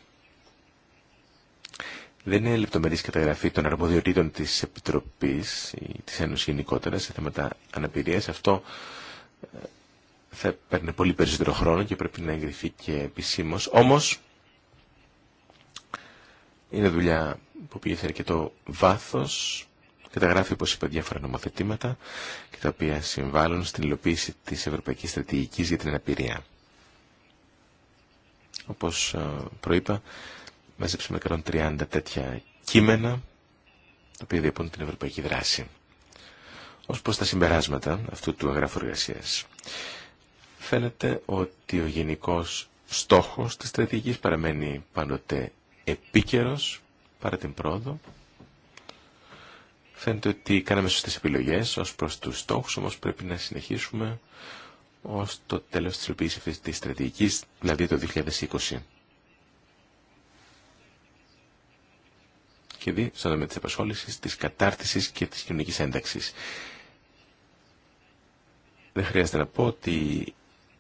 Δεν είναι λεπτομερής καταγραφή των αρμοδιοτήτων της Επιτροπής ή της Ένωσης γενικότερα σε θέματα αναπηρίας. Αυτό ε, θα παίρνει πολύ περισσότερο χρόνο και πρέπει να εγκριθεί και επισήμω. Όμως, είναι δουλειά που πήγε σε αρκετό βάθος, καταγράφει, όπω είπα, διάφορα νομοθετήματα και τα οποία συμβάλλουν στην υλοποίηση της Ευρωπαϊκής Στρατηγικής για την Αναπηρία. Όπως ε, προείπα, μαζέψαμε 130 τέτοια κείμενα, τα οποία διαπώνουν την ευρωπαϊκή δράση. Ως προς τα συμπεράσματα αυτού του εγγράφου εργασία. Φαίνεται ότι ο γενικός στόχος της στρατηγικής παραμένει πάντοτε επίκαιρος παρά την πρόοδο. Φαίνεται ότι κάναμε σωστές επιλογές ως προς τους στόχους, όμως πρέπει να συνεχίσουμε ως το τέλος της υλοποίησης αυτής της στρατηγικής, δηλαδή το 2020. Και δει στον τομέα της απασχόλησης, της κατάρτισης και της κοινωνικής ένταξης. Δεν χρειάζεται να πω ότι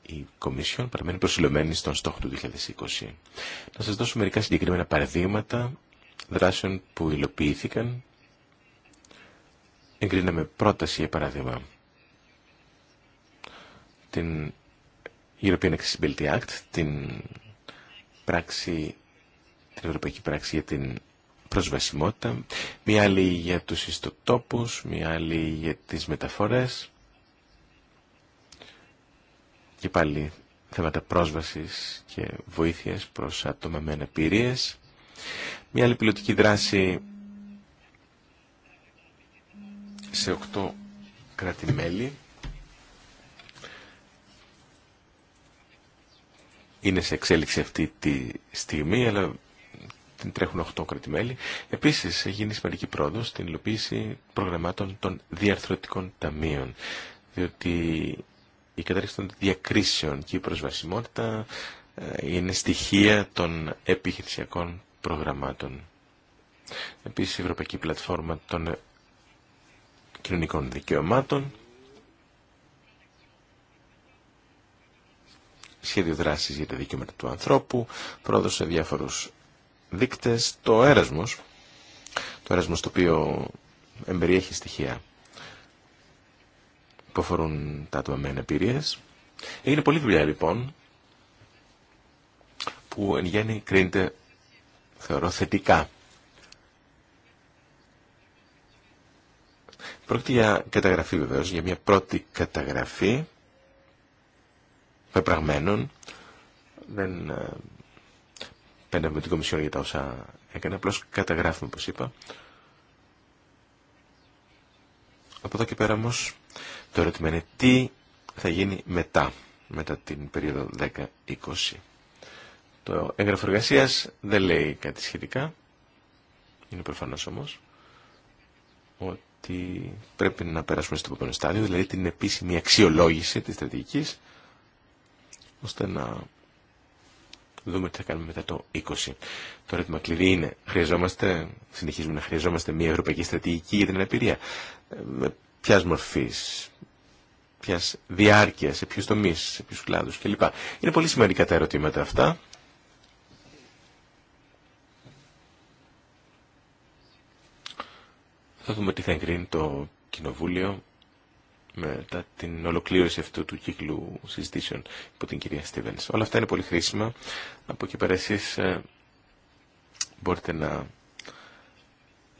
η Κομισιόν παραμένει προσιλωμένη στον στόχο του 2020. Να σας δώσω μερικά συγκεκριμένα παραδείγματα δράσεων που υλοποιήθηκαν. Εγκρίναμε πρόταση, για παράδειγμα, την European Accessibility Act, την, πράξη, την Ευρωπαϊκή Πράξη για την Προσβασιμότητα, μία άλλη για τους ιστοτόπους, μία άλλη για τις μεταφορές, και πάλι θέματα πρόσβασης και βοήθειας προς άτομα με αναπηρίες. Μια άλλη πιλωτική δράση σε οκτώ κράτη-μέλη. Είναι σε εξέλιξη αυτή τη στιγμή, αλλά την τρέχουν 8 κρατημέλη. Επίση, έχει γίνει σημαντική πρόοδο στην υλοποίηση προγραμμάτων των διαρθρωτικών ταμείων. Διότι η κατάρριξη των διακρίσεων και η προσβασιμότητα ε, είναι στοιχεία των επιχειρησιακών προγραμμάτων. Επίσης η Ευρωπαϊκή Πλατφόρμα των Κοινωνικών Δικαιωμάτων σχέδιο δράσης για τα δικαιώματα του ανθρώπου, πρόδωσε διάφορους δείκτες, το έρασμος, το έρασμος το οποίο εμπεριέχει στοιχεία που αφορούν τα άτομα με αναπηρίες. Έγινε πολλή δουλειά λοιπόν που εν γέννη κρίνεται θεωρώ θετικά. Πρόκειται για καταγραφή βεβαίω για μια πρώτη καταγραφή πεπραγμένων. Δεν πέντε την Κομισιόν για τα όσα έκανε, απλώς καταγράφουμε όπως είπα. Από εδώ και πέρα όμω. Το ερώτημα είναι τι θα γίνει μετά, μετά την περίοδο 10-20. Το έγγραφο εργασία δεν λέει κάτι σχετικά. Είναι προφανώ όμω ότι πρέπει να περάσουμε στο επόμενο στάδιο, δηλαδή την επίσημη αξιολόγηση τη στρατηγική, ώστε να δούμε τι θα κάνουμε μετά το 20. Το ερώτημα κλειδί είναι, χρειαζόμαστε, συνεχίζουμε να χρειαζόμαστε μια ευρωπαϊκή στρατηγική για την αναπηρία. Ε, με ποια μορφή, ποια διάρκεια, σε ποιου τομεί, σε ποιου κλάδου κλπ. Είναι πολύ σημαντικά τα ερωτήματα αυτά. Θα δούμε τι θα εγκρίνει το Κοινοβούλιο μετά την ολοκλήρωση αυτού του κύκλου συζητήσεων από την κυρία Στίβενς. Όλα αυτά είναι πολύ χρήσιμα. Από εκεί πέρα εσείς ε, μπορείτε να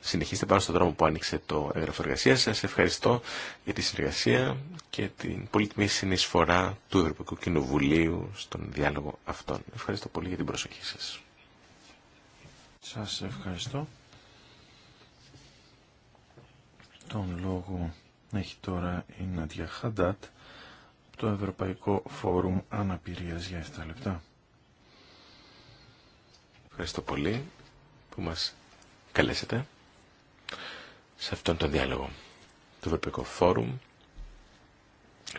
συνεχίστε πάνω στον δρόμο που άνοιξε το έγγραφο εργασία. Σας ευχαριστώ για τη συνεργασία και την πολύτιμη συνεισφορά του Ευρωπαϊκού Κοινοβουλίου στον διάλογο αυτόν. Ευχαριστώ πολύ για την προσοχή σας. Σα ευχαριστώ. Τον λόγο έχει τώρα η Νάντια Χαντάτ από το Ευρωπαϊκό Φόρουμ Αναπηρίας για 7 λεπτά. Ευχαριστώ πολύ που μας καλέσετε σε αυτόν τον διάλογο. Το Ευρωπαϊκό Φόρουμ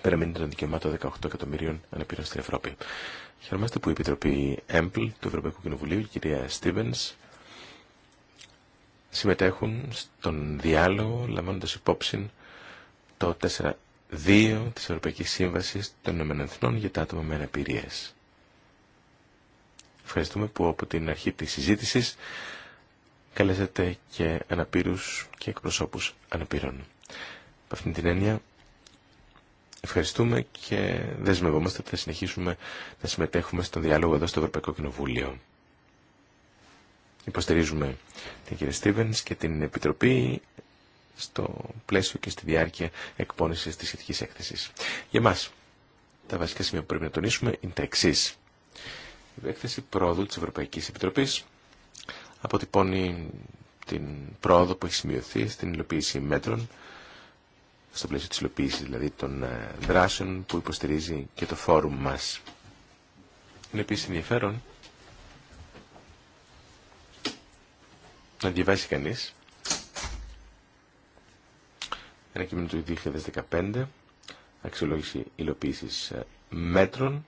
Περαμένει των δικαιωμάτων 18 εκατομμυρίων αναπήρων στην Ευρώπη. Χαιρόμαστε που η Επιτροπή ΕΜΠΛ του Ευρωπαϊκού Κοινοβουλίου, η κυρία Στίβενς, συμμετέχουν στον διάλογο λαμβάνοντας υπόψη το 4.2 της Ευρωπαϊκής Σύμβασης των Εθνών για τα άτομα με αναπηρίες. Ευχαριστούμε που από την αρχή της συζήτησης καλέσετε και αναπήρους και εκπροσώπους αναπήρων. Από αυτήν την έννοια ευχαριστούμε και δεσμευόμαστε ότι θα συνεχίσουμε να συμμετέχουμε στον διάλογο εδώ στο Ευρωπαϊκό Κοινοβούλιο. Υποστηρίζουμε την κυρία Στίβενς και την Επιτροπή στο πλαίσιο και στη διάρκεια εκπόνησης της σχετικής έκθεσης. Για μας, τα βασικά σημεία που πρέπει να τονίσουμε είναι τα εξή. Η έκθεση πρόοδου της Ευρωπαϊκής Επιτροπής αποτυπώνει την πρόοδο που έχει σημειωθεί στην υλοποίηση μέτρων, στο πλαίσιο της υλοποίησης δηλαδή των ε, δράσεων που υποστηρίζει και το φόρουμ μας. Είναι επίσης ενδιαφέρον να διαβάσει κανείς ένα κείμενο του 2015, αξιολόγηση υλοποίησης ε, μέτρων,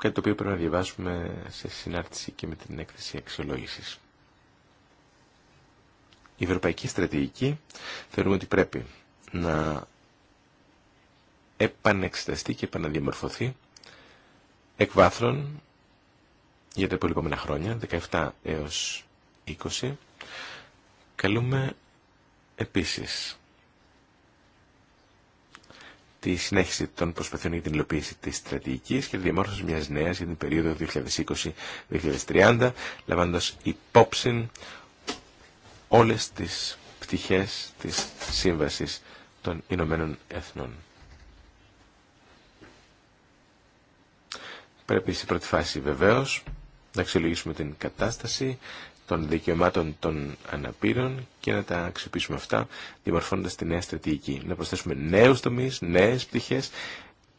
Κάτι το οποίο πρέπει να διαβάσουμε σε συνάρτηση και με την έκθεση αξιολόγηση. Η ευρωπαϊκή στρατηγική θεωρούμε ότι πρέπει να επανεξεταστεί και επαναδιαμορφωθεί εκ βάθρων για τα επόμενα χρόνια, 17 έως 20. Καλούμε επίσης τη συνέχιση των προσπαθειών για την υλοποίηση τη στρατηγική και τη διαμόρφωση μια νέα για την περίοδο 2020-2030, λαμβάνοντα υπόψη όλε τι πτυχέ τη σύμβαση των Ηνωμένων Εθνών. Πρέπει σε πρώτη φάση βεβαίως να αξιολογήσουμε την κατάσταση, των δικαιωμάτων των αναπήρων και να τα αξιοποιήσουμε αυτά διαμορφώνοντας τη νέα στρατηγική. Να προσθέσουμε νέους τομείς, νέες πτυχές,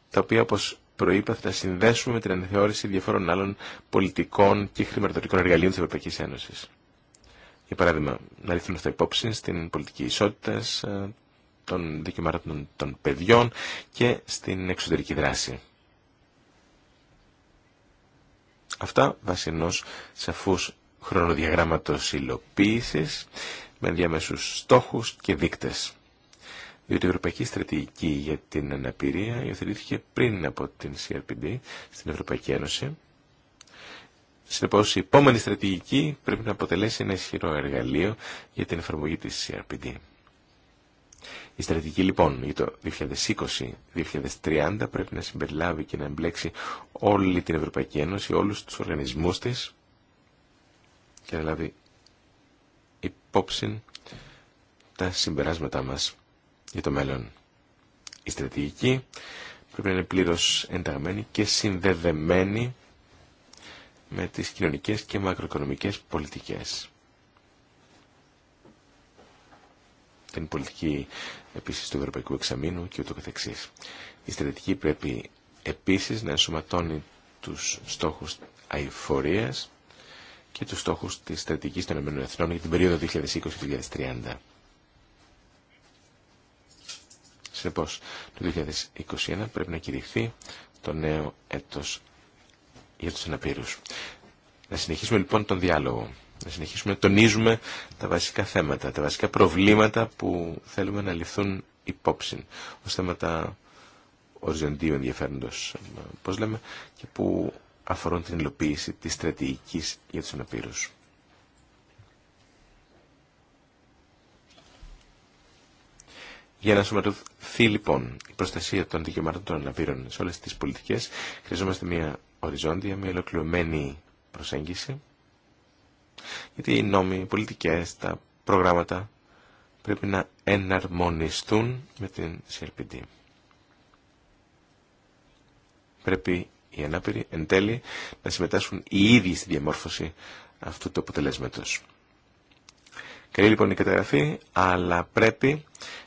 τα οποία όπως προείπα θα τα συνδέσουμε με την αναθεώρηση διαφόρων άλλων πολιτικών και χρηματοδοτικών εργαλείων της Ευρωπαϊκής Ένωσης. Για παράδειγμα, να ρηθούν αυτά υπόψη στην πολιτική ισότητα ε, των δικαιωμάτων των παιδιών και στην εξωτερική δράση. Αυτά βάσει ενό σαφούς χρονοδιαγράμματος υλοποίησης με διαμέσους στόχους και δείκτες. Διότι η Ευρωπαϊκή Στρατηγική για την Αναπηρία υιοθετήθηκε πριν από την CRPD στην Ευρωπαϊκή Ένωση. Συνεπώς η επόμενη στρατηγική πρέπει να αποτελέσει ένα ισχυρό εργαλείο για την εφαρμογή της CRPD. Η στρατηγική λοιπόν για το 2020-2030 πρέπει να συμπεριλάβει και να εμπλέξει όλη την Ευρωπαϊκή Ένωση, όλους τους οργανισμούς της, και να λάβει υπόψη τα συμπεράσματά μας για το μέλλον. Η στρατηγική πρέπει να είναι πλήρως ενταγμένη και συνδεδεμένη με τις κοινωνικές και μακροοικονομικές πολιτικές. Την πολιτική επίσης του Ευρωπαϊκού Εξαμήνου και ούτω καθεξής. Η στρατηγική πρέπει επίσης να ενσωματώνει τους στόχους αηφορίας και τους στόχους της στρατηγικής των ΗΕ ΕΕ για την περίοδο 2020-2030. Συνεπώς, το 2021 πρέπει να κηρυχθεί το νέο έτος για τους αναπήρους. Να συνεχίσουμε λοιπόν τον διάλογο. Να συνεχίσουμε να τονίζουμε τα βασικά θέματα, τα βασικά προβλήματα που θέλουμε να ληφθούν υπόψη ως θέματα οριζοντίου ενδιαφέροντος, πώς λέμε, και που αφορούν την υλοποίηση της στρατηγικής για τους αναπήρους. Για να σωματωθεί λοιπόν η προστασία των δικαιωμάτων των αναπήρων σε όλες τις πολιτικές, χρειαζόμαστε μια οριζόντια, μια ολοκληρωμένη προσέγγιση, γιατί οι νόμοι, οι πολιτικές, τα προγράμματα πρέπει να εναρμονιστούν με την CRPD. Πρέπει οι ανάπηροι εν τέλει να συμμετάσχουν οι ίδιοι στη διαμόρφωση αυτού του αποτελέσματος. Καλή λοιπόν η καταγραφή, αλλά πρέπει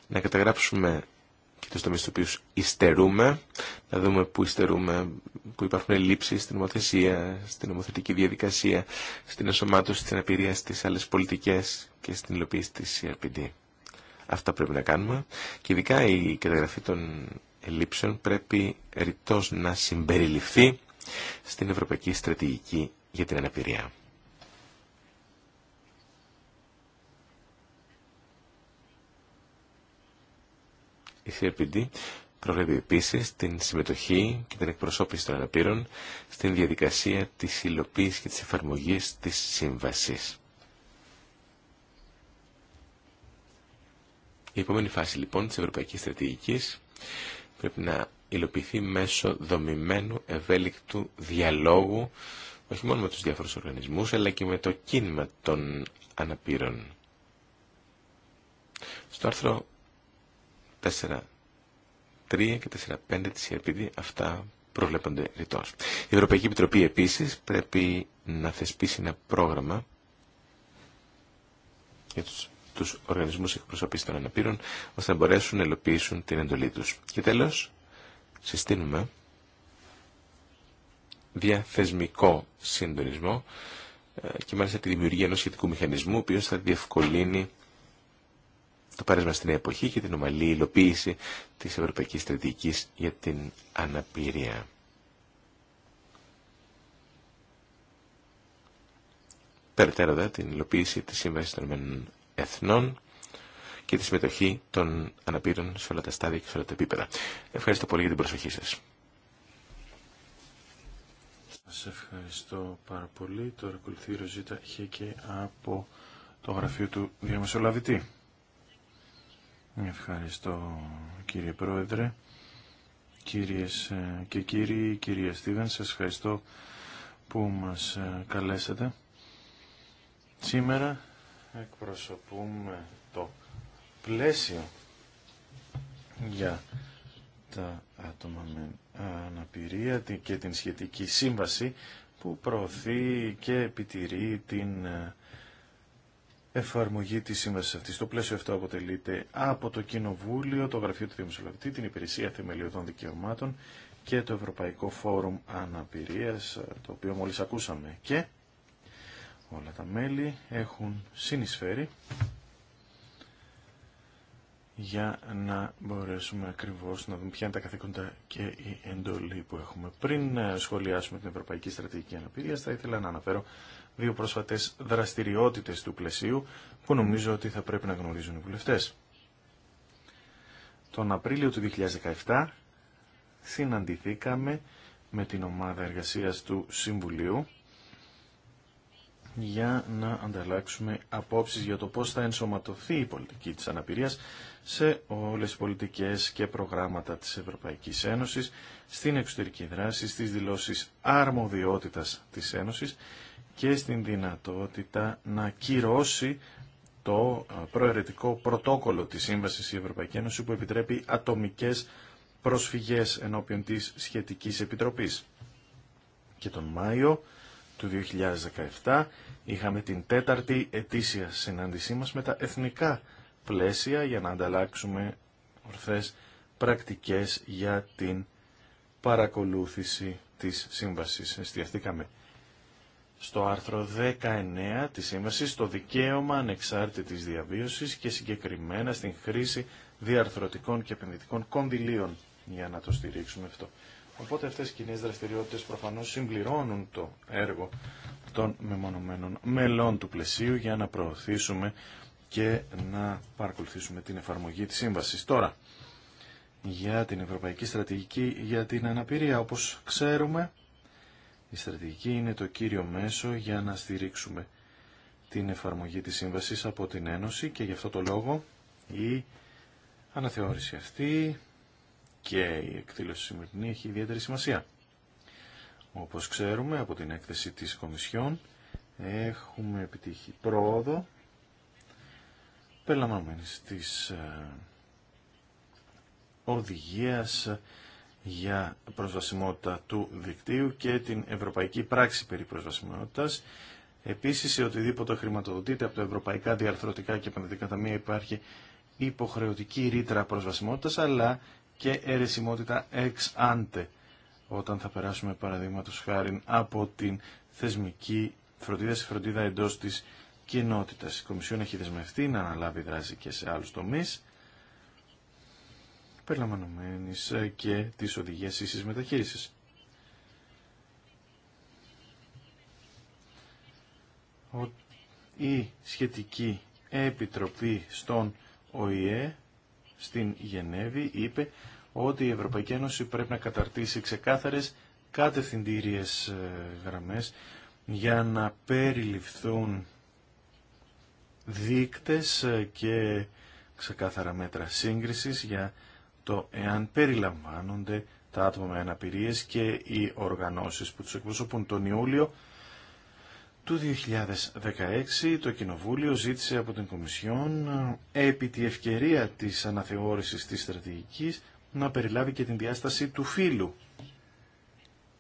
να καταγράψουμε και τους τομείς στους οποίους υστερούμε, να δούμε πού υστερούμε, πού υπάρχουν λήψεις στην νομοθεσία, στην νομοθετική διαδικασία, στην ασωμάτωση στην απείρια στις άλλες πολιτικές και στην υλοποίηση της CRPD. Αυτά πρέπει να κάνουμε και ειδικά η καταγραφή των ελλείψεων πρέπει ρητός να συμπεριληφθεί στην Ευρωπαϊκή Στρατηγική για την Αναπηρία. Η CRPD προβλέπει επίση την συμμετοχή και την εκπροσώπηση των αναπήρων στην διαδικασία της υλοποίηση και τη εφαρμογή τη σύμβαση. Η επόμενη φάση λοιπόν της Ευρωπαϊκής Στρατηγικής πρέπει να υλοποιηθεί μέσω δομημένου ευέλικτου διαλόγου όχι μόνο με τους διάφορους οργανισμούς αλλά και με το κίνημα των αναπήρων. Στο άρθρο 4.3 και 4.5 της ΕΠΔ ΕΕ αυτά προβλέπονται ρητός. Η Ευρωπαϊκή Επιτροπή επίσης πρέπει να θεσπίσει ένα πρόγραμμα για τους τους οργανισμούς εκπροσωπή των αναπήρων, ώστε να μπορέσουν να υλοποιήσουν την εντολή του. Και τέλος, συστήνουμε διαθεσμικό συντονισμό ε, και μάλιστα τη δημιουργία ενό σχετικού μηχανισμού, ο οποίος θα διευκολύνει το παρέσμα στην εποχή και την ομαλή υλοποίηση τη Ευρωπαϊκή Στρατηγική για την αναπηρία. Περαιτέρω την υλοποίηση της Σύμβασης των Εθνών και τη συμμετοχή των αναπήρων σε όλα τα στάδια και σε όλα τα επίπεδα. Ευχαριστώ πολύ για την προσοχή σας. Σας ευχαριστώ πάρα πολύ. Τώρα ακολουθεί η Ροζίτα Χέκε από το γραφείο του Διαμεσολαβητή. Ευχαριστώ κύριε Πρόεδρε, Κυρίε ε, και κύριοι, κυρία Στίβεν, σας ευχαριστώ που μας ε, καλέσατε. Σήμερα εκπροσωπούμε το πλαίσιο για τα άτομα με αναπηρία και την σχετική σύμβαση που προωθεί και επιτηρεί την ε, εφαρμογή της σύμβασης αυτής. Το πλαίσιο αυτό αποτελείται από το Κοινοβούλιο, το Γραφείο του Δημοσιολογητή, την Υπηρεσία Θεμελιωδών Δικαιωμάτων και το Ευρωπαϊκό Φόρουμ Αναπηρίας, ε, το οποίο μόλις ακούσαμε. Και Όλα τα μέλη έχουν συνεισφέρει για να μπορέσουμε ακριβώς να δούμε ποια είναι τα καθήκοντα και η εντολή που έχουμε. Πριν ε, σχολιάσουμε την Ευρωπαϊκή Στρατηγική Αναπηρία, θα ήθελα να αναφέρω δύο πρόσφατες δραστηριότητες του πλαισίου που νομίζω ότι θα πρέπει να γνωρίζουν οι βουλευτές. Τον Απρίλιο του 2017 συναντηθήκαμε με την ομάδα εργασίας του Συμβουλίου για να ανταλλάξουμε απόψεις για το πώς θα ενσωματωθεί η πολιτική της αναπηρίας σε όλες τις πολιτικές και προγράμματα της Ευρωπαϊκής Ένωσης, στην εξωτερική δράση, στις δηλώσεις αρμοδιότητας της Ένωσης και στην δυνατότητα να κυρώσει το προαιρετικό πρωτόκολλο της Σύμβασης η Ευρωπαϊκή Ένωση που επιτρέπει ατομικές προσφυγές ενώπιον της σχετικής επιτροπής. Και τον Μάιο του 2017 είχαμε την τέταρτη ετήσια συνάντησή μας με τα εθνικά πλαίσια για να ανταλλάξουμε ορθές πρακτικές για την παρακολούθηση της σύμβασης. Εστιαστήκαμε στο άρθρο 19 της σύμβασης στο δικαίωμα ανεξάρτητης διαβίωσης και συγκεκριμένα στην χρήση διαρθρωτικών και επενδυτικών κονδυλίων για να το στηρίξουμε αυτό. Οπότε αυτές οι κοινέ δραστηριότητες προφανώς συμπληρώνουν το έργο των μεμονωμένων μελών του πλαισίου για να προωθήσουμε και να παρακολουθήσουμε την εφαρμογή της σύμβασης. Τώρα, για την Ευρωπαϊκή Στρατηγική για την Αναπηρία, όπως ξέρουμε, η στρατηγική είναι το κύριο μέσο για να στηρίξουμε την εφαρμογή της σύμβασης από την Ένωση και γι' αυτό το λόγο η αναθεώρηση αυτή και η εκδήλωση σημερινή έχει ιδιαίτερη σημασία. Όπως ξέρουμε από την έκθεση της Κομισιόν έχουμε επιτύχει πρόοδο περιλαμβανομένης της ε, οδηγίας για προσβασιμότητα του δικτύου και την ευρωπαϊκή πράξη περί προσβασιμότητας. Επίσης, σε οτιδήποτε χρηματοδοτείται από τα ευρωπαϊκά διαρθρωτικά και επενδυτικά ταμεία υπάρχει υποχρεωτική ρήτρα προσβασιμότητας, αλλά και αιρεσιμότητα εξ ante όταν θα περάσουμε παραδείγματο χάρη από την θεσμική φροντίδα σε φροντίδα εντό της κοινότητα. Η Κομισιόν έχει δεσμευτεί να αναλάβει δράση και σε άλλου τομείς περιλαμβανομένη ε, και τη οδηγία ίση μεταχείρισης. Η σχετική επιτροπή στον ΟΗΕ στην Γενέβη είπε ότι η Ευρωπαϊκή Ένωση πρέπει να καταρτήσει ξεκάθαρες κατευθυντήριες ε, γραμμές για να περιληφθούν δείκτες ε, και ξεκάθαρα μέτρα σύγκρισης για το εάν περιλαμβάνονται τα άτομα με αναπηρίες και οι οργανώσεις που τους εκπροσωπούν τον Ιούλιο του 2016 το Κοινοβούλιο ζήτησε από την Κομισιόν ε, επί τη ευκαιρία της αναθεώρησης της στρατηγικής να περιλάβει και την διάσταση του φίλου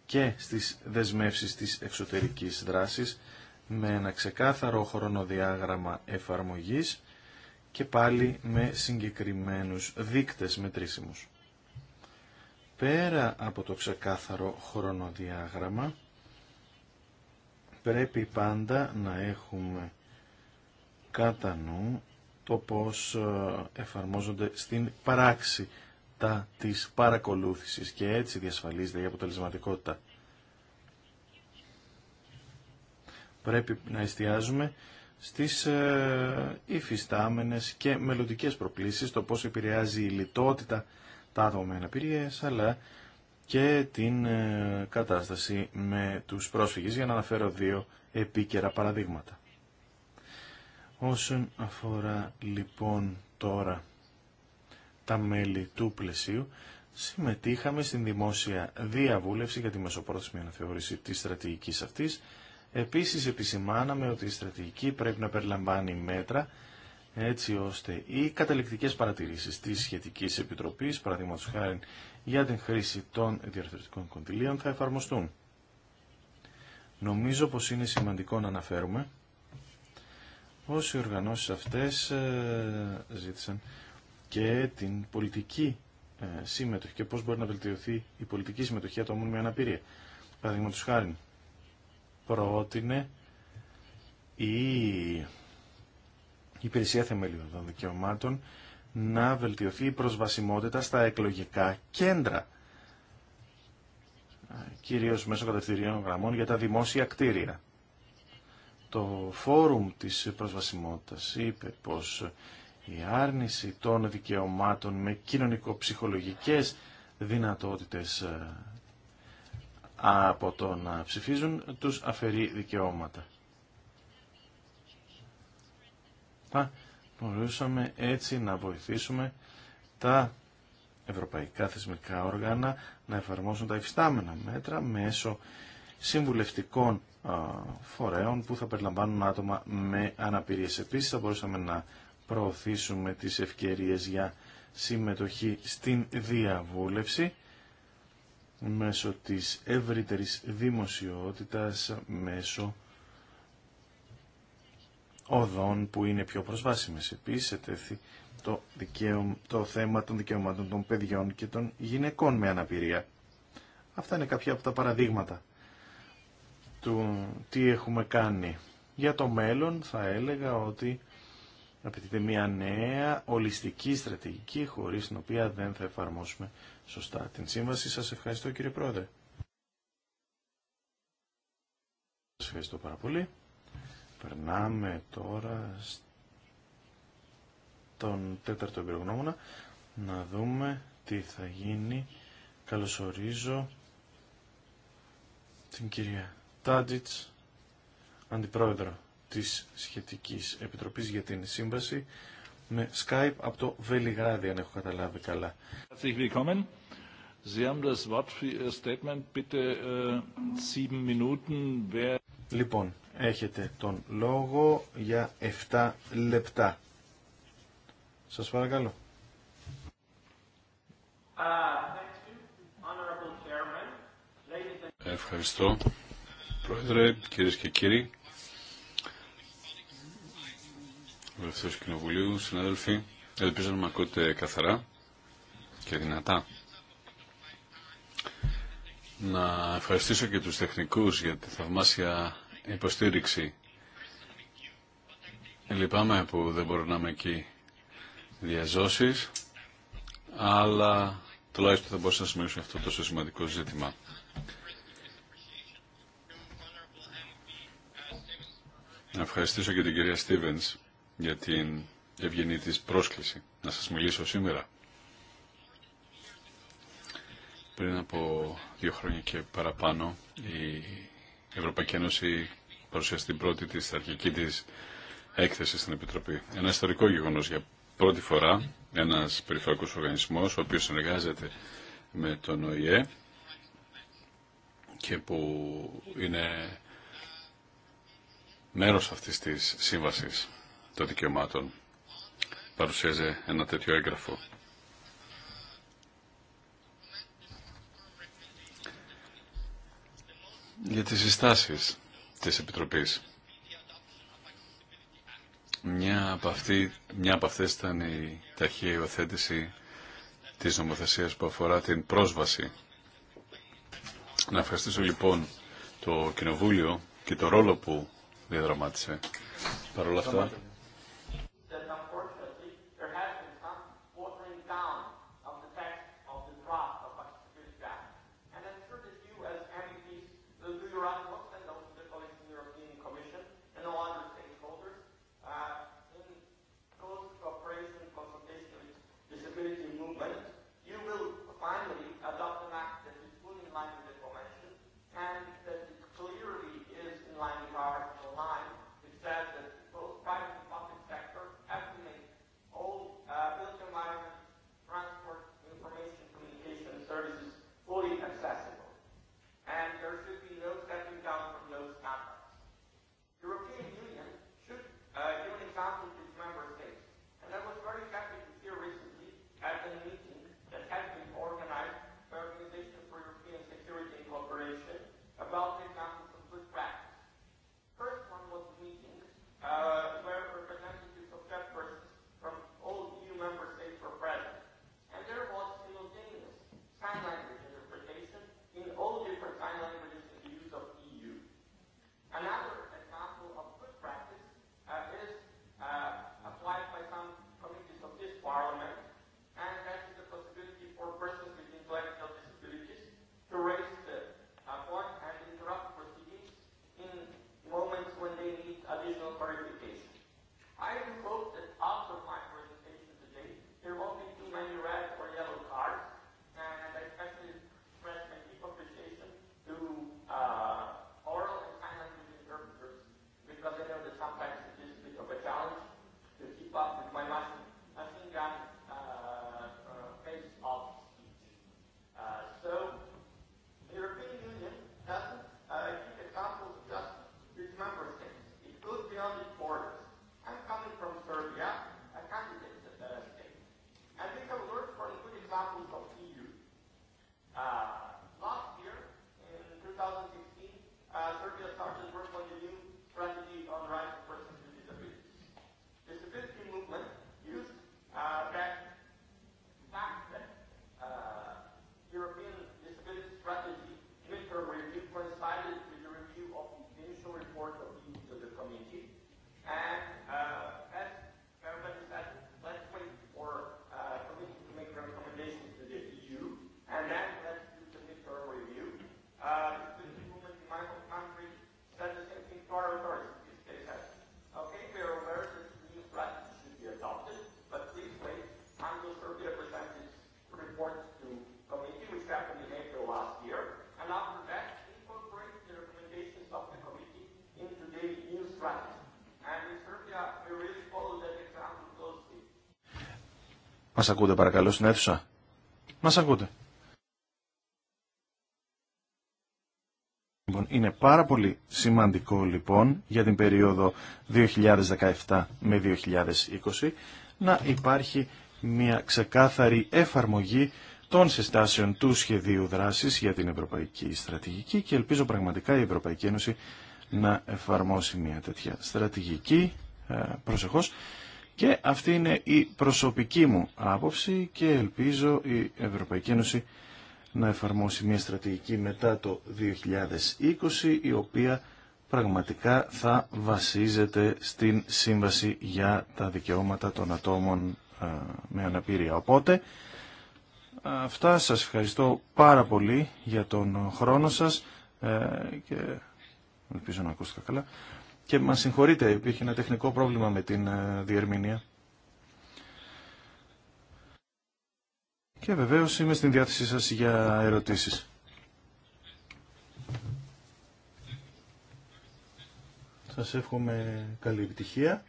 και στις δεσμεύσεις της εξωτερικής δράσης με ένα ξεκάθαρο χρονοδιάγραμμα εφαρμογής και πάλι με συγκεκριμένους δείκτες μετρήσιμους. Πέρα από το ξεκάθαρο χρονοδιάγραμμα, πρέπει πάντα να έχουμε κατά νου το πώς ε, εφαρμόζονται στην πράξη τα της παρακολούθησης και έτσι διασφαλίζεται η αποτελεσματικότητα. Πρέπει να εστιάζουμε στις ε, υφιστάμενες και μελλοντικές προκλήσεις, το πώς επηρεάζει η λιτότητα τα άτομα με αλλά και την ε, κατάσταση με τους πρόσφυγες, για να αναφέρω δύο επίκαιρα παραδείγματα. Όσον αφορά λοιπόν τώρα τα μέλη του πλαισίου, συμμετείχαμε στην δημόσια διαβούλευση για τη μεσοπρόθεσμη αναθεώρηση της στρατηγικής αυτής. Επίσης επισημάναμε ότι η στρατηγική πρέπει να περιλαμβάνει μέτρα έτσι ώστε οι καταληκτικές παρατηρήσεις της σχετικής επιτροπής, παραδείγματο χάρη για την χρήση των διαρθρωτικών κοντιλίων, θα εφαρμοστούν. Νομίζω πως είναι σημαντικό να αναφέρουμε πως οι οργανώσεις αυτές ε, ζήτησαν και την πολιτική ε, συμμετοχή και πώς μπορεί να βελτιωθεί η πολιτική συμμετοχή ατόμων με αναπηρία. Παραδείγματο χάρη πρότεινε η η Υπηρεσία των Δικαιωμάτων να βελτιωθεί η προσβασιμότητα στα εκλογικά κέντρα, κυρίως μέσω κατευθυντήριων γραμμών για τα δημόσια κτίρια. Το φόρουμ της προσβασιμότητας είπε πως η άρνηση των δικαιωμάτων με κοινωνικο-ψυχολογικές δυνατότητες ε, από το να ψηφίζουν τους αφαιρεί δικαιώματα. μπορούσαμε έτσι να βοηθήσουμε τα ευρωπαϊκά θεσμικά όργανα να εφαρμόσουν τα υφιστάμενα μέτρα μέσω συμβουλευτικών φορέων που θα περιλαμβάνουν άτομα με αναπηρίες. Επίσης θα μπορούσαμε να προωθήσουμε τις ευκαιρίες για συμμετοχή στην διαβούλευση μέσω της ευρύτερης δημοσιότητας, μέσω οδών που είναι πιο προσβάσιμες. Επίσης ετέθη το, το θέμα των δικαιωμάτων των παιδιών και των γυναικών με αναπηρία. Αυτά είναι κάποια από τα παραδείγματα του τι έχουμε κάνει. Για το μέλλον θα έλεγα ότι απαιτείται μια νέα ολιστική στρατηγική χωρίς την οποία δεν θα εφαρμόσουμε σωστά την σύμβαση. Σας ευχαριστώ κύριε Πρόεδρε. Σας ευχαριστώ πάρα πολύ περνάμε τώρα στον τέταρτο εμπειρογνώμονα να δούμε τι θα γίνει. Καλωσορίζω την κυρία Τάντζιτς, αντιπρόεδρο της σχετικής επιτροπής για την σύμβαση με Skype από το Βελιγράδι, αν έχω καταλάβει καλά. Λοιπόν, έχετε τον λόγο για 7 λεπτά. Σας παρακαλώ. Ευχαριστώ. Πρόεδρε, κύριε και κύριοι, βουλευτές του Κοινοβουλίου, συνάδελφοι, ελπίζω να με ακούτε καθαρά και δυνατά να ευχαριστήσω και τους τεχνικούς για τη θαυμάσια υποστήριξη. Λυπάμαι που δεν μπορούμε να είμαι εκεί διαζώσεις, αλλά τουλάχιστον θα μπορούσα να σημειώσω αυτό το σημαντικό ζήτημα. Να ευχαριστήσω και την κυρία Στίβενς για την ευγενή της πρόσκληση να σας μιλήσω σήμερα. Πριν από δύο χρόνια και παραπάνω η Ευρωπαϊκή Ένωση παρουσιασε την πρώτη της αρχική της έκθεση στην Επιτροπή. Ένα ιστορικό γεγονός για πρώτη φορά ένας περιφερειακός οργανισμός ο οποίος συνεργάζεται με τον ΟΗΕ και που είναι μέρος αυτής της σύμβασης των δικαιωμάτων παρουσίαζε ένα τέτοιο έγγραφο. για τις συστάσεις της Επιτροπής. Μια από, αυτή, μια από αυτές ήταν η ταχεία υιοθέτηση της νομοθεσίας που αφορά την πρόσβαση. Να ευχαριστήσω λοιπόν το Κοινοβούλιο και το ρόλο που διαδραμάτισε. Παρ' αυτά Μας ακούτε παρακαλώ στην αίθουσα. Μας ακούτε. Λοιπόν, είναι πάρα πολύ σημαντικό λοιπόν για την περίοδο 2017 με 2020 να υπάρχει μια ξεκάθαρη εφαρμογή των συστάσεων του σχεδίου δράσης για την Ευρωπαϊκή Στρατηγική και ελπίζω πραγματικά η Ευρωπαϊκή Ένωση να εφαρμόσει μια τέτοια στρατηγική ε, προσεχώς και αυτή είναι η προσωπική μου άποψη και ελπίζω η Ευρωπαϊκή Ένωση να εφαρμόσει μια στρατηγική μετά το 2020 η οποία πραγματικά θα βασίζεται στην Σύμβαση για τα Δικαιώματα των Ατόμων ε, με Αναπηρία. Οπότε, αυτά σας ευχαριστώ πάρα πολύ για τον χρόνο σας ε, και ελπίζω να ακούστηκα καλά. Και μας συγχωρείτε, υπήρχε ένα τεχνικό πρόβλημα με την ε, διερμηνία. Και βεβαίως είμαι στην διάθεσή σας για ερωτήσεις. Σας εύχομαι καλή επιτυχία.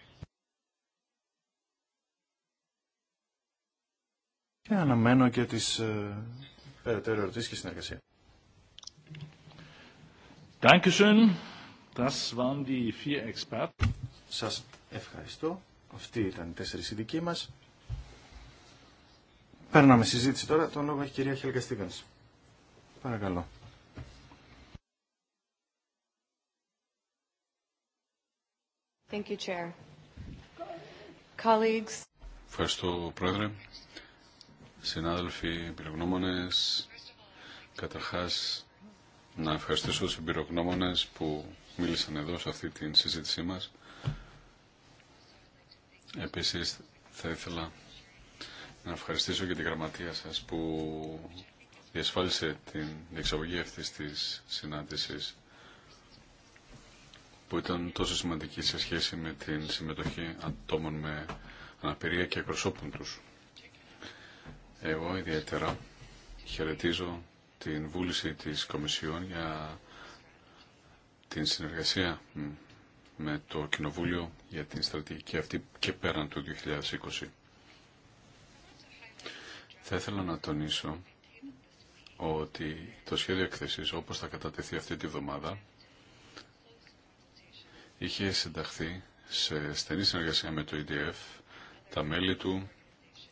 Και αναμένω και τις ε, περαιτέρω ερωτήσεις και συνεργασία. Das waren die vier Experten. Σας ευχαριστώ. Αυτοί ήταν οι τέσσερις ειδικοί μας. Παίρναμε συζήτηση τώρα. Τον λόγο έχει η κυρία Χέλγα Στίβενς. Παρακαλώ. Thank you, Chair. Colleagues. Ευχαριστώ, Πρόεδρε. Συνάδελφοι, εμπειρογνώμονες, καταρχάς να ευχαριστήσω τους εμπειρογνώμονες που μίλησαν εδώ σε αυτή την συζήτησή μας. Επίσης θα ήθελα να ευχαριστήσω και την γραμματεία σας που διασφάλισε την εξαγωγή αυτής της συνάντησης που ήταν τόσο σημαντική σε σχέση με την συμμετοχή ατόμων με αναπηρία και εκπροσώπων τους. Εγώ ιδιαίτερα χαιρετίζω την βούληση της Κομισιόν για την συνεργασία με το Κοινοβούλιο για την στρατηγική αυτή και πέραν του 2020. Θα ήθελα να τονίσω ότι το σχέδιο εκθεσής όπως θα κατατεθεί αυτή τη βδομάδα είχε συνταχθεί σε στενή συνεργασία με το EDF, τα μέλη του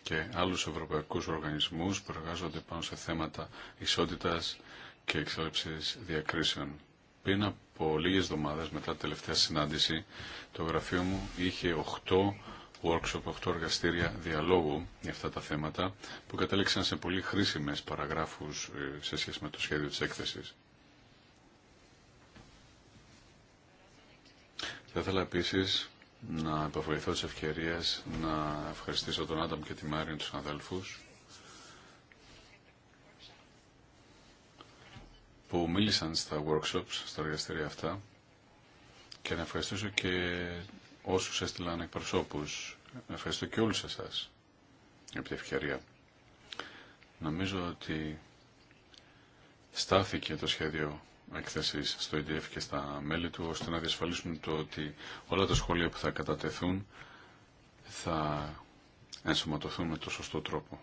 και άλλους ευρωπαϊκούς οργανισμούς που εργάζονται πάνω σε θέματα ισότητας και εξέλιξης διακρίσεων. Πριν από λίγες εβδομάδες μετά τη τελευταία συνάντηση το γραφείο μου είχε 8 workshop, 8 εργαστήρια διαλόγου για αυτά τα θέματα που κατέληξαν σε πολύ χρήσιμες παραγράφους ε, σε σχέση με το σχέδιο της έκθεσης. Θα ήθελα επίσης να επαφοηθώ τη ευκαιρία να ευχαριστήσω τον Άνταμ και τη Μάριον τους αδέλφους που μίλησαν στα workshops, στα εργαστήρια αυτά και να ευχαριστήσω και όσους έστειλαν εκπροσώπους. Ευχαριστώ και όλους εσάς για την ευκαιρία. Νομίζω ότι στάθηκε το σχέδιο έκθεσης στο EDF και στα μέλη του ώστε να διασφαλίσουν το ότι όλα τα σχόλια που θα κατατεθούν θα ενσωματωθούν με το σωστό τρόπο.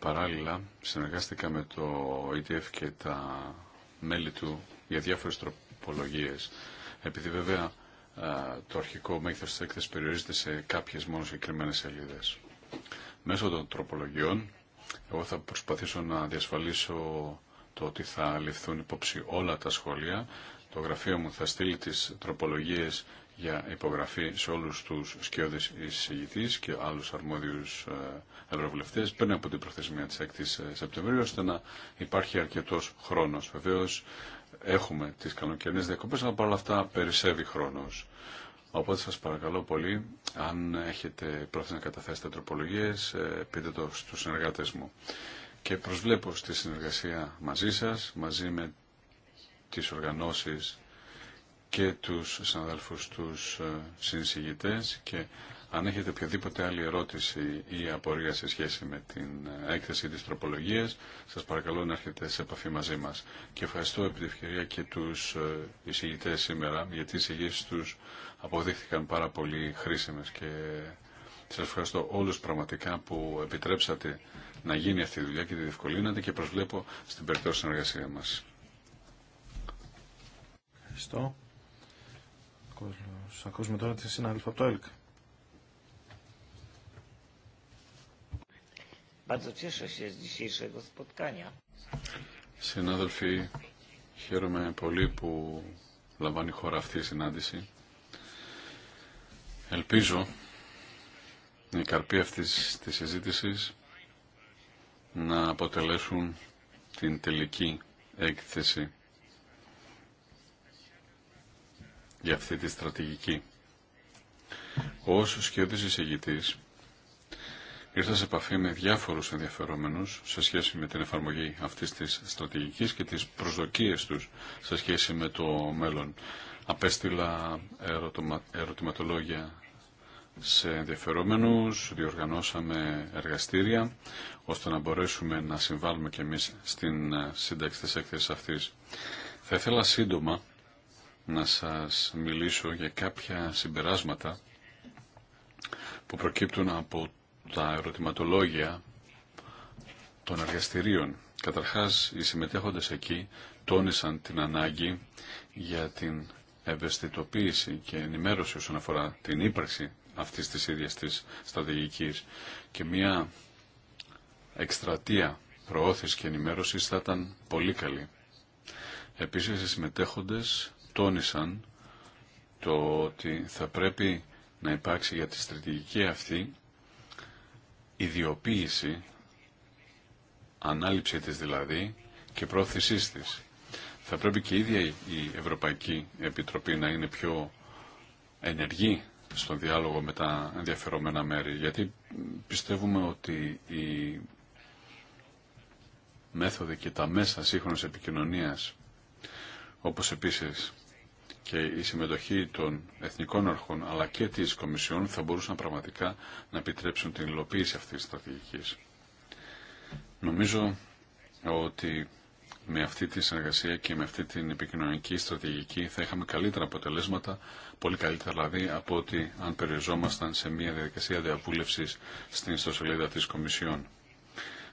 Παράλληλα, συνεργάστηκα με το ETF και τα μέλη του για διάφορες τροπολογίες. Επειδή βέβαια το αρχικό μέγεθος της έκθεσης περιορίζεται σε κάποιες μόνο συγκεκριμένες σελίδες. Μέσω των τροπολογιών, εγώ θα προσπαθήσω να διασφαλίσω το ότι θα ληφθούν υπόψη όλα τα σχόλια. Το γραφείο μου θα στείλει τις τροπολογίες για υπογραφή σε όλους τους σκιώδες εισηγητής και άλλους αρμόδιους ε, ευρωβουλευτές πριν από την προθεσμία της 6ης ε, Σεπτεμβρίου ώστε να υπάρχει αρκετός χρόνος. Βεβαίως έχουμε τις καλοκαιρινές διακοπές αλλά παρόλα αυτά περισσεύει χρόνος. Οπότε σας παρακαλώ πολύ, αν έχετε πρόθεση να καταθέσετε τροπολογίες, ε, πείτε το στους συνεργάτες μου. Και προσβλέπω στη συνεργασία μαζί σας, μαζί με τις οργανώσεις και τους συναδέλφους τους ε, συνεισηγητές και αν έχετε οποιαδήποτε άλλη ερώτηση ή απορία σε σχέση με την ε, έκθεση της τροπολογίας, σας παρακαλώ να έρχετε σε επαφή μαζί μας. Και ευχαριστώ επί τη ευκαιρία και τους ε, εισηγητές σήμερα, γιατί οι εισηγήσεις τους αποδείχθηκαν πάρα πολύ χρήσιμες και σας ευχαριστώ όλους πραγματικά που επιτρέψατε να γίνει αυτή η δουλειά και τη διευκολύνατε και προσβλέπω στην περαιτέρω συνεργασία μας. Ευχαριστώ κόσμος. Ακούσουμε τώρα τη συνάδελφα από το ΕΛΚ. Συνάδελφοι, χαίρομαι πολύ που λαμβάνει η χώρα αυτή η συνάντηση. Ελπίζω οι καρποί αυτής της συζήτησης να αποτελέσουν την τελική έκθεση για αυτή τη στρατηγική. Ως σχεδόν εισηγητής ήρθα σε επαφή με διάφορους ενδιαφερόμενους σε σχέση με την εφαρμογή αυτής της στρατηγικής και τις προσδοκίες τους σε σχέση με το μέλλον. Απέστειλα ερωτηματολόγια σε ενδιαφερόμενους, διοργανώσαμε εργαστήρια ώστε να μπορέσουμε να συμβάλλουμε και εμείς στην ε, σύνταξη της έκθεσης αυτής. Θα ήθελα σύντομα να σας μιλήσω για κάποια συμπεράσματα που προκύπτουν από τα ερωτηματολόγια των εργαστηρίων. Καταρχάς, οι συμμετέχοντες εκεί τόνισαν την ανάγκη για την ευαισθητοποίηση και ενημέρωση όσον αφορά την ύπαρξη αυτής της ίδιας της στρατηγικής και μια εκστρατεία προώθησης και ενημέρωση θα ήταν πολύ καλή. Επίσης, οι συμμετέχοντες τόνισαν το ότι θα πρέπει να υπάρξει για τη στρατηγική αυτή ιδιοποίηση, ανάληψη της δηλαδή και πρόθεσή της. Θα πρέπει και η ίδια η Ευρωπαϊκή Επιτροπή να είναι πιο ενεργή στον διάλογο με τα ενδιαφερόμενα μέρη, γιατί πιστεύουμε ότι οι μέθοδοι και τα μέσα σύγχρονης επικοινωνίας, όπως επίσης και η συμμετοχή των εθνικών αρχών αλλά και τη Κομισιόν θα μπορούσαν πραγματικά να επιτρέψουν την υλοποίηση αυτή τη στρατηγική. Νομίζω ότι με αυτή τη συνεργασία και με αυτή την επικοινωνική στρατηγική θα είχαμε καλύτερα αποτελέσματα, πολύ καλύτερα δηλαδή από ότι αν περιοριζόμασταν σε μια διαδικασία διαβούλευση στην ιστοσελίδα τη Κομισιόν.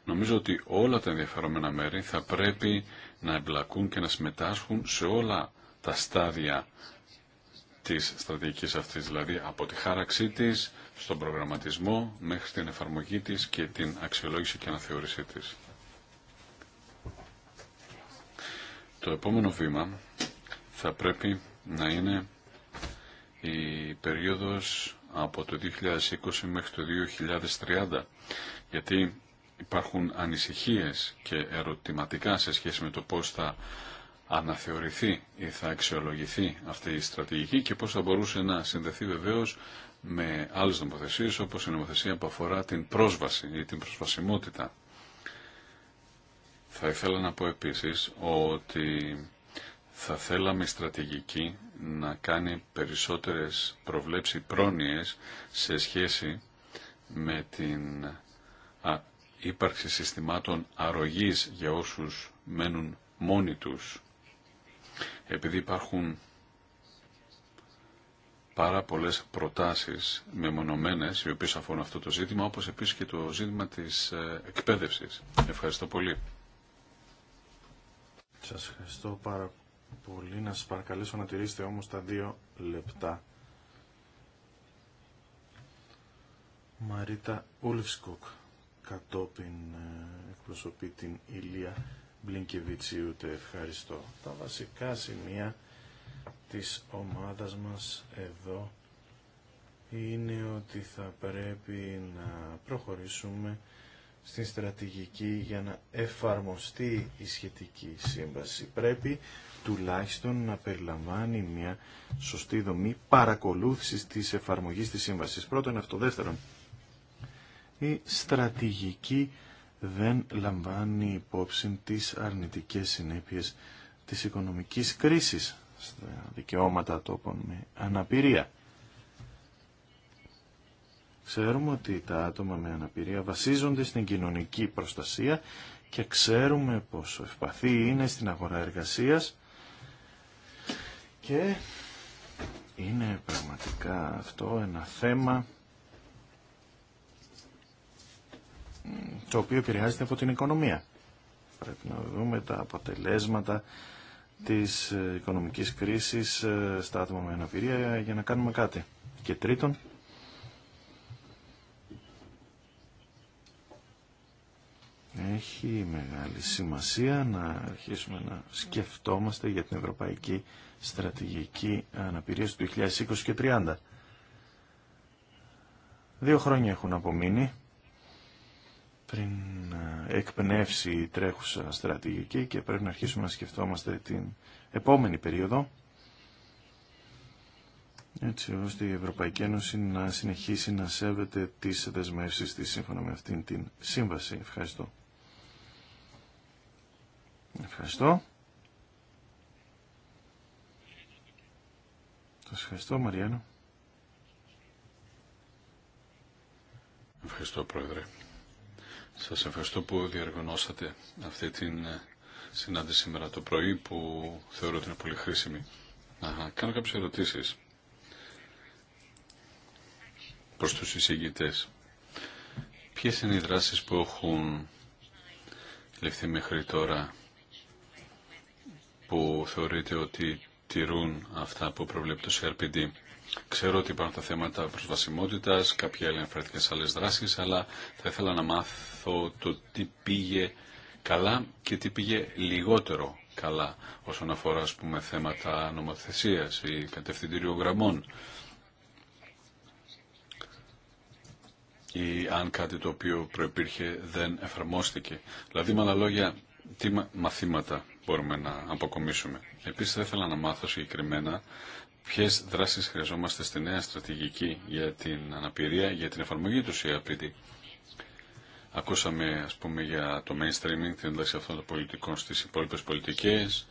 Νομίζω ότι όλα τα ενδιαφερόμενα μέρη θα πρέπει να εμπλακούν και να συμμετάσχουν σε όλα τα στάδια της στρατηγικής αυτής, δηλαδή από τη χάραξή της, στον προγραμματισμό, μέχρι την εφαρμογή της και την αξιολόγηση και αναθεώρησή της. Το επόμενο βήμα θα πρέπει να είναι η περίοδος από το 2020 μέχρι το 2030, γιατί υπάρχουν ανησυχίες και ερωτηματικά σε σχέση με το πώς θα αναθεωρηθεί ή θα αξιολογηθεί αυτή η στρατηγική και πώς θα μπορούσε να συνδεθεί βεβαίως με άλλες νομοθεσίες όπως η νομοθεσία που αφορά την πρόσβαση ή την προσβασιμότητα. Θα ήθελα να πω επίσης ότι θα θέλαμε η στρατηγική να κάνει περισσότερες προβλέψεις πρόνοιες σε σχέση με την ύπαρξη συστημάτων αρρωγής για όσους μένουν μόνοι τους επειδή υπάρχουν πάρα πολλές προτάσεις μεμονωμένες οι οποίες αφορούν αυτό το ζήτημα, όπως επίσης και το ζήτημα της ε, εκπαίδευσης. Ευχαριστώ πολύ. Σας ευχαριστώ πάρα πολύ. Να σας παρακαλέσω να τηρήσετε όμως τα δύο λεπτά. Μαρίτα Ούλφσκοκ κατόπιν ε, εκπροσωπεί την Ηλία Μπλινκεβίτσι ούτε ευχαριστώ. Τα βασικά σημεία της ομάδας μας εδώ είναι ότι θα πρέπει να προχωρήσουμε στην στρατηγική για να εφαρμοστεί η σχετική σύμβαση. Πρέπει τουλάχιστον να περιλαμβάνει μια σωστή δομή παρακολούθησης της εφαρμογής της σύμβασης. Πρώτον αυτό. Δεύτερον, η στρατηγική δεν λαμβάνει υπόψη τις αρνητικές συνέπειες της οικονομικής κρίσης στα δικαιώματα τόπων με αναπηρία. Ξέρουμε ότι τα άτομα με αναπηρία βασίζονται στην κοινωνική προστασία και ξέρουμε πόσο ευπαθή είναι στην αγορά εργασίας και είναι πραγματικά αυτό ένα θέμα το οποίο επηρεάζεται από την οικονομία. Πρέπει να δούμε τα αποτελέσματα της ε, οικονομικής κρίσης ε, στα άτομα με αναπηρία για να κάνουμε κάτι. Και τρίτον, έχει μεγάλη σημασία να αρχίσουμε να σκεφτόμαστε για την Ευρωπαϊκή Στρατηγική Αναπηρία του 2020 και 30. Δύο χρόνια έχουν απομείνει πριν ε, εκπνεύσει η τρέχουσα στρατηγική και πρέπει να αρχίσουμε να σκεφτόμαστε την επόμενη περίοδο έτσι ώστε η Ευρωπαϊκή Ένωση να συνεχίσει να σέβεται τις δεσμεύσεις της σύμφωνα με αυτήν την σύμβαση. Ευχαριστώ. Ευχαριστώ. Το ευχαριστώ Μαριάνο. Ευχαριστώ Πρόεδρε. Σας ευχαριστώ που διοργανώσατε αυτή την ε, συνάντηση σήμερα το πρωί που θεωρώ ότι είναι πολύ χρήσιμη. Αχα, κάνω κάποιες ερωτήσεις προς τους εισηγητές. Ποιες είναι οι δράσεις που έχουν ληφθεί μέχρι τώρα που θεωρείτε ότι τηρούν αυτά που προβλέπει το CRPD Ξέρω ότι υπάρχουν τα θέματα προσβασιμότητα, κάποια άλλη αναφέρθηκαν σε άλλε δράσεις, αλλά θα ήθελα να μάθω το τι πήγε καλά και τι πήγε λιγότερο καλά όσον αφορά ας πούμε, θέματα νομοθεσίας ή κατευθυντήριο γραμμών. ή αν κάτι το οποίο προϋπήρχε δεν εφαρμόστηκε. Δηλαδή, με άλλα λόγια, τι μαθήματα μπορούμε να αποκομίσουμε. Επίσης, θα ήθελα να μάθω συγκεκριμένα Ποιε δράσεις χρειαζόμαστε στη νέα στρατηγική για την αναπηρία, για την εφαρμογή του ΣΥΑΠΗΤΗ. Ακούσαμε, ας πούμε, για το mainstreaming, την ένταξη αυτών των πολιτικών στις υπόλοιπες πολιτικές,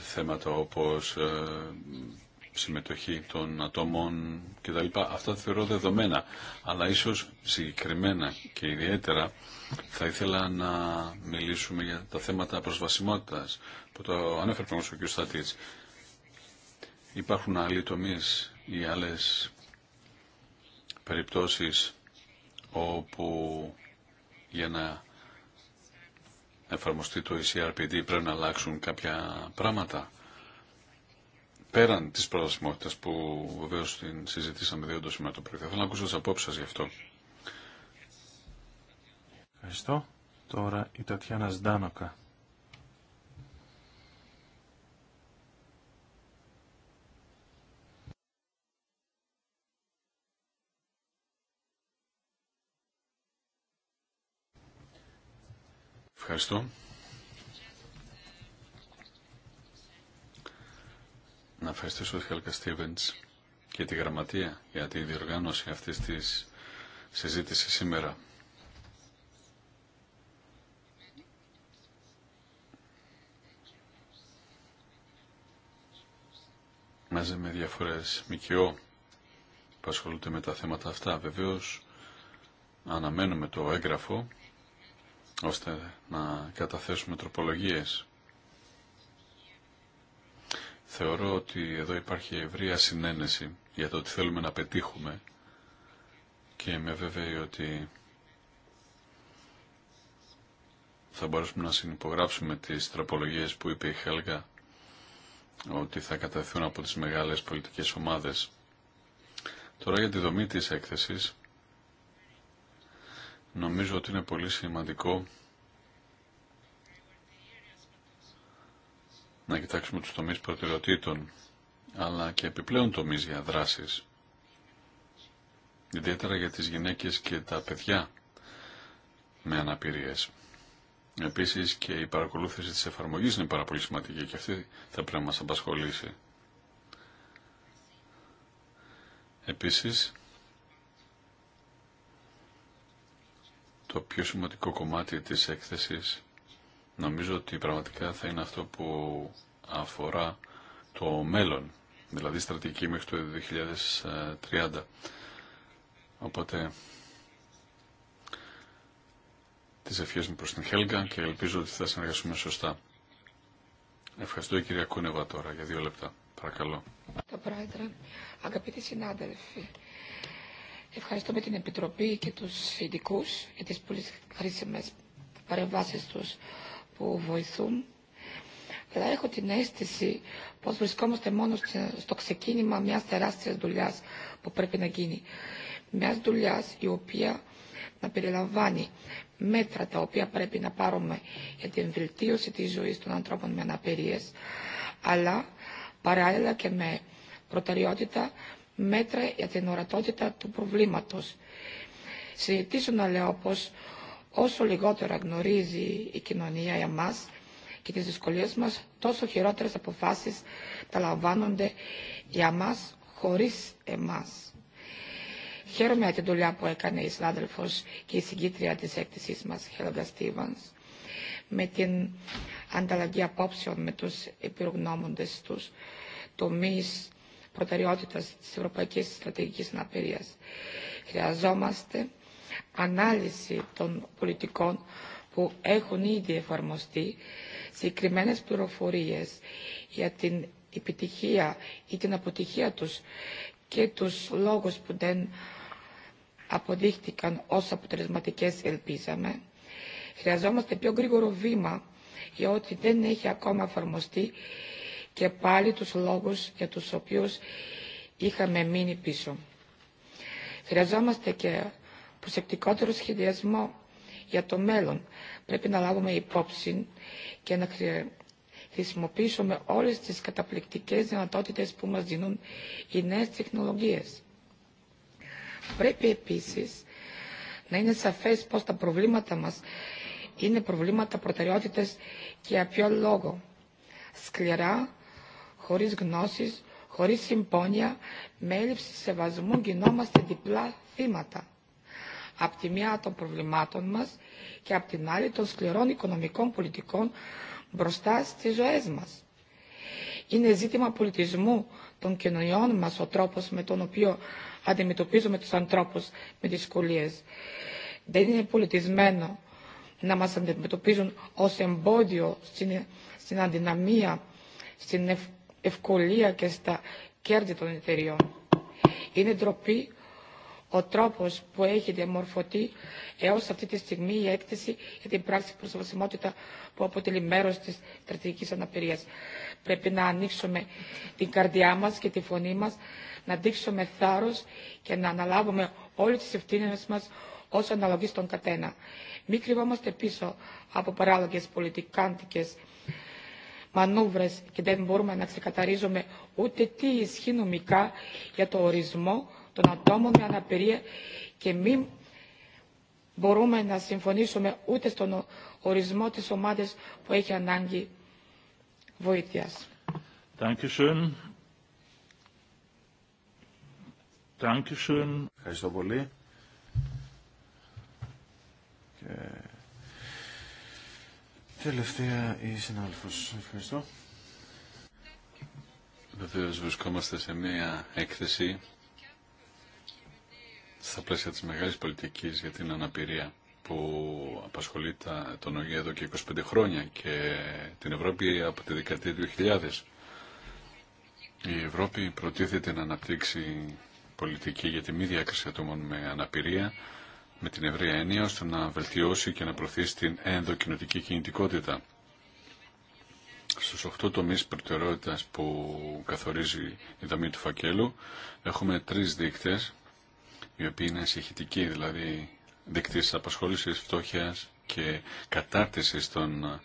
θέματα όπως ε, συμμετοχή των ατόμων κτλ. Αυτά θεωρώ δεδομένα, αλλά ίσως συγκεκριμένα και ιδιαίτερα θα ήθελα να μιλήσουμε για τα θέματα προσβασιμότητας που το ανέφερε ο κ. Υπάρχουν άλλοι τομείς ή άλλες περιπτώσεις όπου για να εφαρμοστεί το ECRPD πρέπει να αλλάξουν κάποια πράγματα πέραν της προσβασιμότητας που βεβαίως την συζητήσαμε διόντως σήμερα το πρωί. Θα θέλω να ακούσω τις απόψεις σας γι' αυτό. Ευχαριστώ. Τώρα η Τατιάνα Σντάνοκα. Ευχαριστώ. Να ευχαριστήσω τη Χέλκα Στίβεντς και τη Γραμματεία για τη διοργάνωση αυτής της συζήτησης σήμερα. Μαζί με διαφορές ΜΚΟ που ασχολούνται με τα θέματα αυτά. Βεβαίως αναμένουμε το έγγραφο ώστε να καταθέσουμε τροπολογίες. Θεωρώ ότι εδώ υπάρχει ευρία συνένεση για το ότι θέλουμε να πετύχουμε και με βέβαιη ότι θα μπορέσουμε να συνυπογράψουμε τις τροπολογίες που είπε η Χέλγα ότι θα καταθέσουν από τις μεγάλες πολιτικές ομάδες. Τώρα για τη δομή της έκθεσης Νομίζω ότι είναι πολύ σημαντικό να κοιτάξουμε τους τομείς προτεραιοτήτων, αλλά και επιπλέον τομείς για δράσεις, ιδιαίτερα για τις γυναίκες και τα παιδιά με αναπηρίες. Επίσης και η παρακολούθηση της εφαρμογής είναι πάρα πολύ σημαντική και αυτή θα πρέπει να μας απασχολήσει. Επίσης, το πιο σημαντικό κομμάτι της έκθεσης νομίζω ότι πραγματικά θα είναι αυτό που αφορά το μέλλον, δηλαδή στρατηγική μέχρι το 2030. Οπότε τις ευχές μου προς την Χέλγα και ελπίζω ότι θα συνεργαστούμε σωστά. Ευχαριστώ η κυρία Κούνεβα τώρα για δύο λεπτά. Παρακαλώ. Αγαπητοί συνάδελφοι, Ευχαριστώ με την Επιτροπή και τους ειδικούς για τις πολύ χρήσιμες παρεμβάσεις τους που βοηθούν. Αλλά έχω την αίσθηση πως βρισκόμαστε μόνο στο ξεκίνημα μιας τεράστιας δουλειάς που πρέπει να γίνει. Μιας δουλειάς η οποία να περιλαμβάνει μέτρα τα οποία πρέπει να πάρουμε για την βελτίωση της ζωής των ανθρώπων με αναπηρίες, αλλά παράλληλα και με προτεραιότητα μέτρα για την ορατότητα του προβλήματος. Συνητήσω να λέω πως όσο λιγότερα γνωρίζει η κοινωνία για μας και τις δυσκολίες μας, τόσο χειρότερες αποφάσεις τα λαμβάνονται για μας χωρίς εμάς. Χαίρομαι για την δουλειά που έκανε η συνάδελφος και η συγκίτρια της έκθεσής μας, Χέλγα Στίβανς, με την ανταλλαγή απόψεων με τους επιρρογνώμοντες τους τομείς προτεραιότητας της Ευρωπαϊκής Στρατηγικής Αναπηρίας. Χρειαζόμαστε ανάλυση των πολιτικών που έχουν ήδη εφαρμοστεί, συγκεκριμένες πληροφορίες για την επιτυχία ή την αποτυχία τους και τους λόγους που δεν αποδείχτηκαν ως αποτελεσματικές ελπίζαμε. Χρειαζόμαστε πιο γρήγορο βήμα για ό,τι δεν έχει ακόμα εφαρμοστεί και πάλι τους λόγους για τους οποίους είχαμε μείνει πίσω. Χρειαζόμαστε και προσεκτικότερο σχεδιασμό για το μέλλον. Πρέπει να λάβουμε υπόψη και να χρησιμοποιήσουμε όλες τις καταπληκτικές δυνατότητες που μας δίνουν οι νέες τεχνολογίες. Πρέπει επίσης να είναι σαφές πως τα προβλήματα μας είναι προβλήματα προτεραιότητες και για ποιο λόγο. Σκληρά χωρίς γνώσεις, χωρίς συμπόνια, με έλλειψη σεβασμού γινόμαστε διπλά θύματα. Απ' τη μία των προβλημάτων μας και απ' την άλλη των σκληρών οικονομικών πολιτικών μπροστά στις ζωές μας. Είναι ζήτημα πολιτισμού των κοινωνιών μας ο τρόπος με τον οποίο αντιμετωπίζουμε τους ανθρώπους με δυσκολίες. Δεν είναι πολιτισμένο να μας αντιμετωπίζουν ως εμπόδιο στην, στην αδυναμία, στην ευκολία και στα κέρδη των εταιριών. Είναι ντροπή ο τρόπος που έχει διαμορφωθεί έως αυτή τη στιγμή η έκθεση για την πράξη προσβασιμότητα που αποτελεί μέρος της στρατηγικής αναπηρίας. Πρέπει να ανοίξουμε την καρδιά μας και τη φωνή μας, να δείξουμε θάρρος και να αναλάβουμε όλες τις ευθύνες μας όσο αναλογεί στον κατένα. Μην κρυβόμαστε πίσω από παράλογες πολιτικάντικες και δεν μπορούμε να ξεκαταρίζουμε ούτε τι ισχύει νομικά για το ορισμό των ατόμων με αναπηρία και μην μπορούμε να συμφωνήσουμε ούτε στον ορισμό της ομάδας που έχει ανάγκη βοήθειας. Τελευταία η συνάδελφος. Ευχαριστώ. Βεβαίω βρισκόμαστε σε μια έκθεση στα πλαίσια της μεγάλης πολιτικής για την αναπηρία που απασχολεί τα, τον ΟΓΕ εδώ και 25 χρόνια και την Ευρώπη από τη δεκαετία 2000. Η Ευρώπη προτίθεται να αναπτύξει πολιτική για τη μη διάκριση ατόμων με αναπηρία με την ευρεία έννοια ώστε να βελτιώσει και να προωθήσει την ενδοκινητική κινητικότητα. Στους 8 τομείς προτεραιότητας που καθορίζει η δομή του φακέλου έχουμε τρεις δείκτες οι οποίοι είναι συγχυτικοί, δηλαδή δείκτες απασχόλησης, φτώχειας και κατάρτισης των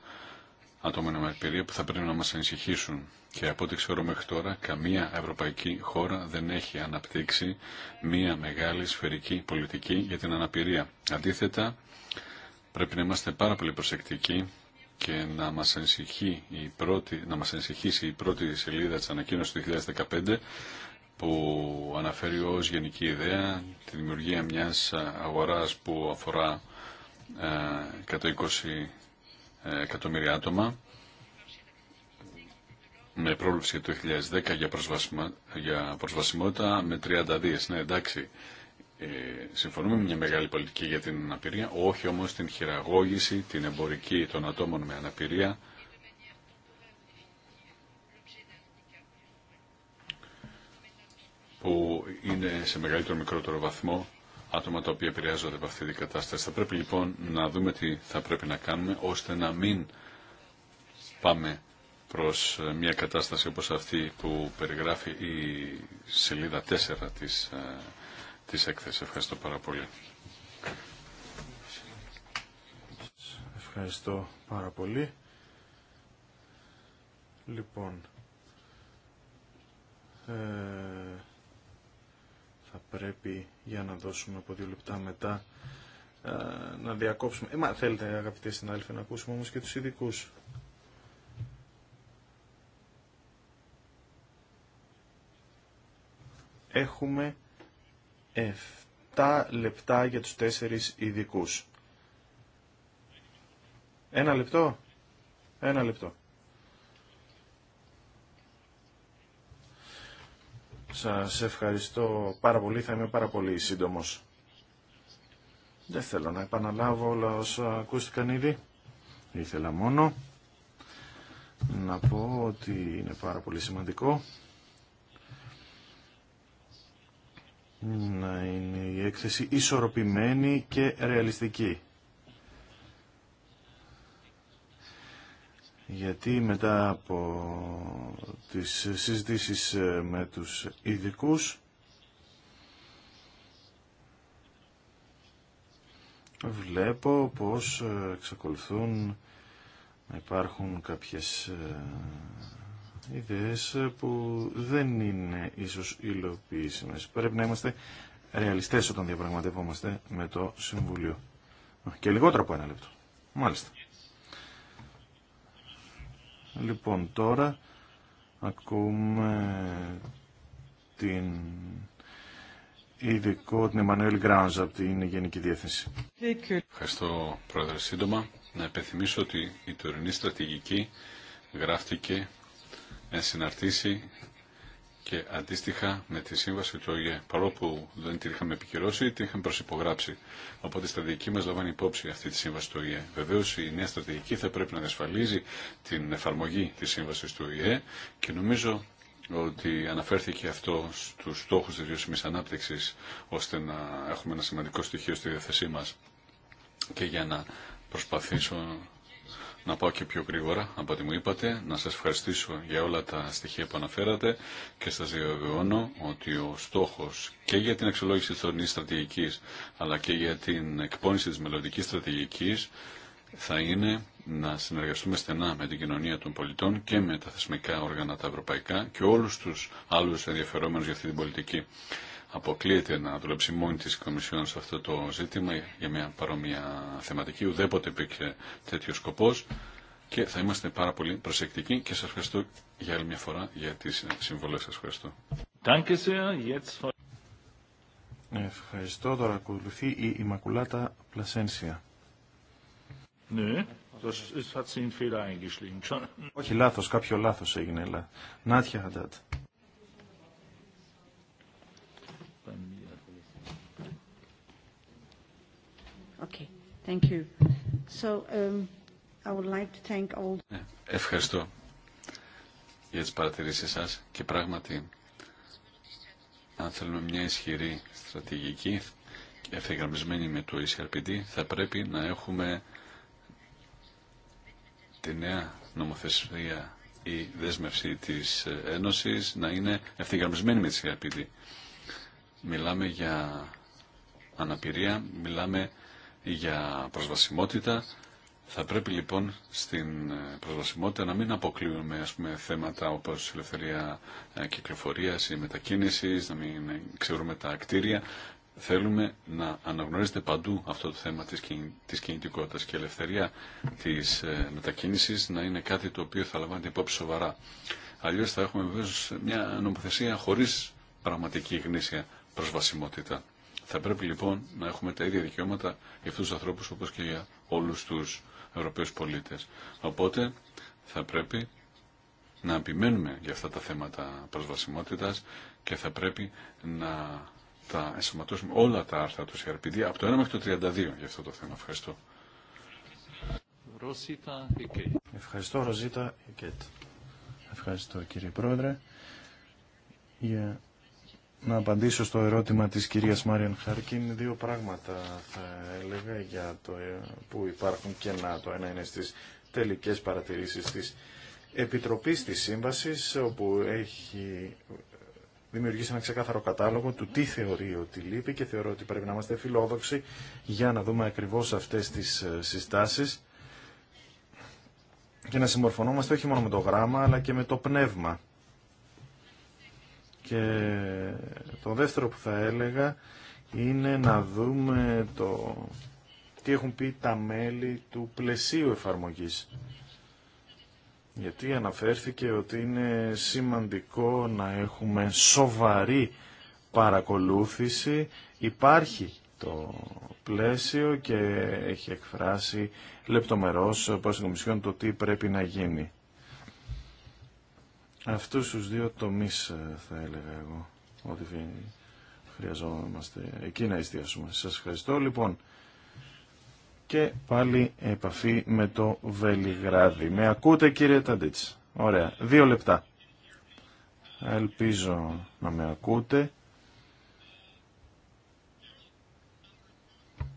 ατόμων με αναπηρία που θα πρέπει να μας ανησυχήσουν. Και από ό,τι ξέρω μέχρι τώρα, καμία ευρωπαϊκή χώρα δεν έχει αναπτύξει μία μεγάλη σφαιρική πολιτική για την αναπηρία. Αντίθετα, πρέπει να είμαστε πάρα πολύ προσεκτικοί και να μας, ανησυχεί η πρώτη, να μας ανησυχήσει η πρώτη σελίδα της ανακοίνωσης του 2015 που αναφέρει ως γενική ιδέα τη δημιουργία μιας αγοράς που αφορά 120 ε, εκατομμύρια άτομα με πρόληψη το 2010 για, για προσβασιμότητα με 32. Ναι, εντάξει, ε, συμφωνούμε με μια μεγάλη πολιτική για την αναπηρία, όχι όμως την χειραγώγηση, την εμπορική των ατόμων με αναπηρία. που είναι σε μεγαλύτερο μικρότερο βαθμό άτομα τα οποία επηρεάζονται από αυτή την κατάσταση. Θα πρέπει λοιπόν να δούμε τι θα πρέπει να κάνουμε ώστε να μην πάμε προς ε, μια κατάσταση όπως αυτή που περιγράφει η σελίδα 4 της, ε, της έκθεσης. Ευχαριστώ πάρα πολύ. Ευχαριστώ πάρα πολύ. Λοιπόν, ε, θα πρέπει για να δώσουμε από δύο λεπτά μετά ε, να διακόψουμε. Ε, μα, θέλετε αγαπητές συνάδελφοι να ακούσουμε όμως και τους ειδικού. Έχουμε 7 λεπτά για τους τέσσερις ειδικού. Ένα λεπτό. Ένα λεπτό. Σας ευχαριστώ πάρα πολύ. Θα είμαι πάρα πολύ σύντομος. Δεν θέλω να επαναλάβω όλα όσα ακούστηκαν ήδη. Ήθελα μόνο να πω ότι είναι πάρα πολύ σημαντικό να είναι η έκθεση ισορροπημένη και ρεαλιστική. γιατί μετά από τις συζητήσεις ε, με τους ειδικού. βλέπω πως ε, εξακολουθούν να υπάρχουν κάποιες ε, ιδέες που δεν είναι ίσως υλοποιήσιμες. Πρέπει να είμαστε ρεαλιστές όταν διαπραγματευόμαστε με το Συμβουλίο. Και λιγότερο από ένα λεπτό. Μάλιστα. Λοιπόν, τώρα ακούμε την ειδικό την Εμμανουέλ Γκράνζ από την Γενική Διεύθυνση. Ευχαριστώ, Πρόεδρε. Σύντομα, να επιθυμίσω ότι η τωρινή στρατηγική γράφτηκε εν συναρτήσει και αντίστοιχα με τη σύμβαση του ΟΓΕ, παρόλο που δεν την είχαμε επικυρώσει, την είχαμε προσυπογράψει. Οπότε η στρατηγική μα λαμβάνει υπόψη αυτή τη σύμβαση του ΟΓΕ. Βεβαίω η νέα στρατηγική θα πρέπει να διασφαλίζει την εφαρμογή τη σύμβαση του ΟΓΕ και νομίζω ότι αναφέρθηκε αυτό στους στόχους της βιώσιμης ανάπτυξης ώστε να έχουμε ένα σημαντικό στοιχείο στη διάθεσή μας και για να προσπαθήσω να πάω και πιο γρήγορα από ό,τι μου είπατε, να σας ευχαριστήσω για όλα τα στοιχεία που αναφέρατε και σας διαβεβαιώνω ότι ο στόχος και για την αξιολόγηση της τωρινής στρατηγικής αλλά και για την εκπόνηση της μελλοντικής στρατηγικής θα είναι να συνεργαστούμε στενά με την κοινωνία των πολιτών και με τα θεσμικά όργανα τα ευρωπαϊκά και όλους τους άλλους ενδιαφερόμενους για αυτή την πολιτική. Αποκλείεται να δουλέψει μόνη τη Κομισιόν σε αυτό το ζήτημα για μια παρόμοια θεματική. Ουδέποτε υπήρχε τέτοιο σκοπό και θα είμαστε πάρα πολύ προσεκτικοί και σα ευχαριστώ για άλλη μια φορά για τι συμβολέ σα. Ευχαριστώ. Ευχαριστώ. Τώρα ακολουθεί η Μακουλάτα Πλασένσια. Ναι. Όχι λάθος, κάποιο λάθος έγινε. Νάτια Χαντάτ. Okay. Thank you. So, um, ναι, Ευχαριστώ για τις παρατηρήσεις σας και πράγματι αν θέλουμε μια ισχυρή στρατηγική και ευθυγραμμισμένη με το ECRPD θα πρέπει να έχουμε τη νέα νομοθεσία η δέσμευση της Ένωσης να είναι ευθυγραμμισμένη με το ECRPD. Μιλάμε για αναπηρία, μιλάμε για προσβασιμότητα. Θα πρέπει λοιπόν στην ε, προσβασιμότητα να μην αποκλείουμε ας πούμε, θέματα όπως η ελευθερία ε, κυκλοφορίας ή μετακίνησης, να μην ξέρουμε τα ακτήρια. Θέλουμε να αναγνωρίζεται παντού αυτό το θέμα της, κινητικότητα και η ελευθερία της ε, μετακίνησης να είναι κάτι το οποίο θα λαμβάνεται υπόψη σοβαρά. Αλλιώς θα έχουμε βεβαίω μια νομοθεσία χωρίς πραγματική γνήσια προσβασιμότητα. Θα πρέπει λοιπόν να έχουμε τα ίδια δικαιώματα για αυτού του ανθρώπους όπως και για όλους τους Ευρωπαίου πολίτες. Οπότε θα πρέπει να επιμένουμε για αυτά τα θέματα προσβασιμότητα και θα πρέπει να τα ενσωματώσουμε όλα τα άρθρα του CRPD από το 1 μέχρι το 32 για αυτό το θέμα. Ευχαριστώ. Ευχαριστώ Ροζίτα Ευχαριστώ κύριε Πρόεδρε να απαντήσω στο ερώτημα της κυρίας Μάριαν Χαρκίν. Δύο πράγματα θα έλεγα για το, ε, που υπάρχουν και να Το ένα είναι στις τελικές παρατηρήσεις της Επιτροπής της Σύμβασης, όπου έχει ε, δημιουργήσει ένα ξεκάθαρο κατάλογο του τι θεωρεί ότι λείπει και θεωρώ ότι πρέπει να είμαστε φιλόδοξοι για να δούμε ακριβώς αυτές τις ε, συστάσεις και να συμμορφωνόμαστε όχι μόνο με το γράμμα αλλά και με το πνεύμα και το δεύτερο που θα έλεγα είναι να δούμε το τι έχουν πει τα μέλη του πλαισίου εφαρμογής. Γιατί αναφέρθηκε ότι είναι σημαντικό να έχουμε σοβαρή παρακολούθηση. Υπάρχει το πλαίσιο και έχει εκφράσει λεπτομερώς πώς την Κομισιόν το τι πρέπει να γίνει. Αυτούς τους δύο τομείς ε, θα έλεγα εγώ ότι χρειαζόμαστε εκεί να εστιάσουμε. Σας ευχαριστώ λοιπόν και πάλι επαφή με το Βελιγράδι. Με ακούτε κύριε Ταντίτς. Ωραία. Δύο λεπτά. Ελπίζω να με ακούτε.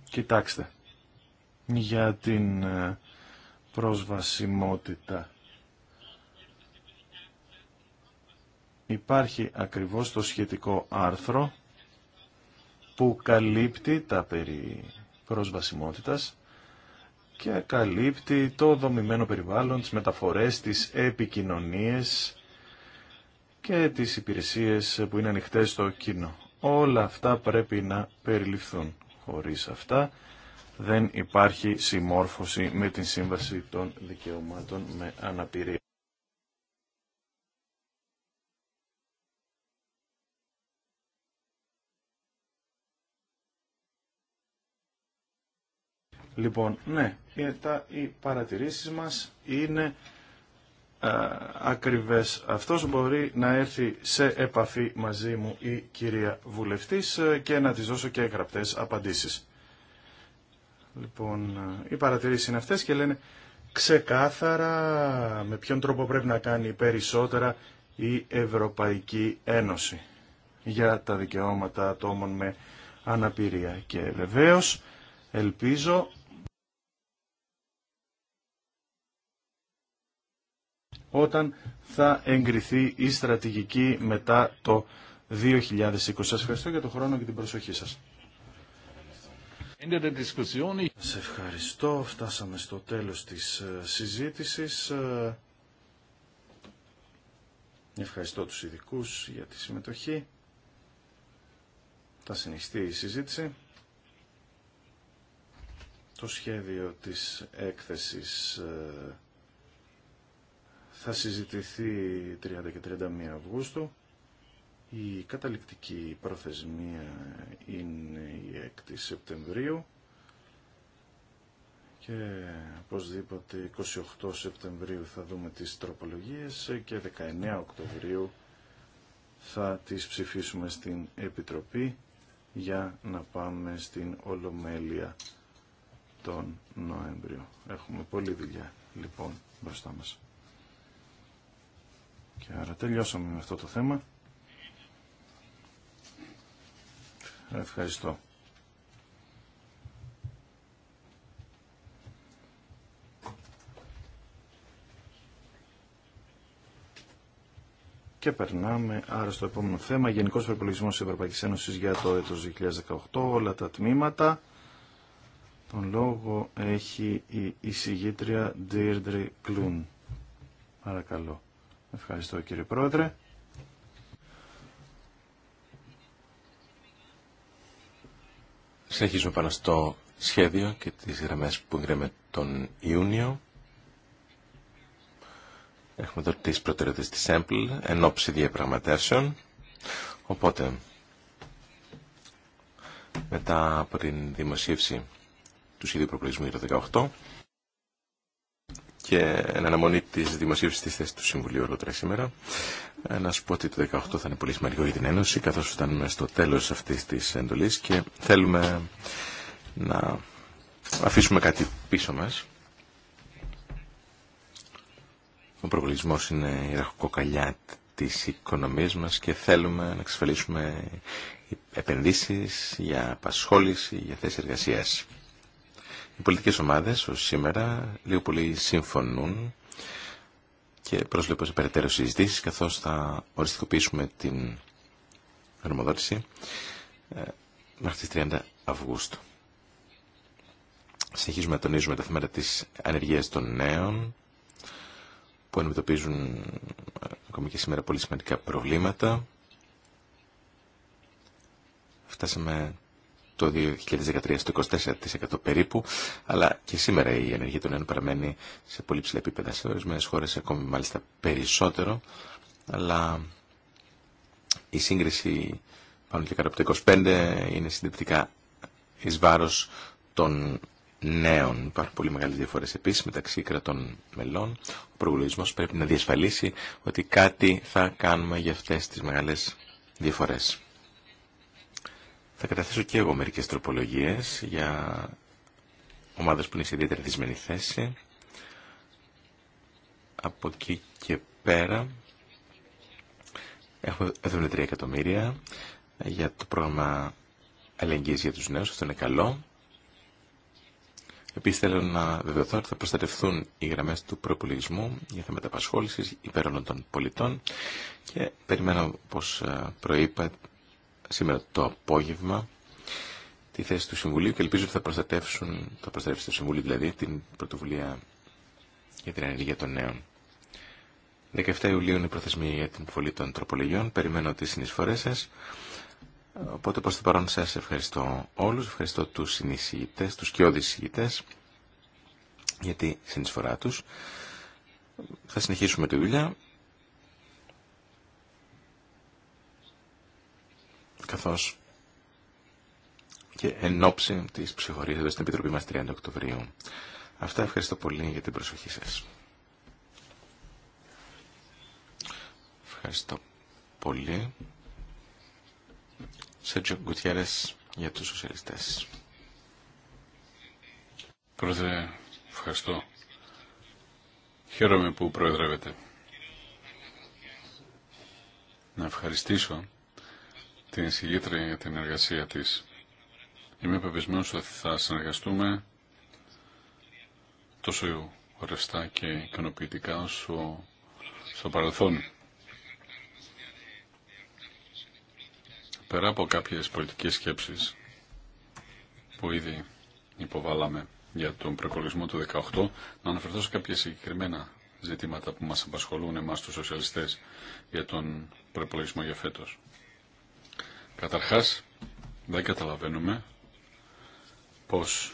Κοιτάξτε. Για την ε, προσβασιμότητα υπάρχει ακριβώς το σχετικό άρθρο που καλύπτει τα περί προσβασιμότητας και καλύπτει το δομημένο περιβάλλον, τις μεταφορές, τις επικοινωνίες και τις υπηρεσίες που είναι ανοιχτές στο κοινό. Όλα αυτά πρέπει να περιληφθούν. Χωρίς αυτά δεν υπάρχει συμμόρφωση με την Σύμβαση των Δικαιωμάτων με Αναπηρία. Λοιπόν, ναι, οι παρατηρήσεις μας είναι ε, ακριβές. Αυτός μπορεί να έρθει σε επαφή μαζί μου η κυρία Βουλευτής ε, και να της δώσω και γραπτές απαντήσεις. Λοιπόν, ε, οι παρατηρήσεις είναι αυτές και λένε ξεκάθαρα με ποιον τρόπο πρέπει να κάνει περισσότερα η Ευρωπαϊκή Ένωση για τα δικαιώματα ατόμων με αναπηρία. Και βεβαίως ελπίζω όταν θα εγκριθεί η στρατηγική μετά το 2020. Σας ευχαριστώ για τον χρόνο και την προσοχή σας. Σας ευχαριστώ. Φτάσαμε στο τέλος της ε, συζήτησης. Ε, ευχαριστώ τους ειδικού για τη συμμετοχή. Θα συνεχιστεί η συζήτηση. Το σχέδιο της έκθεσης ε, θα συζητηθεί 30 και 31 Αυγούστου. Η καταληκτική προθεσμία είναι η 6 Σεπτεμβρίου και οπωσδήποτε 28 Σεπτεμβρίου θα δούμε τις τροπολογίες και 19 Οκτωβρίου θα τις ψηφίσουμε στην Επιτροπή για να πάμε στην Ολομέλεια τον Νοέμβριο. Έχουμε πολλή δουλειά λοιπόν μπροστά μας. Και άρα τελειώσαμε με αυτό το θέμα. Ευχαριστώ. Και περνάμε άρα στο επόμενο θέμα. Γενικό προπολογισμό τη Ευρωπαϊκή Ένωση για το έτο 2018. Όλα τα τμήματα. Τον λόγο έχει η εισηγήτρια Ντίρντρι Κλούν. Παρακαλώ. Ευχαριστώ κύριε Πρόεδρε. Συνεχίζουμε πάνω στο σχέδιο και τις γραμμές που γραμμε τον Ιούνιο. Έχουμε εδώ τις προτεραιότητες της ΕΜΠΛ εν ώψη διαπραγματεύσεων. Οπότε, μετά από την δημοσίευση του σχεδίου προπολογισμού για το 2018, και εν αναμονή τη δημοσίευση τη θέση του Συμβουλίου αργότερα σήμερα. Ε, να σου πω ότι το 2018 θα είναι πολύ σημαντικό για την Ένωση, καθώ φτάνουμε στο τέλο αυτή τη εντολή και θέλουμε να αφήσουμε κάτι πίσω μα. Ο προβολισμό είναι η ραχοκοκαλιά τη οικονομία μα και θέλουμε να εξασφαλίσουμε επενδύσει για απασχόληση, για θέσει εργασία. Οι πολιτικές ομάδες ως σήμερα λίγο πολύ συμφωνούν και προσβλέπω σε περαιτέρω συζητήσεις καθώς θα οριστικοποιήσουμε την γνωμοδότηση ε, μέχρι τις 30 Αυγούστου. Συνεχίζουμε να τονίζουμε τα θέματα της ανεργίας των νέων που αντιμετωπίζουν ε, ακόμη και σήμερα πολύ σημαντικά προβλήματα. Φτάσαμε το 2013 στο 24% περίπου, αλλά και σήμερα η ενέργεια των νέων παραμένει σε πολύ ψηλά επίπεδα. Σε ορισμένες χώρε ακόμη μάλιστα περισσότερο, αλλά η σύγκριση πάνω και κάτω από το 25 είναι συντηρητικά εις βάρος των νέων. Υπάρχουν πολύ μεγάλες διαφορές επίσης μεταξύ κρατών μελών. Ο προβολισμός πρέπει να διασφαλίσει ότι κάτι θα κάνουμε για αυτές τις μεγάλες διαφορές. Θα καταθέσω και εγώ μερικές τροπολογίες για ομάδες που είναι σε ιδιαίτερα δυσμενή θέση. Από εκεί και πέρα έχουμε 73 εκατομμύρια για το πρόγραμμα αλληλεγγύης για τους νέους. Αυτό είναι καλό. Επίσης θέλω να βεβαιωθώ ότι θα προστατευθούν οι γραμμές του προπολογισμού για θέματα απασχόλησης υπέρ όλων των πολιτών και περιμένω, όπως ε, προείπα, σήμερα το απόγευμα τη θέση του Συμβουλίου και ελπίζω ότι θα προστατεύσουν, θα προστατεύσει το Συμβούλιο δηλαδή την πρωτοβουλία για την ενέργεια των νέων. 17 Ιουλίου είναι η προθεσμία για την υποβολή των τροπολογιών. Περιμένω τις συνεισφορές σας. Οπότε προς το παρόν σας ευχαριστώ όλους, ευχαριστώ τους συνεισηγητές, τους και συγητές για τη συνεισφορά τους. Θα συνεχίσουμε τη δουλειά. καθώς και εν ώψη της ψυχορίας στην Επιτροπή μας 30 Οκτωβρίου. Αυτά ευχαριστώ πολύ για την προσοχή σας. Ευχαριστώ πολύ. Σέτζο Γκουτιέρες για τους σοσιαλιστές. Πρόεδρε, ευχαριστώ. Χαίρομαι που προεδρεύετε. Να ευχαριστήσω την εισηγήτρια για την εργασία της. Είμαι πεπισμένος ότι θα συνεργαστούμε τόσο ρευστά και ικανοποιητικά όσο στο παρελθόν. Πέρα από κάποιες πολιτικές σκέψεις που ήδη υποβάλαμε για τον προπολογισμό του 18, να αναφερθώ σε κάποια συγκεκριμένα ζητήματα που μας απασχολούν εμάς τους σοσιαλιστές για τον προπολογισμό για φέτος. Καταρχάς, δεν καταλαβαίνουμε πως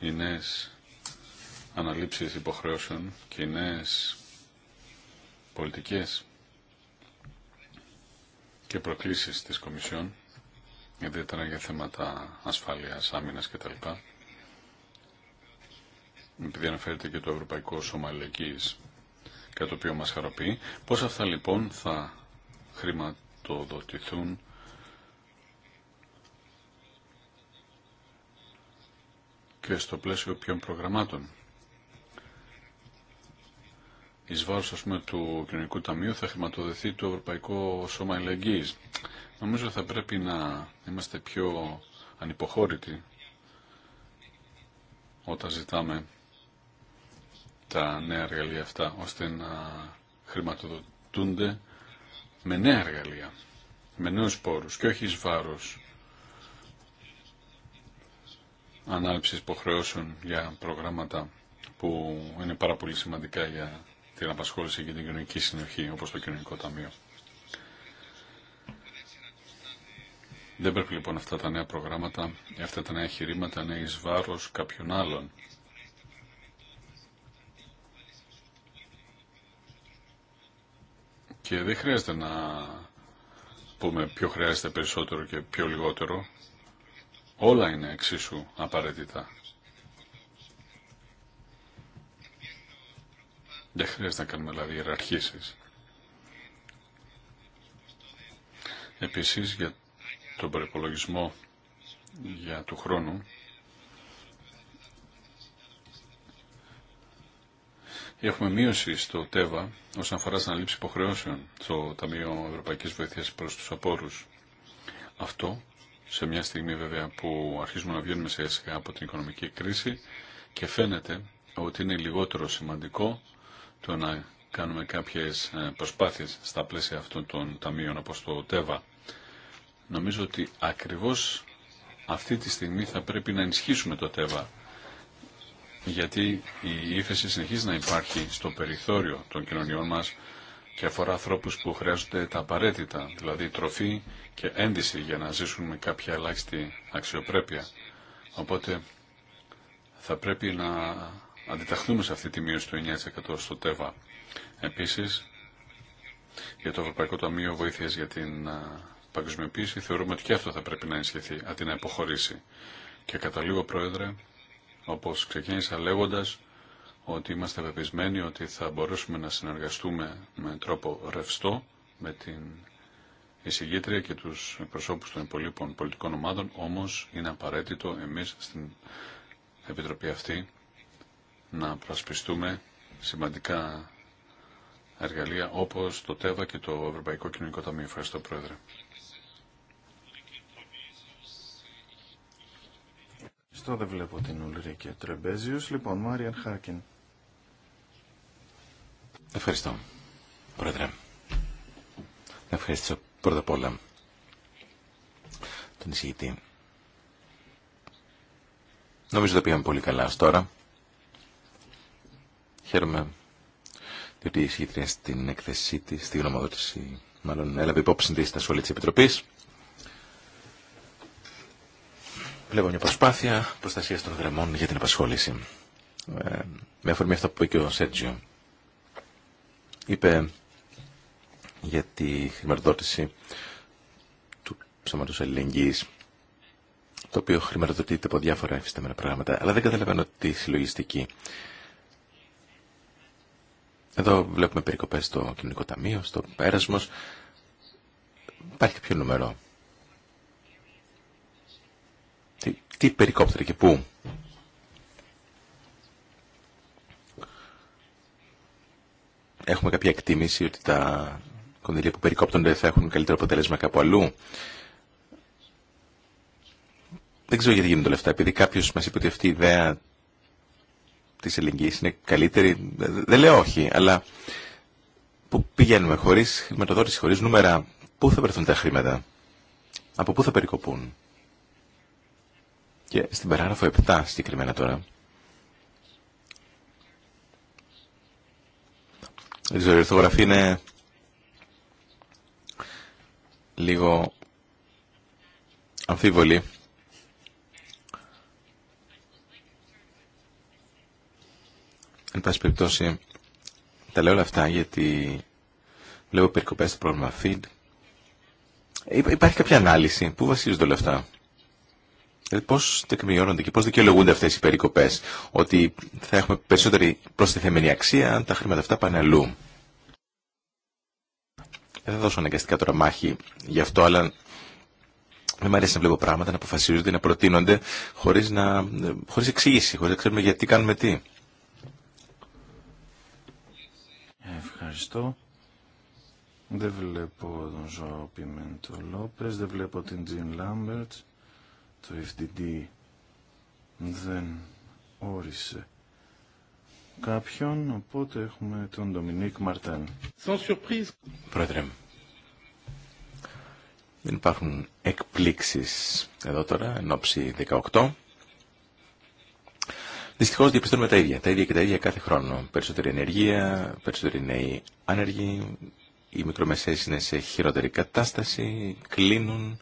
οι νέε αναλήψεις υποχρεώσεων και οι νέε πολιτικές και προκλήσεις της Κομισιόν, ιδιαίτερα για θέματα ασφάλειας, άμυνας κτλ. Επειδή αναφέρεται και το Ευρωπαϊκό Σώμα Αλληλεγγύης, κατά το οποίο μας χαροποιεί, πώς αυτά λοιπόν θα χρηματοδοτηθούν και στο πλαίσιο ποιων προγραμμάτων. Εις βάρος, ας πούμε, του Κοινωνικού Ταμείου θα χρηματοδοτηθεί το Ευρωπαϊκό Σώμα Ελεγγύης. Νομίζω θα πρέπει να είμαστε πιο ανυποχώρητοι όταν ζητάμε τα νέα εργαλεία αυτά, ώστε να χρηματοδοτούνται με νέα εργαλεία, με νέους πόρους και όχι εις βάρος ανάληψης υποχρεώσεων για προγράμματα που είναι πάρα πολύ σημαντικά για την απασχόληση και την κοινωνική συνοχή, όπως το κοινωνικό ταμείο. Δεν πρέπει λοιπόν αυτά τα νέα προγράμματα, αυτά τα νέα χειρήματα να είναι βάρος κάποιων άλλων. Και δεν χρειάζεται να πούμε ποιο χρειάζεται περισσότερο και ποιο λιγότερο. Όλα είναι εξίσου απαραίτητα. Δεν χρειάζεται να κάνουμε δηλαδή ιεραρχήσεις. Επίσης για τον προπολογισμό για του χρόνου Έχουμε μείωση στο ΤΕΒΑ όσον αφορά στην αλήψη υποχρεώσεων στο Ταμείο Ευρωπαϊκής Βοήθειας προς τους απόρους. Αυτό σε μια στιγμή βέβαια που αρχίζουμε να βγαίνουμε σιγά σιγά από την οικονομική κρίση και φαίνεται ότι είναι λιγότερο σημαντικό το να κάνουμε κάποιες ε, προσπάθειες στα πλαίσια αυτών των ταμείων όπως το ΤΕΒΑ. Νομίζω ότι ακριβώς αυτή τη στιγμή θα πρέπει να ενισχύσουμε το ΤΕΒΑ γιατί η ύφεση συνεχίζει να υπάρχει στο περιθώριο των κοινωνιών μας και αφορά ανθρώπους που χρειάζονται τα απαραίτητα, δηλαδή τροφή και ένδυση για να ζήσουν με κάποια ελάχιστη αξιοπρέπεια. Οπότε θα πρέπει να αντιταχθούμε σε αυτή τη μείωση του 9% στο ΤΕΒΑ. Επίσης, για το Ευρωπαϊκό Ταμείο Βοήθειας για την Παγκοσμιοποίηση θεωρούμε ότι και αυτό θα πρέπει να ενισχυθεί, αντί να υποχωρήσει. Και κατά λίγο, Πρόεδρε, όπως ξεκίνησα λέγοντας, ότι είμαστε πεπισμένοι ότι θα μπορέσουμε να συνεργαστούμε με τρόπο ρευστό με την εισηγήτρια και τους προσώπους των υπολείπων πολιτικών ομάδων, όμως είναι απαραίτητο εμείς στην Επιτροπή αυτή να προσπιστούμε σημαντικά εργαλεία όπως το ΤΕΒΑ και το Ευρωπαϊκό Κοινωνικό Ταμείο. Ευχαριστώ, Πρόεδρε. Ευχαριστώ, δεν βλέπω την Ουλρίκη Τρεμπέζιους. Λοιπόν, Μάριαν Χάκιν. Ευχαριστώ, Πρόεδρε. Ευχαριστώ πρώτα απ' όλα τον εισηγητή. Νομίζω ότι πήγαμε πολύ καλά ως τώρα. Χαίρομαι διότι η εισηγητρία στην έκθεσή της, στη γνωμοδότηση, μάλλον έλαβε υπόψη της στα σχόλια της Επιτροπής. Βλέπω μια προσπάθεια προστασίας των γραμμών για την απασχόληση. Ε, με αφορμή αυτό που είπε και ο Σέτζιο είπε για τη χρηματοδότηση του σώματο Αλληλεγγύης το οποίο χρηματοδοτείται από διάφορα εφιστεμένα πράγματα, αλλά δεν καταλαβαίνω τη συλλογιστική. Εδώ βλέπουμε περικοπές στο κοινωνικό ταμείο, στο πέρασμος. Υπάρχει πιο νούμερο. Τι, τι περικόπτεται και πού. έχουμε κάποια εκτίμηση ότι τα κονδυλία που περικόπτονται θα έχουν καλύτερο αποτέλεσμα κάπου αλλού. Δεν ξέρω γιατί γίνονται όλα αυτά. Επειδή κάποιο μα είπε ότι αυτή η ιδέα τη ελληνική είναι καλύτερη, δεν λέω όχι, αλλά πού πηγαίνουμε, χωρί χρηματοδότηση, χωρί νούμερα, πού θα βρεθούν τα χρήματα, από πού θα περικοπούν. Και στην παράγραφο 7 συγκεκριμένα τώρα, Η ζωηρθογραφή είναι λίγο αμφίβολη. Εν πάση περιπτώσει, τα λέω όλα αυτά γιατί βλέπω περικοπές στο πρόβλημα. FEED. Ε, υπάρχει κάποια ανάλυση. Πού βασίζονται όλα αυτά. Δηλαδή πώς τεκμηριώνονται και πώς δικαιολογούνται αυτές οι περικοπές, ότι θα έχουμε περισσότερη προστιθεμένη αξία αν τα χρήματα αυτά πάνε αλλού. Δεν θα δώσω αναγκαστικά τώρα μάχη γι' αυτό, αλλά δεν μου αρέσει να βλέπω πράγματα να αποφασίζονται, να προτείνονται χωρίς, να, ε, χωρίς εξήγηση, χωρίς να ξέρουμε γιατί κάνουμε τι. Ευχαριστώ. Δεν βλέπω τον Ζωάο Λόπες, δεν βλέπω την Τζιν Λάμπερτ το FDD δεν όρισε κάποιον, οπότε έχουμε τον Ντομινίκ Μαρτάν. Πρόεδρε, δεν υπάρχουν εκπλήξεις εδώ τώρα, εν ώψη 18. Δυστυχώ διαπιστώνουμε τα ίδια. Τα ίδια και τα ίδια κάθε χρόνο. Περισσότερη ενεργεία, περισσότεροι νέοι άνεργοι, οι μικρομεσαίες είναι σε χειρότερη κατάσταση, κλείνουν,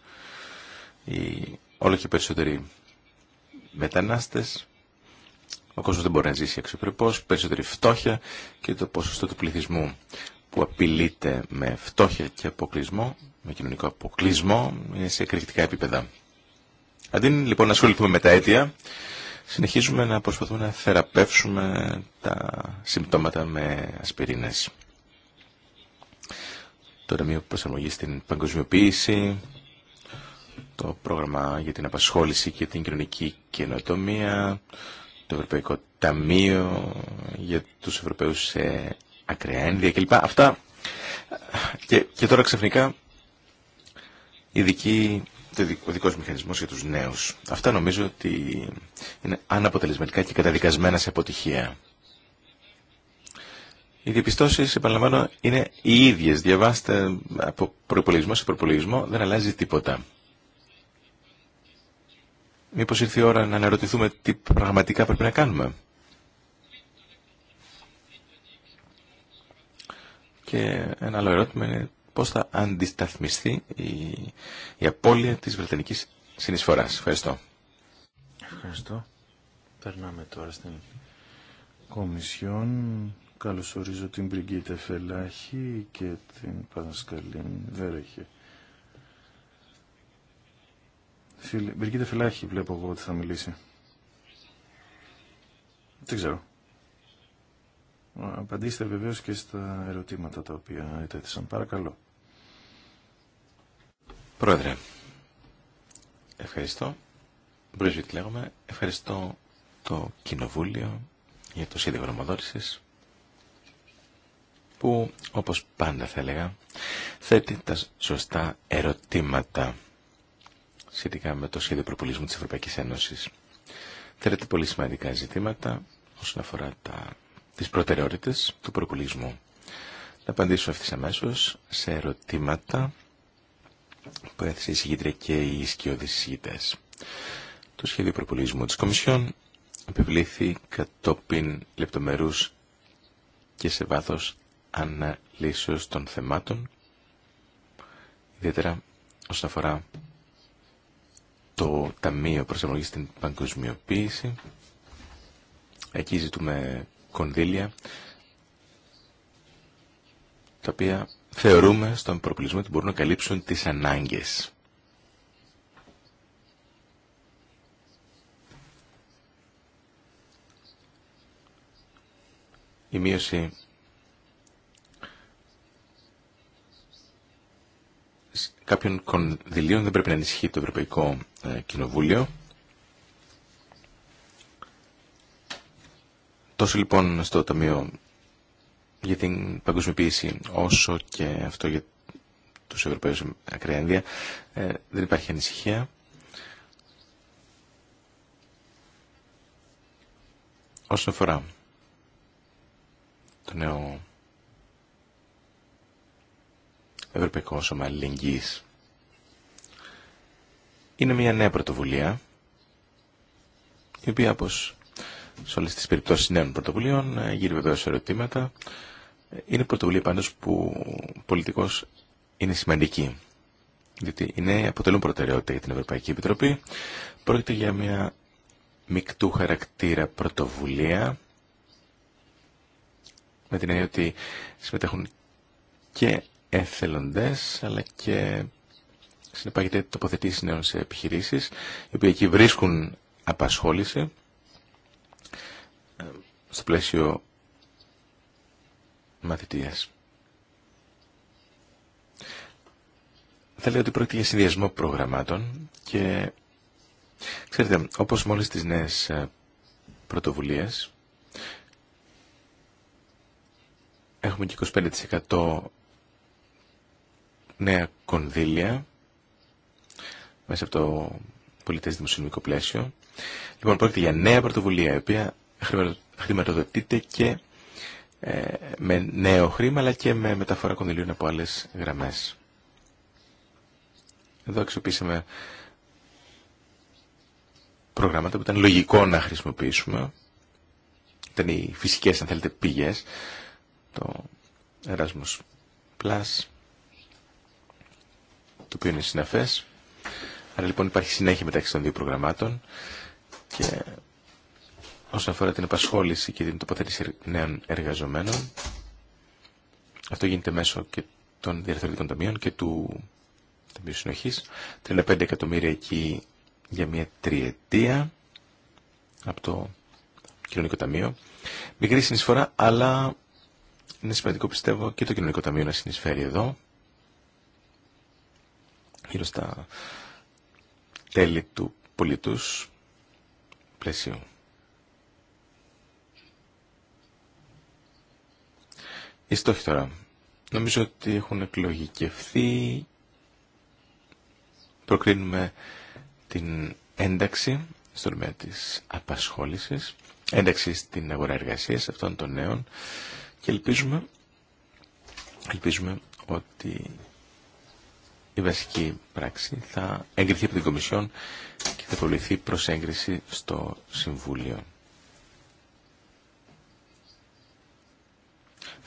οι όλο και περισσότεροι μετανάστες, ο κόσμος δεν μπορεί να ζήσει αξιοπρεπώς, περισσότερη φτώχεια και το ποσοστό του πληθυσμού που απειλείται με φτώχεια και αποκλεισμό, με κοινωνικό αποκλεισμό, είναι σε εκρηκτικά επίπεδα. Αντί λοιπόν να ασχοληθούμε με τα αίτια, συνεχίζουμε να προσπαθούμε να θεραπεύσουμε τα συμπτώματα με ασπιρίνες. Το Ταμείο προσαρμογή στην Παγκοσμιοποίηση, το πρόγραμμα για την απασχόληση και την κοινωνική καινοτομία, το Ευρωπαϊκό Ταμείο για τους Ευρωπαίους σε ακραία ένδια κλπ. Αυτά και, και τώρα ξαφνικά ειδική, ο δικός μηχανισμός για τους νέους. Αυτά νομίζω ότι είναι αναποτελεσματικά και καταδικασμένα σε αποτυχία. Οι διαπιστώσεις, επαναλαμβάνω, είναι οι ίδιες. Διαβάστε από προπολογισμό σε προπολογισμό, δεν αλλάζει τίποτα. Μήπως ήρθε η ώρα να αναρωτηθούμε τι πραγματικά πρέπει να κάνουμε. Και ένα άλλο ερώτημα είναι πώς θα αντισταθμιστεί η, η απώλεια της Βρετανικής συνεισφοράς. Ευχαριστώ. Ευχαριστώ. Περνάμε τώρα στην Κομισιόν. Καλωσορίζω την Μπριγκίτε Φελάχη και την Πανασκαλίνη Βέρεχε. Φιλ... φυλάχη, Φιλάχη βλέπω εγώ ότι θα μιλήσει. Δεν ξέρω. Απαντήστε βεβαίως και στα ερωτήματα τα οποία ετέθησαν. Παρακαλώ. Πρόεδρε, ευχαριστώ. τη λέγομαι. Ευχαριστώ το Κοινοβούλιο για το σχέδιο γνωμοδότησης που, όπως πάντα θα έλεγα, θέτει τα σωστά ερωτήματα σχετικά με το σχέδιο προπολισμού της Ευρωπαϊκής Ένωσης. Θέλετε πολύ σημαντικά ζητήματα όσον αφορά τα, τις προτεραιότητες του προπολισμού. Να απαντήσω αυτής αμέσως σε ερωτήματα που έθεσε η συγκήτρια και οι ισχυώδεις συγκητές. Το σχέδιο προπολισμού της Κομισιόν επιβλήθη κατόπιν λεπτομερούς και σε βάθος αναλύσεως των θεμάτων, ιδιαίτερα όσον αφορά το Ταμείο Προσαρμογής στην Παγκοσμιοποίηση. Εκεί ζητούμε κονδύλια, τα οποία θεωρούμε στον προπλησμό ότι μπορούν να καλύψουν τις ανάγκες. Η μείωση κάποιων κονδυλίων δεν πρέπει να ενισχύει το Ευρωπαϊκό ε, Κοινοβούλιο. Τόσο λοιπόν στο Ταμείο για την παγκοσμιοποίηση όσο και αυτό για τους Ευρωπαίους ακραία ε, δεν υπάρχει ανησυχία. Όσον αφορά το νέο Ευρωπαϊκό Σώμα Είναι μια νέα πρωτοβουλία, η οποία όπως σε όλες τις περιπτώσεις νέων πρωτοβουλίων ε, γύρει βεβαίως ερωτήματα. Είναι πρωτοβουλία πάντως που πολιτικός είναι σημαντική, διότι είναι, αποτελούν προτεραιότητα για την Ευρωπαϊκή Επιτροπή. Πρόκειται για μια μικτού χαρακτήρα πρωτοβουλία, με την έννοια ότι συμμετέχουν και εθελοντές αλλά και συνεπάγεται τοποθετήσει νέων σε επιχειρήσεις οι οποίοι εκεί βρίσκουν απασχόληση ε, στο πλαίσιο μαθητείας. Θα λέω ότι πρόκειται για συνδυασμό προγραμμάτων και ξέρετε, όπως με όλες τις νέες ε, πρωτοβουλίες έχουμε και 25% νέα κονδύλια μέσα από το πολιτέ δημοσιονομικό πλαίσιο. Λοιπόν, πρόκειται για νέα πρωτοβουλία, η οποία χρηματοδοτείται και ε, με νέο χρήμα, αλλά και με μεταφορά κονδυλίων από άλλε γραμμέ. Εδώ αξιοποιήσαμε προγράμματα που ήταν λογικό να χρησιμοποιήσουμε. Ήταν οι φυσικές, αν θέλετε, πηγές. Το Erasmus Plus, το οποίο είναι συναφές. Άρα λοιπόν υπάρχει συνέχεια μεταξύ των δύο προγραμμάτων και όσον αφορά την απασχόληση και την τοποθέτηση νέων εργαζομένων αυτό γίνεται μέσω και των διαρθρωτικών ταμείων και του Ταμείου συνοχή, 35 εκατομμύρια εκεί για μια τριετία από το Κοινωνικό Ταμείο μικρή συνεισφορά αλλά είναι σημαντικό πιστεύω και το Κοινωνικό Ταμείο να συνεισφέρει εδώ γύρω στα τέλη του πολιτούς πλαισίου. Οι στόχοι τώρα. Νομίζω ότι έχουν εκλογικευθεί. Προκρίνουμε την ένταξη στον τομέα της απασχόλησης, ένταξη στην αγορά εργασίας αυτών των νέων και ελπίζουμε, ελπίζουμε ότι η βασική πράξη θα εγκριθεί από την Κομισιόν και θα προβληθεί προς έγκριση στο Συμβούλιο.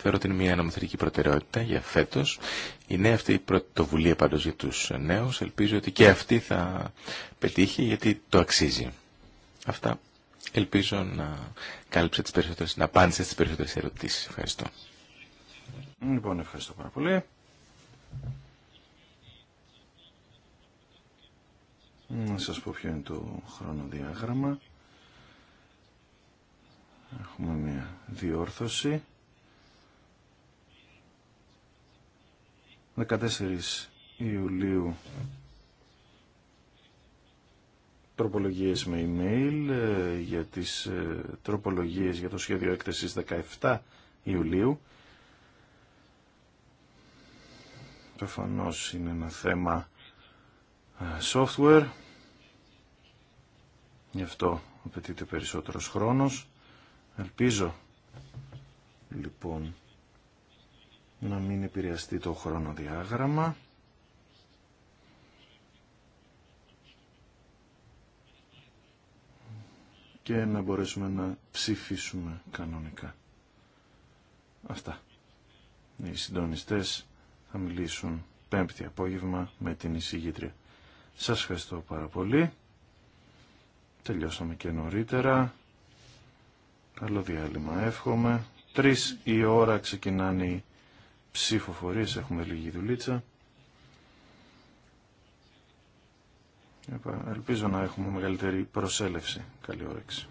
Θεωρώ ότι είναι μια νομοθετική προτεραιότητα για φέτος. Η νέα αυτή πρωτοβουλία πάντως για τους νέους ελπίζω ότι και αυτή θα πετύχει γιατί το αξίζει. Αυτά ελπίζω να κάλυψε τις περισσότερες, να απάντησε στις περισσότερες ερωτήσεις. Ευχαριστώ. Λοιπόν, Να σας πω ποιο είναι το χρονοδιάγραμμα. Έχουμε μια διόρθωση. 14 Ιουλίου τροπολογίες με email ε, για τις ε, τροπολογίες για το σχέδιο έκθεσης 17 Ιουλίου. Προφανώς είναι ένα θέμα software. Γι' αυτό απαιτείται περισσότερος χρόνος. Ελπίζω λοιπόν να μην επηρεαστεί το χρονοδιάγραμμα. και να μπορέσουμε να ψηφίσουμε κανονικά. Αυτά. Οι συντονιστές θα μιλήσουν πέμπτη απόγευμα με την εισηγήτρια. Σας ευχαριστώ πάρα πολύ. Τελειώσαμε και νωρίτερα. Καλό διάλειμμα εύχομαι. Τρεις η ώρα ξεκινάνε οι ψηφοφορίες. Έχουμε λίγη δουλίτσα. Ελπίζω να έχουμε μεγαλύτερη προσέλευση. Καλή όρεξη.